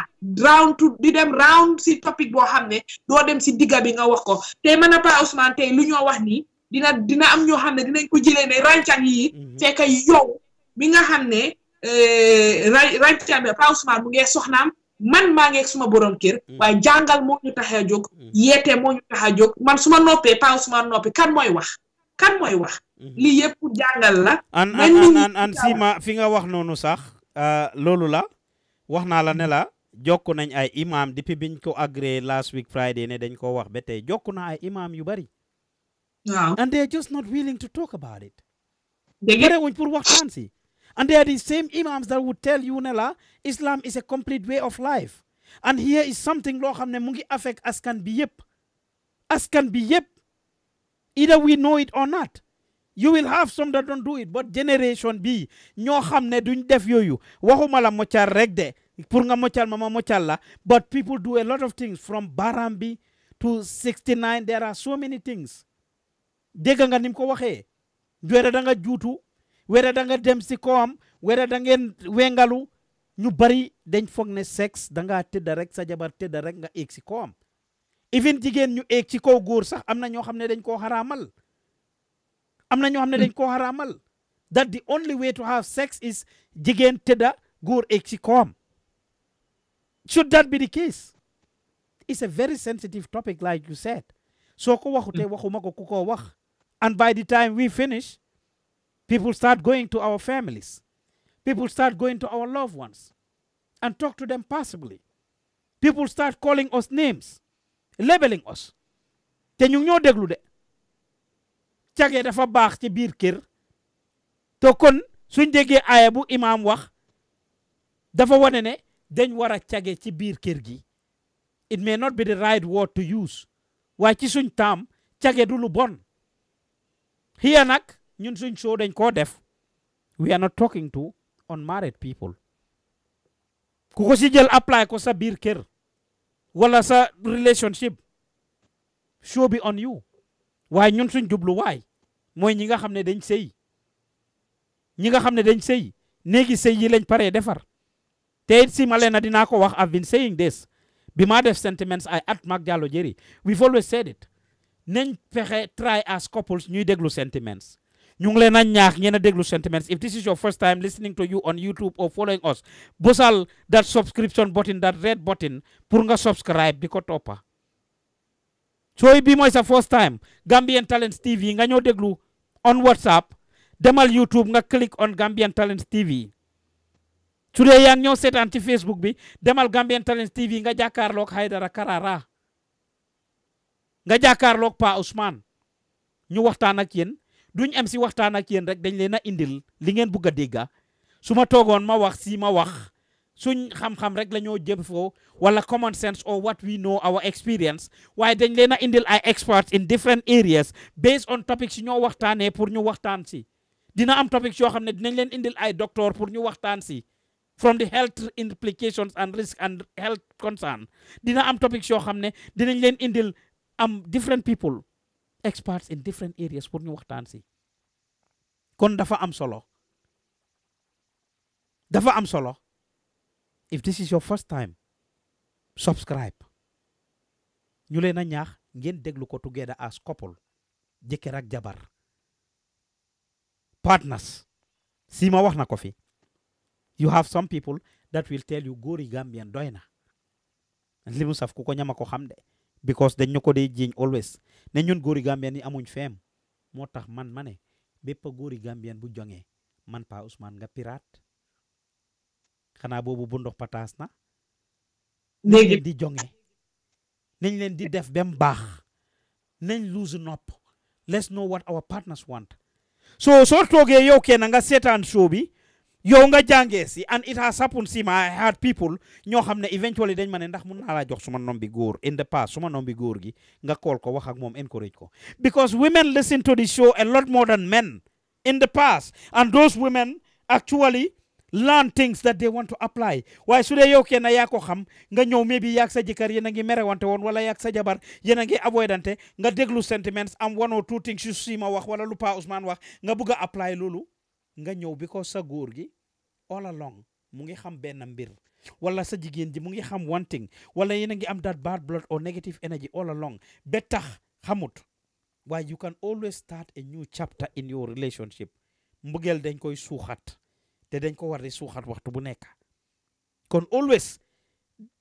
round to di dem round si topic bo xamné do dem si diga bi nga wax ko té mëna pa Ousmane té lu ñoo wax ni dina dina am ñoo xamné dinañ ko jëlé né rancang yi mhm. kay yow mi nga xamné euh rancang bi pa Ousmane mu ngi soxnam man ma ngi suma borom kër mhm. way jangal mo ñu taxé jog yété mo ñu taxé jog man suma noppé pa Ousmane noppé kan moy wax kan moy wax Mhm. lii yëpp jàngal la. an an an an sima fi nga wax noonu sax euh, loolu la wax naa la ne la jokk nañ ay imaam depuis biñ ko agree last week Friday ne dañ ko wax ba tey jokk na ay imaam yu bari. waaw and they are just not willing to talk about it. dégg nga wuñ pour waxtaan si. and they are the same imams that would tell you ne la Islam is a complete way of life. and here is something loo xam ne mu ngi affect askan bi yëpp. askan bi yëpp. either we know it or not. you will have some that don't do it but generation B, ño xamne duñ def yoyu waxuma la moccal rek de pour nga moccal mama mo la but people do a lot of things from barambi to 69 there are so many things dégg nga nim ko waxe wéra da nga jutu wéra da nga dem ci kawam wéra da ngeen wengalu ñu bari dañ foog ne sexe da nga tedd rek sa jabar tedd rek nga éeg si kawam even jigéen ñu éeg ci kaw góor sax am na ñoo xam ne dañ koo xaraamal am na ñoo xam ne dañ hmm. koo xaraamal that the only way to have sex is jigéen tëdda góor egg ci koom should that be the case it's a very sensitive topic like you said soo ko waxutee hmm. waxuma ko ku ko wax and by the time we finish people start going to our families people start going to our loved ones and talk to them possibly people start calling us names labeling us te ñu ngi ñoo déglu de dafa ci biir kër te kon suñ déggee aaya bu imaam wax dafa ne dañ war a ci biir kër gi it may not be the right word to use waaye ci suñ taam du lu bon here nag ñun suñ soo dañ koo def we are not talking to unmarried people ku ko si jël apply ko sa biir kër wala sa relationship show be on you waaye ñun suñ jubluwaay mooy ñi nga xam dañ sëy ñi nga xam dañ sëy néegi sëy yi lañ defar te si ma leena ko wax I've been saying this bi maa def sentiments are at mag jëri we've always said it nañ fexe try as couples ñuy déglu sentiments ñu ngi leen a ñaax déglu sentiments if this is your first time listening to you on YouTube or following us bosal that subscription button that red button pour nga subscribe di ko toppa sooy bi mooy sa first time Gambian Talents TV nga ñoo déglu on WhatsApp demal YouTube nga click on Gambian Talent TV su yang yaa set anti Facebook bi demal Gambian Talent TV nga jàkkaarloog Haidara Karara nga jàkkaarloog Pa Ousmane ñu waxtaan ak yéen duñ MC si waxtaan ak rek dañ leen indil li ngeen dega. a dégga ma si ma wax suñ xam-xam rek la ñoo jëm foo wala common sense or what we know our experience waaye dañ leen a indil ay experts in different areas based on topics yu ñoo waxtaanee pour ñu waxtaan si dina am topics yoo xam ne dinañ leen indil ay docteur pour ñu waxtaan si from the health implications and risk and health concern dina am topics yoo xam ne dinañ leen indil am different people experts in different areas pour ñu waxtaan si kon dafa am solo dafa am solo if this is your first time subscribe ñu leena ñaax ngeen déglu ko together as couple jëkkër ak jabar partners Sima wax na ko fi you have some people that will tell you Gori Gambian doyna na li saf ku ko ñama ko xam de because dañ ñuko ko jign always ne ñun gori gambian ni amuñ fem motax man mané ne Gori Gambian bu jongé man Pa Ousmane nga pirate xana bobu bu ndox patas na nañ di jonge nañ len di def bem bax nañ lose nop let's know what our partners want so so toge yow kenn nga setan show bi yow nga jange si and it has happened si my heart people ño xamne ne eventually dañ mané ndax mën na la jox suma nom bi in the past suma nom bi góor gi nga ko wax ak mom encourage ko because women listen to the show a lot more than men in the past and those women actually learn things that they want to apply waaye su dee yow na yaa ko xam nga ñew maybe yak sa jikar yena ngi mere wante won wala yak sa jabar yena ngi avoidante nga deglu sentiments am one or two things yu siima wax wala lu Pa Ousmane wax nga bëgg apply lulu nga ñew because sa goor gi all along mu ngi xam ben mbir wala sa jigen ji mu ngi xam one thing wala yena ngi am that bad blood or negative energy all along betax xamut why you can always start a new chapter in your relationship mbugel dañ koy suxat te dañ ko war di suuxat waxtu bu nekk kon always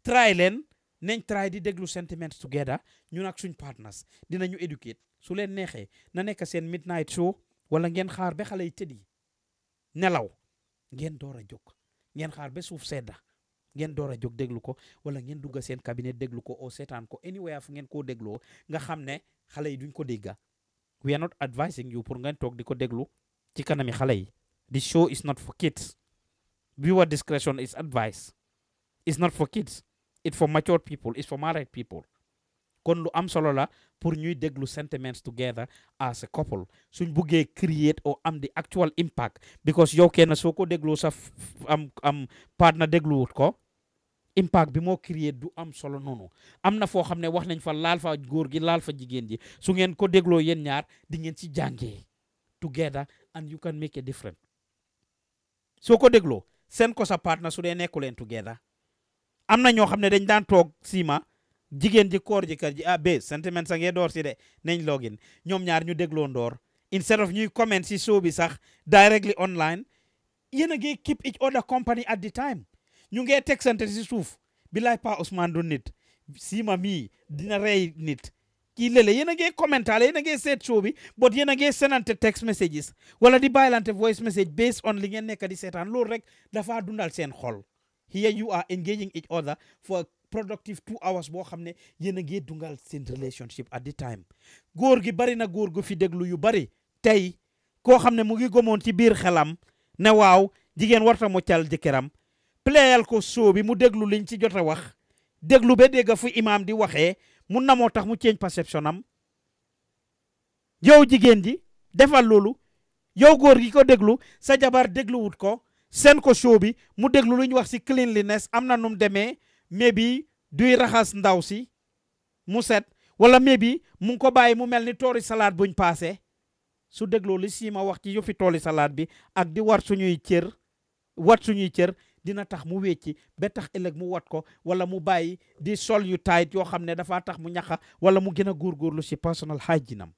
try leen nañ try di déglu sentiments together ñu nag suñ partners dinañu educate su leen neexee na nekk seen midnight show wala ngeen xaar ba xale yi tëddi nelaw ngeen door a jóg ngeen xaar ba suuf sedda ngeen door a jóg déglu ko wala ngeen dugg seen cabinet déglu ko oo seetaan ko anywhere fu ngeen koo dégloo nga xam ne xale yi duñ ko dégga we are not advising you pour ngeen toog di ko déglu ci kanami xale yi The show is not for kids. Viewer discretion is advice. It's not for kids. It's for mature people. It's for married people. kon lu am solo la pour ñuy déglu sentiments together as a couple suñ can create or am the actual impact because yow kena soko ko déglu sa am am partner dégluwut ko impact bi moo create du am solo nono. am na for xam ne wax nañ fa laal fa góor gi laal fa jigéen ji su ngeen ko deglo yen ñaar di ngeen ci jàngee together and you can make a difference soo ko dégloo seen ko sa su dee nekku leen together am na ñoo xam ne dañ daan toog siima jigéen ji koor ji kër ji ah bé sentiment sa ngee door si de nañ login ñoom ñaar ñu dégloo door instead of ñuy comment si show bi sax directly online yéen a ngi keep each other company at the time ñu ngee teg sante si suuf bilaay Pa Ousmane du nit siima mii dina rey nit kii lele yéen a ngi commentaale yéen a ngi seet show bi but yéen a ngi seenante text messages wala di bàyyilante voice message based on li ngeen nekk di seetaan loolu rek dafa dundal seen xol here you are engaging each other for productive two hours boo xam ne yéen a ngi dungal seen relationship at the time góor gi bari na góor gu fi déglu yu bari tey koo xam ne mu ngi gomoon ci biir xelam ne waaw jigéen warta mu cal jëkkëram pléyal ko soo bi mu déglu liñ ci jot a wax déglu ba dégg fu imaam di waxee mu namoo tax mu change perception am yow jigéen ji defal loolu yow góor gi ko déglu sa jabar dégluwut ko seen ko show bi mu déglu lu ñu wax si cleanliness am na nu mu demee mais bi duy raxas ndaw si mu set wala mais bi mu ko bàyyi mu mel ni toori salade buñ paase su dégloo li sii ma wax ci yëfi tooli salade bi ak di war suñuy cër wat suñuy cër dina tax mu wecci ba tax ëllëg mu wat ko wala mu bàyyi di sol yu taayit yoo xam ne dafaa tax mu ñaqa wala mu gën a lu si personal hygiene am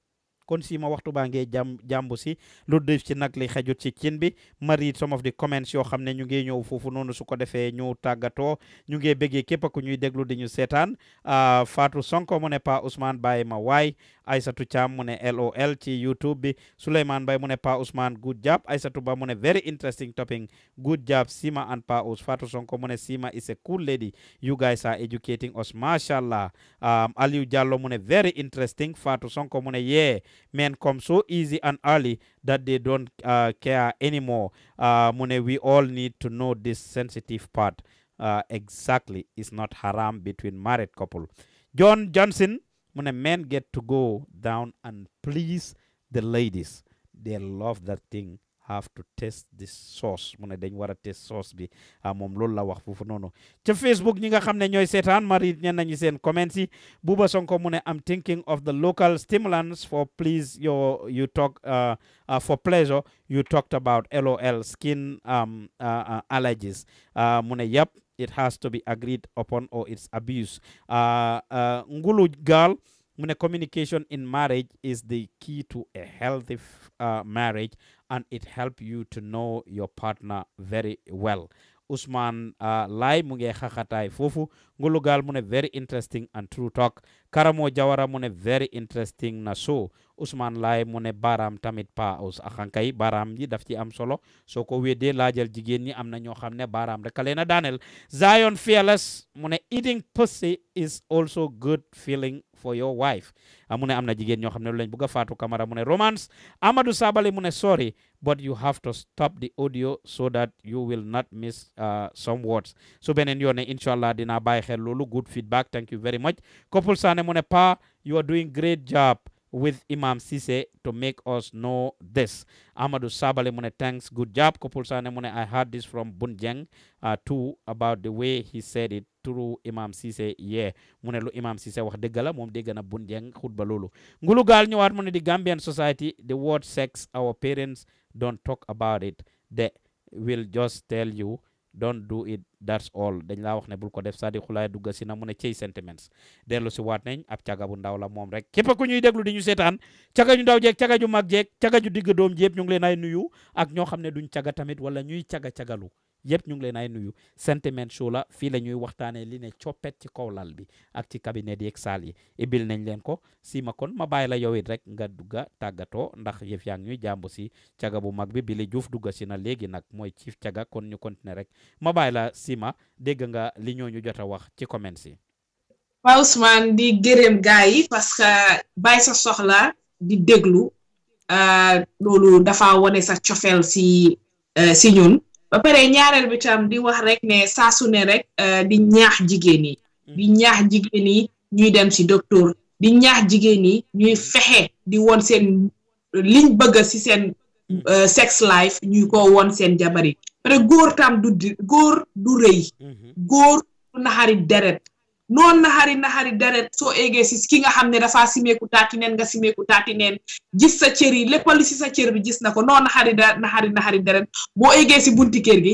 kon si ma waxtu baa ngee jàm jàmbu si lu def ci nag li xejut ci cin bi ma read some of the comments yoo xam ne ñu ngi ñëw foofu noonu su ko defee ñu tàggatoo ñu ngi bëggee képp ku ñuy déglu di ñu seetaan ah, faatu Sonko mu ne Pa Ousmane bàyyi ma waay Aysatu Thiam mu ne LOL ci YouTube bi Souleymane Bay mu ne Pa Ousmane good job Aysatu Ba mu ne very interesting topic good job Sima and Pa Ous Fatou Sonko mu ne Sima is a cool lady you guys are educating us mashallah um, Aliou Diallo mu ne very interesting Fatou Sonko mu ne yeah men come so easy and early that they don't uh, care anymore. Uh, Mune, we all need to know this sensitive part. Uh, exactly, it's not haram between married couple. John Johnson, Mune, men get to go down and please the ladies. They love that thing have to test this source mu ne dañ war test source bi ah, moom loolu la wax foofu noonu ca Facebook ñi nga xam ne ñooy seetaan mari ñen nañu seen comments yi Buuba Sonko mu am thinking of the local stimulants for please your you talk uh, uh, for pleasure you talked about LOL skin um, uh, allergies ah, mu ne it has to be agreed upon or it's abuse ah, Ngulu gal. mu communication in marriage is the key to a healthy uh, marriage and it helps you to know your partner very well Usman uh, Lai mu ngi fufu. foofu ngulu ne very interesting and true talk Karamo Jawara mu ne very interesting na show Ousmane Laye mu ne baaraam tamit pa aus axankay baaraam yi daf ci am solo soo ko weddee laajal jigéen ñi am na ñoo xam ne baaraam rek a leen a daaneel Zion Fearless mu ne eating pussy is also good feeling for your wife ah, mu ne am na jigéen ñoo xam ne lu lañ bëgg faatu Camara mu ne romance Amadou sabale mu ne sorry but you have to stop the audio so that you will not miss uh, some words so beneen yoon ne incha allah dinaa xel Munepa, you are doing great job with Imam Sise to make us know this. Amadou Sabale Mune, thanks. Good job, Kopulsane Mune. I heard this from Bunjang uh, too about the way he said it through Imam Sise. Yeah, Mune Imam Sise wax deug la mom deg na Bunjeng khutba Ngulu gal ñewat mune the Gambian society the word sex our parents don't talk about it. They will just tell you don't do it that's all dañ laa wax ne bul ko def sadi xulaay dugga si na mu ne cey sentiments dellu si waat nañ ab caga bu ndaw la moom rek képp ku ñuy déglu di ñu seetaan caga ñu ndaw jeeg caga ju mag jeeg caga ju digg doom jépp ñu ngi leen ay nuyu ak ñoo xam ne duñ caga tamit wala ñuy caga cagalu yëpp ñu ngi leen ay nuyu sentiment show la fii la ñuy waxtaanee li ne coppet ci kaw lal bi ak ci cabinet yeeg saal yi ibil nañ leen ko si ma kon ma bàyyi la yow it rek nga dugga tàggatoo ndax yëf yaa ngi ñuy jàmb si caga bu mag bi Billy Juuf dugga si na léegi nag mooy Chief Caga kon ñu continuer rek ma bàyyi la si ma dégg nga li ñoo ñu jot a wax ci comments yi. waaw Ousmane di gërëm gars yi parce que bàyyi sa soxla di déglu euh, loolu dafa wane sa cofeel si euh, si ñoon ba pare ñaareel bi di wax rek ne saa su ne rek euh, di ñaax jigéen yi mm. di ñaax jigéen yi ñuy dem ci docteur di ñaax jigéen yi ñuy fexe di won seen liñ bëgg ci seen mm. euh, sex life ñuy ko woon seen jabar yi pare góor tam du góor du rëy mm-hmm. góor du naxari deret noon naxari naxari deret soo eegee si ki nga xam ne dafaa simeeku taati neen nga simeeku taati neen gis sa cër yi lépp lu si sa cër bi gis na ko noon naxari naxari naxari deret boo eegee si bunti kër gi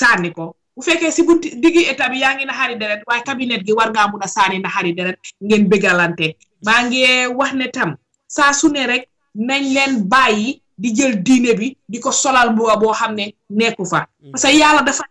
sànni ko bu fekkee si bunti diggi état bi yaa ngi naxari deret waaye cabinet gi war ngaa mun a sànni naxari deret ngeen bégalante maa ngi wax ne tam saa su ne rek nañ leen bàyyi di jël diine bi di ko solal mbuba boo xam ne nekku fa mm. parce que yàlla dafa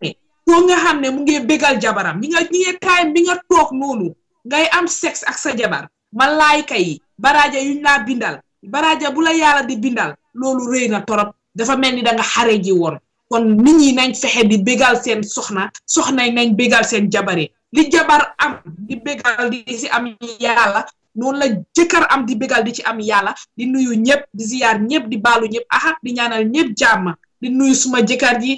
ko nga xamne mu ngi begal jabaram ñi nga ñi time mi nga tok nonu ngay am sex ak sa jabar malaika yi baraja yu la bindal baraja bu la yalla di bindal lolu reyna torop dafa melni da nga xare ji won kon nit ñi nañ fexé di begal seen soxna soxna nañ begal seen jabare li jabar am di begal di ci am yalla non la jëkkër am di begal di ci am yalla di nuyu ñepp di ziar ñepp di balu ñepp aha di ñaanal ñepp jamm di nuyu suma jëkkër ji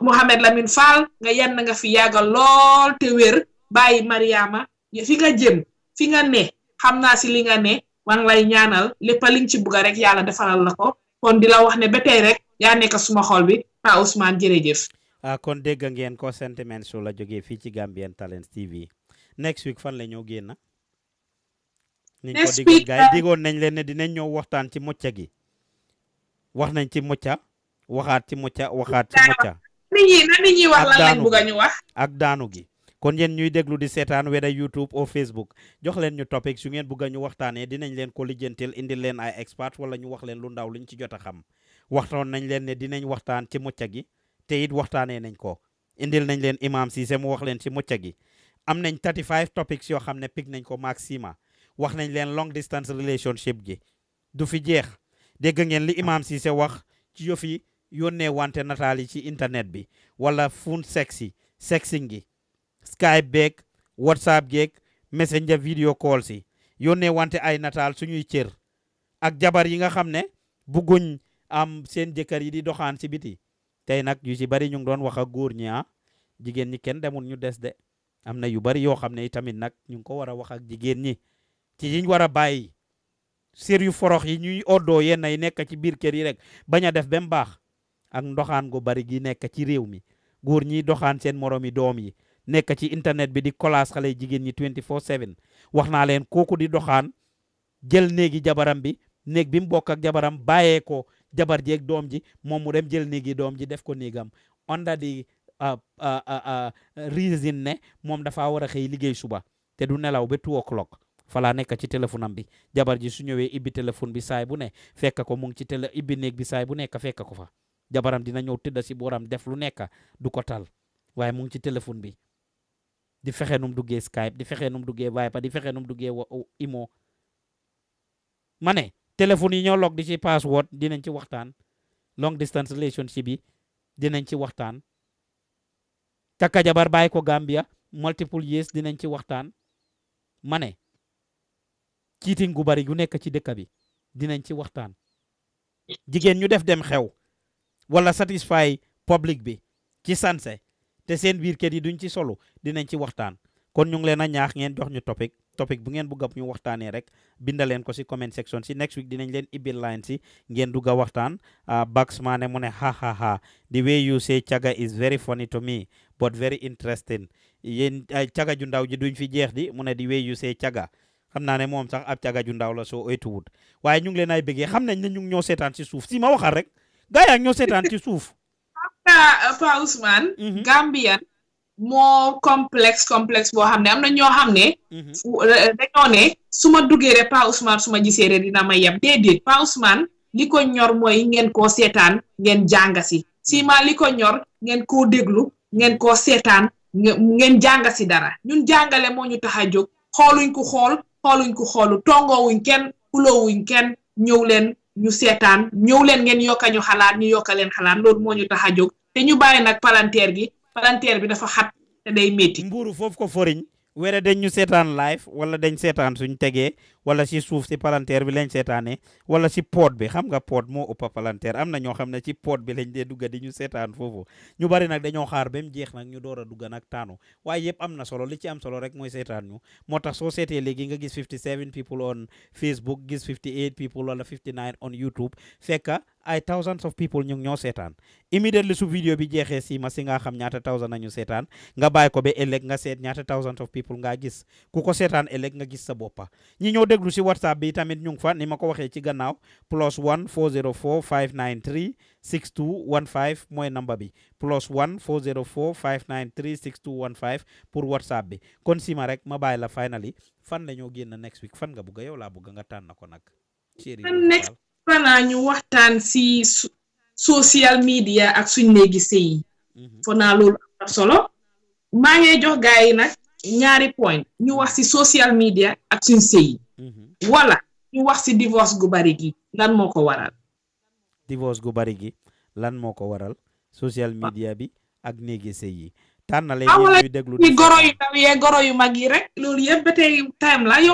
Mohamed Lamine Fall nga yenn nga fi yàgga lol te wér bàyyi Mariama fi nga jëm fi nga ne xamna ci li nga ne wang lay ñaanal lepp liñ ci bugga rek yalla defalal lako kon dila wax ne ba tey rek ya nek suma xol bi pa Ousmane jërëjëf. Ah, kon dégg ngeen ko sentiment su la fi ci Gambian Talents TV next week fan la ñu génn. next week ñu gay euh, digon nañ leen ne dinañ ñoo waxtaan ci mucca gi wax nañ ci mucca waxaat ci mucca waxaat ci mucca ni ñi na ni ñi wax lan lañ bëgg ñu wax ak daanu gi kon ñuy déglu di weda youtube o facebook jox leen ñu topic su ngeen bëgg a ñu waxtaanee dinañ leen ko lijeentel indi leen ay expert wala ñu wax leen lu ndaw luñ ci jotta xam waxtoon nañ leen ne dinañ waxtaan ci mucca gi te it waxtane nañ ko indil nañ leen imam si mu wax leen ci mucca gi am nañ 35 topics yo xam ne pick nañ ko maxima wax nañ leen long distance relationship gi du fi jeex ngeen li imam Cissé wax ci yofi Yone wante natali ci internet bi wala fun sexy sexing gi skype bek whatsapp gek messenger video call si yone wante ay natal suñuy cër ak jabar yi nga xamne ne bugun am seen jëkkër yi di doxaan si biti tay nak yu ci bari ñu ngi doon wax ak goor ñi ah ñi kenn demul ñu dess de am na yu bari yo xamne ne nak ñu ko wara wax ak jigen ñi ci yiñ wara bayyi bàyyi yu forox yi ñuy oddo ci biir kër yi rek baña def bem ak ndoxaan gu bari gi nekk ci réew mi góor ñiy doxaan seen moroomi doom yi nekk ci internet bi di kolaas xale jigéen ñi 24/7 wax naa leen kooku di doxaan jël néegi jabaram bi néeg bi mu bokk ak jabaram bàyyee ko jabar ji ak doom ji moom mu dem jël néegi doom ji def ko néegam onda di uh, uh, uh, reason ne moom dafa war a xëy liggéey suba te du nelaw ba 2 o'clock falaa nekk ci téléphone am bi jabar ji su ñëwee ibbi téléphone bi saay bu ne fekk ko mu ngi ci télé ibbi néeg bi saay bu nekk fekk ko fa jabaram dina ñëw tëdd si boram def lu nekk du ko tal waaye mu ngi ci téléphone bi di fexe num duggee Skype di fexe num duggee Viber di fexe num duggee Imo ma ne téléphone yi ñoo log di ci password dinañ ci waxtaan long distance relationship bi dinañ ci waxtaan takka jabar bàyyi ko Gambia multiple years dinañ ci waxtaan ma ne cheating gu bari gu nekk ci dëkk bi dinañ ci waxtaan jigéen ñu def dem xew wala satisfy public bi ci sanse te seen biir kër yi duñ ci solo dinañ ci waxtaan kon ñu ngi leen a ñaax ngeen jox ñu topic topic bu ngeen bugg a ñu waxtaanee rek leen ko si comment section si next week dinañ leen ibbil line si ngeen dugg a waxtaan Bax Mane mu ne ha ha ha the way you say caga is very funny to me but very interesting yéen caga ju ndaw ji duñ fi jeex di mu ne the way you say caga xam naa ne moom sax a caga ju ndaw la so oytuwut waaye ñu ngi suuf si ma waxal rek gaa yaa ñoo seetaan ci suuf. Pa euh, Ousmane. Mhm. Gambian moo complexe complexe boo xam ne am na ñoo xam ne. Mhm. Euh, dañoo ne su ma duggee rek Pa Ousmane su ma gisee rek dina ma yem déedéet Pa Ousmane li ko ñor mooy ngeen koo seetaan ngeen jàngasi si ma li ko ñor ngeen koo déglu ngeen koo seetaan ngeen jàngasi dara ñun jàngale moo ñu tax a jóg xooluñ ko xool xooluñ ko xoolu tongoowuñ kenn xuloowuñ kenn ñëw leen. ñu seetaan ñëw leen ngeen yokk ñu xalaat ñu yokkaleen leen xalaat loolu moo ñu tax a jóg te ñu bàyyi nag palanteer gi palanteer bi dafa xat te day métti. mbuuru foofu ko foriñ were dañ ñu seetaan live wala dañ seetaan suñ tegee wala si suuf si palanteer bi lañ seetaanee wala si poot bi xam nga poot moo ëpp palanteer am na ñoo xam ne ci poot bi lañ dee dugga di ñu seetaan foofu ñu bari nag dañoo xaar ba jeex nag ñu door dugga nag taanu waaye yëpp am na solo li ci am solo rek mooy seetaan ñu moo tax soo seetee léegi nga gis 57 people on Facebook gis 58 people wala 59 on YouTube fekka ay thousands of people ñu ngi ñoo seetaan immediately su vidéo bi jeexee si ma si nga xam ñaata thousand nañu seetaan nga bàyyi ko ba ëllëg nga seet ñaata thousands of people nga gis ku ko seetaan ëllëg nga gis sa boppa déglu si whatsapp bi tamit ñu ngi fa ni ma ko waxee ci gannaaw plus 1 404 593 6215 mooy namba bi plus 1 404 593 6215 pour whatsapp bi kon sima rek ma bàyyi la finally fan la ñoo génn next week fan nga bugg yow laa bugg nga tànn ko nag. next fanaa ñu waxtaan si social media ak suñ néegi sëy yi. Mhm. fo naa loolu am solo. maa ngi jox gars yi nag ñaari point ñu wax si social media ak suñ sëy wala ñu wax si divorce gu bari gi lan moo ko waral. divorce gu bari gi lan moo ko waral. social ah. media bi ak néegi sëy yi. tànnale déglu ni mag yi la yu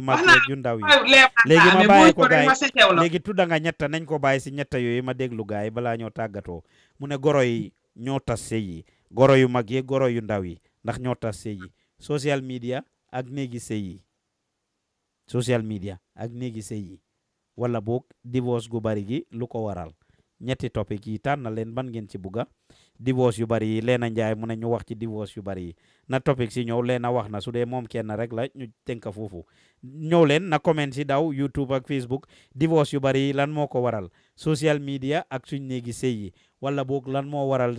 mag yeeg yu ndaw yi léegi ma bàyyi ko nañ ko bàyyi si ñetta yooyu ma déglu gaay yi balaa ñoo tàggatoo mu ne goro yi ñoo tas sëy yi goro yu mag yee goro yu ndaw yi ndax ñoo tas sëy yi social media ak néegi sëy yi social media ak néegi sëy yi wala boog divorce gu bari gi lu ko waral ñetti topic yi tànn na leen ban ngeen ci bugga divorce yu bari yi Leena Njaay mu ne ñu wax ci divorce yu bari yi na topic si ñëw Leena wax na su dee moom kenn rek la ñu tënk foofu ñëw leen na comment si daw YouTube ak Facebook divorce yu bari yi lan moo ko waral social media ak suñ néegi sëy yi wala lan moo waral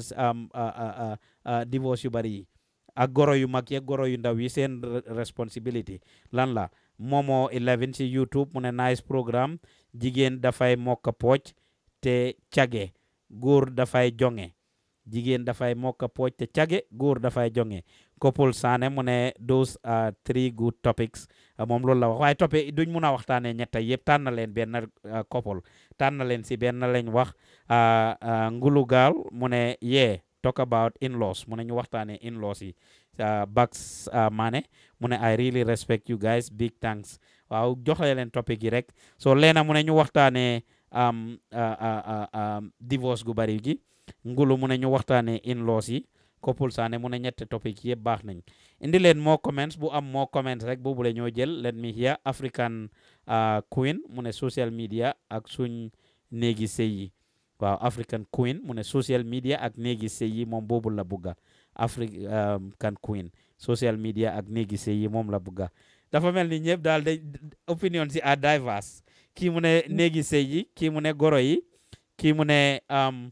divorce yu bari yi ak goro yu mag yeeg goro yu ndaw yi seen responsibility lan la Momo 11 si YouTube mu ne nice programme jigéen dafay mokka pooc te cage góor dafay jonge jigéen dafay mokka pooc te cage góor dafay jonge Kopul Sané mu ne those are three good topics ah, moom loolu la wax waaye toppe duñ mun a waxtaanee ñetta yëpp tànn leen benn Kopul ah, tànn leen si benn lañ wax ah, Ngulu Gaal mu ne yee talk about in-laws mu ne ñu in-laws yi Bax Mane mu I really respect you guys big thanks waaw joxle leen topic yi rek so leena uh, uh, uh, um divorce gu bari gi ngulu mu ne ñu in-laws yi couple Sané mu nyet ñetti topic yëpp baax nañ indi leen mo comments bu am mo comments rek bu le ñoo jël let me hear African uh, Queen mu social media ak suñ negi sëy waaw African Queen mu ne social media ak néegi sëy yi moom boobu la bugga African um, Queen social media ak néegi sëy yi moom la bugga dafa mel ni ñëpp daal de opinion si à diverse kii mu ne néegi sëy yi kii mu ne goro yi kii mu ne um,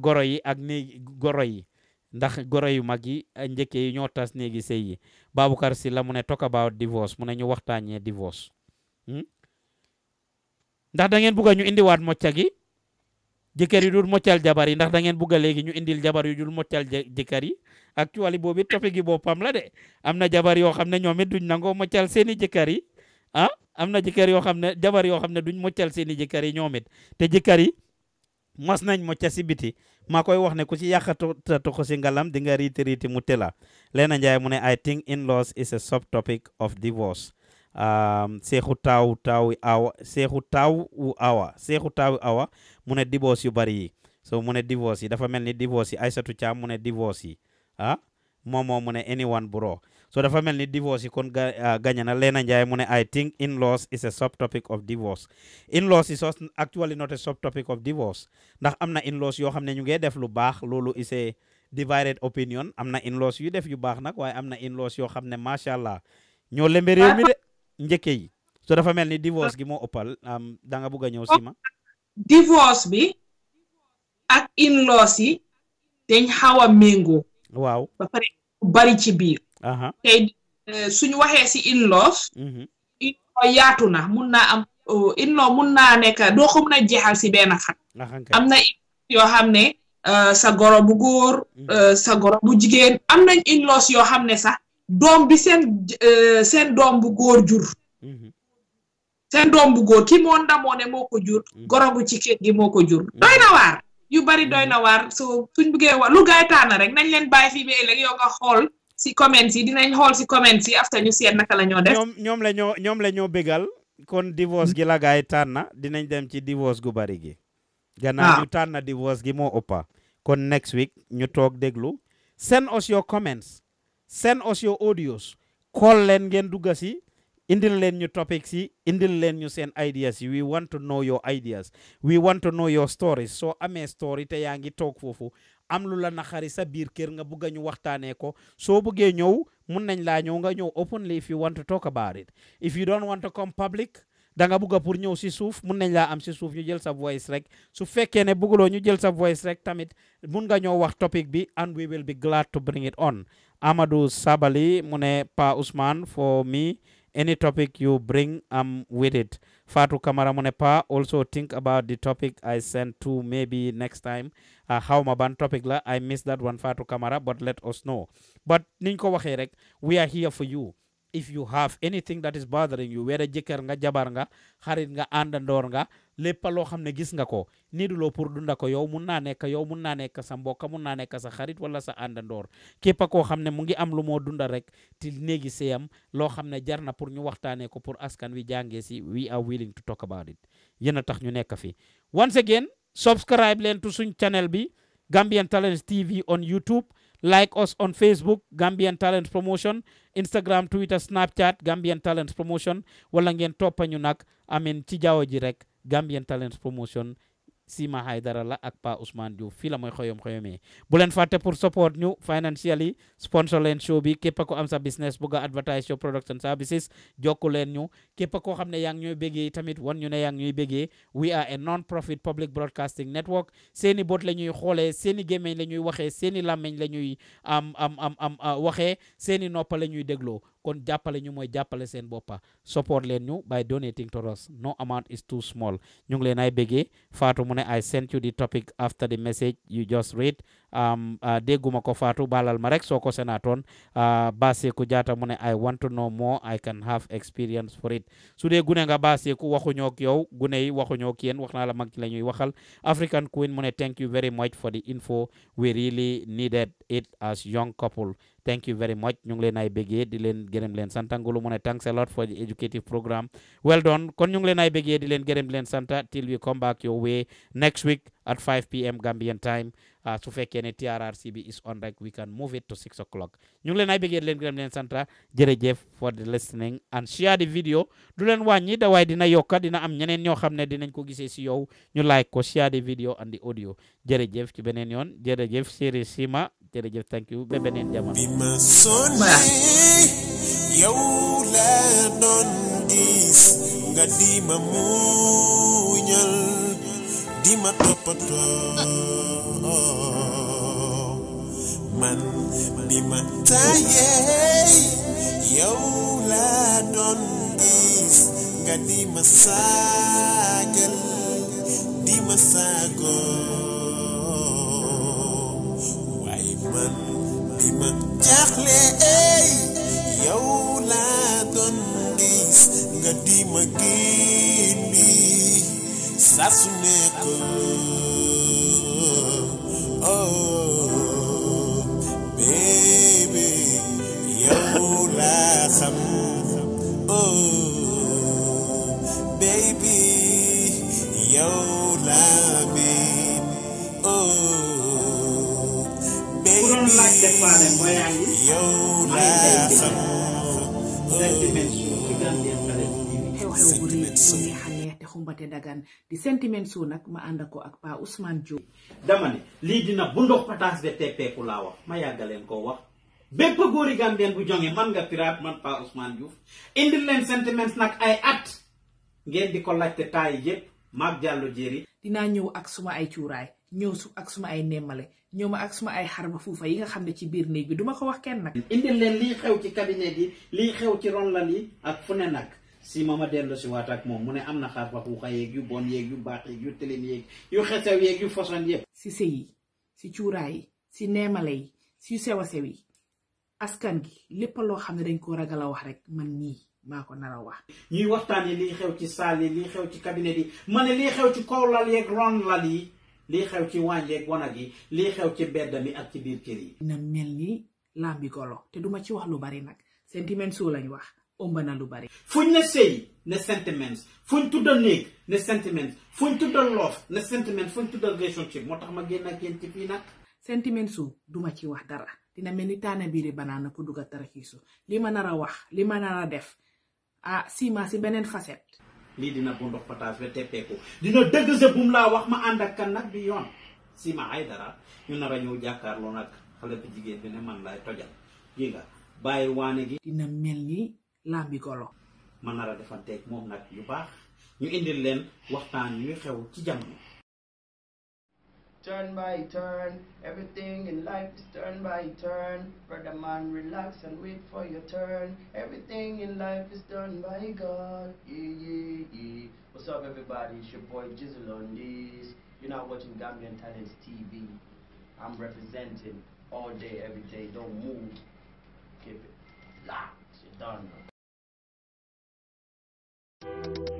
goro yi ak néegi goro yi ndax goro yu mag yi njëkkee yi ñoo tas néegi sëy yi si la mu ne talk about divorce mu ne ñu waxtaanee divorce hmm? ndax da ngeen bugga ñu indiwaat mocca gi jekari yi dul moccal jabar yi ndax da ngeen bugg legi ñu indil jabar yu dul moccal jekari. yi ak ci wali bobu topi gi bopam la de amna jabar yo xamne ne duñ nango moccal seeni yi ah amna na jëkkër jabar yo xamne duñ moccal seeni yi te jekari, yi mas nañ mocca ci biti ma koy wax ne ku ci to ko si ngalam di nga riiti riiti mu tela Leena Njaay mu ne I think in-laws is a topic of divorce Um, sehutau taawi awa seexu u awa sehutau awa mu ne divorce yu bari so mu ne divorce yi dafa melni divorce yi Aysatu mu ne divorce ah momo anyone bro so dafa melni divorce yi kon ah, gañe na lena Njaay mu ne I think in-laws is a subtopic of divorce in-laws is actually not a subtopic of divorce ndax amna in-laws yo xamne ñu ngi def lu bax lolu is a divided opinion Amna in-laws yu def yu bax nak way amna in-laws yo xamne machallah ño lembe rew mi de so dafa melni divorce gi opal ëppal da nga bugg ñew sima oh. ma divorce bi ak in-laws yi dañ a méngoo waaw bari ci biir tey eh, suñu waxee si in-laws mhm. yaatu na mun na am oh, in-law mun naa nekk doo ko mun a ci si benn xat am na yoo xam ne eh, sa goro bu góor mhm. eh, sa goro bu jigéen am nañ in yoo xam ne sax doom bi seen seen doom bu góor jur mhm. seen doom bu góor ki moo ndamoo ne moo ko jur mm. gorogu ci kër gi moo ko jur mm. doy na waar yu bari doy mm. na waar so suñ buggee wax lu gaay taana rek nañ leen bàyyi fii ba ëllëg yow xool si comments yi dinañ xool si comments yi after ñu seet naka la ñoo def ñoom la ñoo ñoom la ñoo bégal kon divorce gi la gaay tànna dinañ dem ci divorce gu bari gi gannaaw ah. ñu tànna divorce gi moo ëppa kon next week ñu toog déglu seen us your comments send us your audios call leen ngeen dugga si indil leen ñu topics yi indil leen ñu seen ideas yi we want to know your ideas we want to know your stories soo amee story te yaa ngi toog foofu am lu la naxari sa biir kër nga bugg a ñu waxtaanee ko soo buggee ñëw mun nañ laa ñëw nga ñëw openly if you want to talk about it if you don't want to come public da nga bugg a pour ñëw si suuf mun nañ laa am si suuf ñu jël sa voice rek su fekkee ne bugguloo ñu jël sa voice rek tamit mun nga ñëw wax topic bi and we will be glad to bring it on mu ne Pa Ousmane for any topic you bring, I'm with it. Fatu Kamara Monepa, also think about the topic I sent to maybe next time. Uh, how Maban topic la, I missed that one, Fatu Kamara, but let us know. But Ninko we are here for you. If you have anything that is bothering you, whether jikar nga jabar nga, harit nga andandoor nga, lepa loo xam ne gis nga ko nii du loo pour dunda ko yow mun naa nekk yow mun naa nekk sa mbokk mun naa nekk sa xarit wala sa àndandoor képp koo xam ne mu ngi am lu moo dunda rek ti néegi seyam loo xam ne jar na pour ñu waxtaanee ko pour askan wi jàngee si we are willing to talk about it yéen a tax ñu nekk fi once again subscribe leen to suñ channel bi Gambian Talent TV on YouTube like us on Facebook Gambian Talent Promotion Instagram Twitter Snapchat Gambian Talent Promotion wala ngeen toppañu nag amin ci jaww rek Gambian Talents Promotion Sima Haydara la ak Pa Ousmane Diouf fii la mooy xoyom xoyomee bu leen fàtte pour support ñu financially sponsor leen show bi képp ko am sa business bëgg a advertise your products and services jokku leen ñu képp koo xam ne yaa ngi ñooy béggee tamit wan ñu ne yaa ngi ñooy béggee we are a non profit public broadcasting network seeni bot la ñuy xoolee seeni gémmeñ la ñuy waxee seeni làmmeñ la ñuy am am am am uh, waxee seeni noppa la ñuy dégloo kon jàppale ñu mooy jàppale seen boppa support leen ñu by donating to us no amount is too small ñu ngi leen ay béggee Fatou mu ne I sent you the topic after the message you just read Ah, dégguma ko Fatou baalal ma rek soo ko senaatoon ah, Baseeku Jaata mu ne I want to know more I can have experience for it su dee gune nga Baseeku waxuñoo ak yow gune yi waxuñoo ak yéen wax naa la mag la ñuy waxal African Queen mu ne thank you very much for the info we really needed it as young couple thank you very much ñu ngi di leen gërëm leen sant a lot for the educative programme well done kon ñu di leen gërëm leen sant till we come back your way next week at 5 pm Gambian time ah, su fekkee ne TRRC bi is on rek we can move it to 6 o'clock ñu ngi leen leen gërëm leen santa jërëjëf for the listening and share the video du leen wàññi da waaye dina yokka dina am ñeneen ñoo xam ne dinañ ko gisee si yow ñu like ko share the video and the audio jërëjëf ci beneen yoon jërëjëf séri sima jërëjëf thank you ba beneen jamono Dima topato man dima taye yow la don gis Gadi dima di dima sago man dima jaxle ey eh. la don gis Gadi magi. Sasuneko. Oh, baby, yow la xam. Oh, baby, yow la miin. Oh, baby, yow la xam. Oh, sentiments of neexte eh, xumbate dagan di sentiment su nak ma andako ak pa Ousmane Diop dama ne li dina bu ndox patas de ko la wax ma yagalen ko wax bepp góori gambien bu jonge man nga pirat man pa Ousmane Diop indi len sentiments nak ay at ngeen di ko laajte tay yépp maag jàllu jéeri dina ñew ak suma ay ciuray ñew su ak suma ay nemale. ñoma ak suma ay harba fufa yi nga xam ci biir neeg bi duma ko wax kenn nak indi len li xew ci cabinet bi li xew ci ronlal yi ak fune nak si ma ma dellu si waat ak moom mu ne am na xar fa xuuxa yeeg yu bon yeeg yu baax yeeg yu tëlin yeeg yu xesew yeeg yu façon yëpp si sëy yi si cuuraay yi si neemale yi si sew a sew yi askan gi lépp loo xam ne dañ ko ragal a wax rek man nii maa ko nar wax ñuy waxtaane liy xew ci saal yi liy xew ci cabinet yi ma ne liy xew ci kaw lal yeeg yi liy xew ci wàññi yeeg wanag yi liy xew ci bedd mi ak ci biir kër yi na mel ni lambi golo te duma ci wax lu bari nag sentiment soo lañ wax ombana lu bari fuñ na sey ne sentiments fuñ tuddo néeg ne sentiments fuñ tuddo lof ne sentiments fuñ tuddo relationship moo tax ma genn ak yent fi nak sentiments su duma ci wax dara dina melni tane bi re banana ku duga su li ma nara wax li ma nara def ah ma si benen facette li dina bu ndox patage ba ko dina deug sa bum la wax ma ànd ak kan nak bi si ma ay dara ñu nara ñëw jàkkaarloo nak xale bi jigéen bi ne man lay tojal gi nga baye wane gi dina melni làmbi golo yu ñu indil waxtaan xew ci turn by turn. Everything in life is turn by turn. Brother man, relax and wait for your turn. Everything in life is done by God. Yeah, yeah, yeah. What's up, everybody? It's your boy Jizzle on this. You're not watching Gambian Talents TV. I'm representing all day, every day. Don't move. Keep it locked. You're done. Thank you.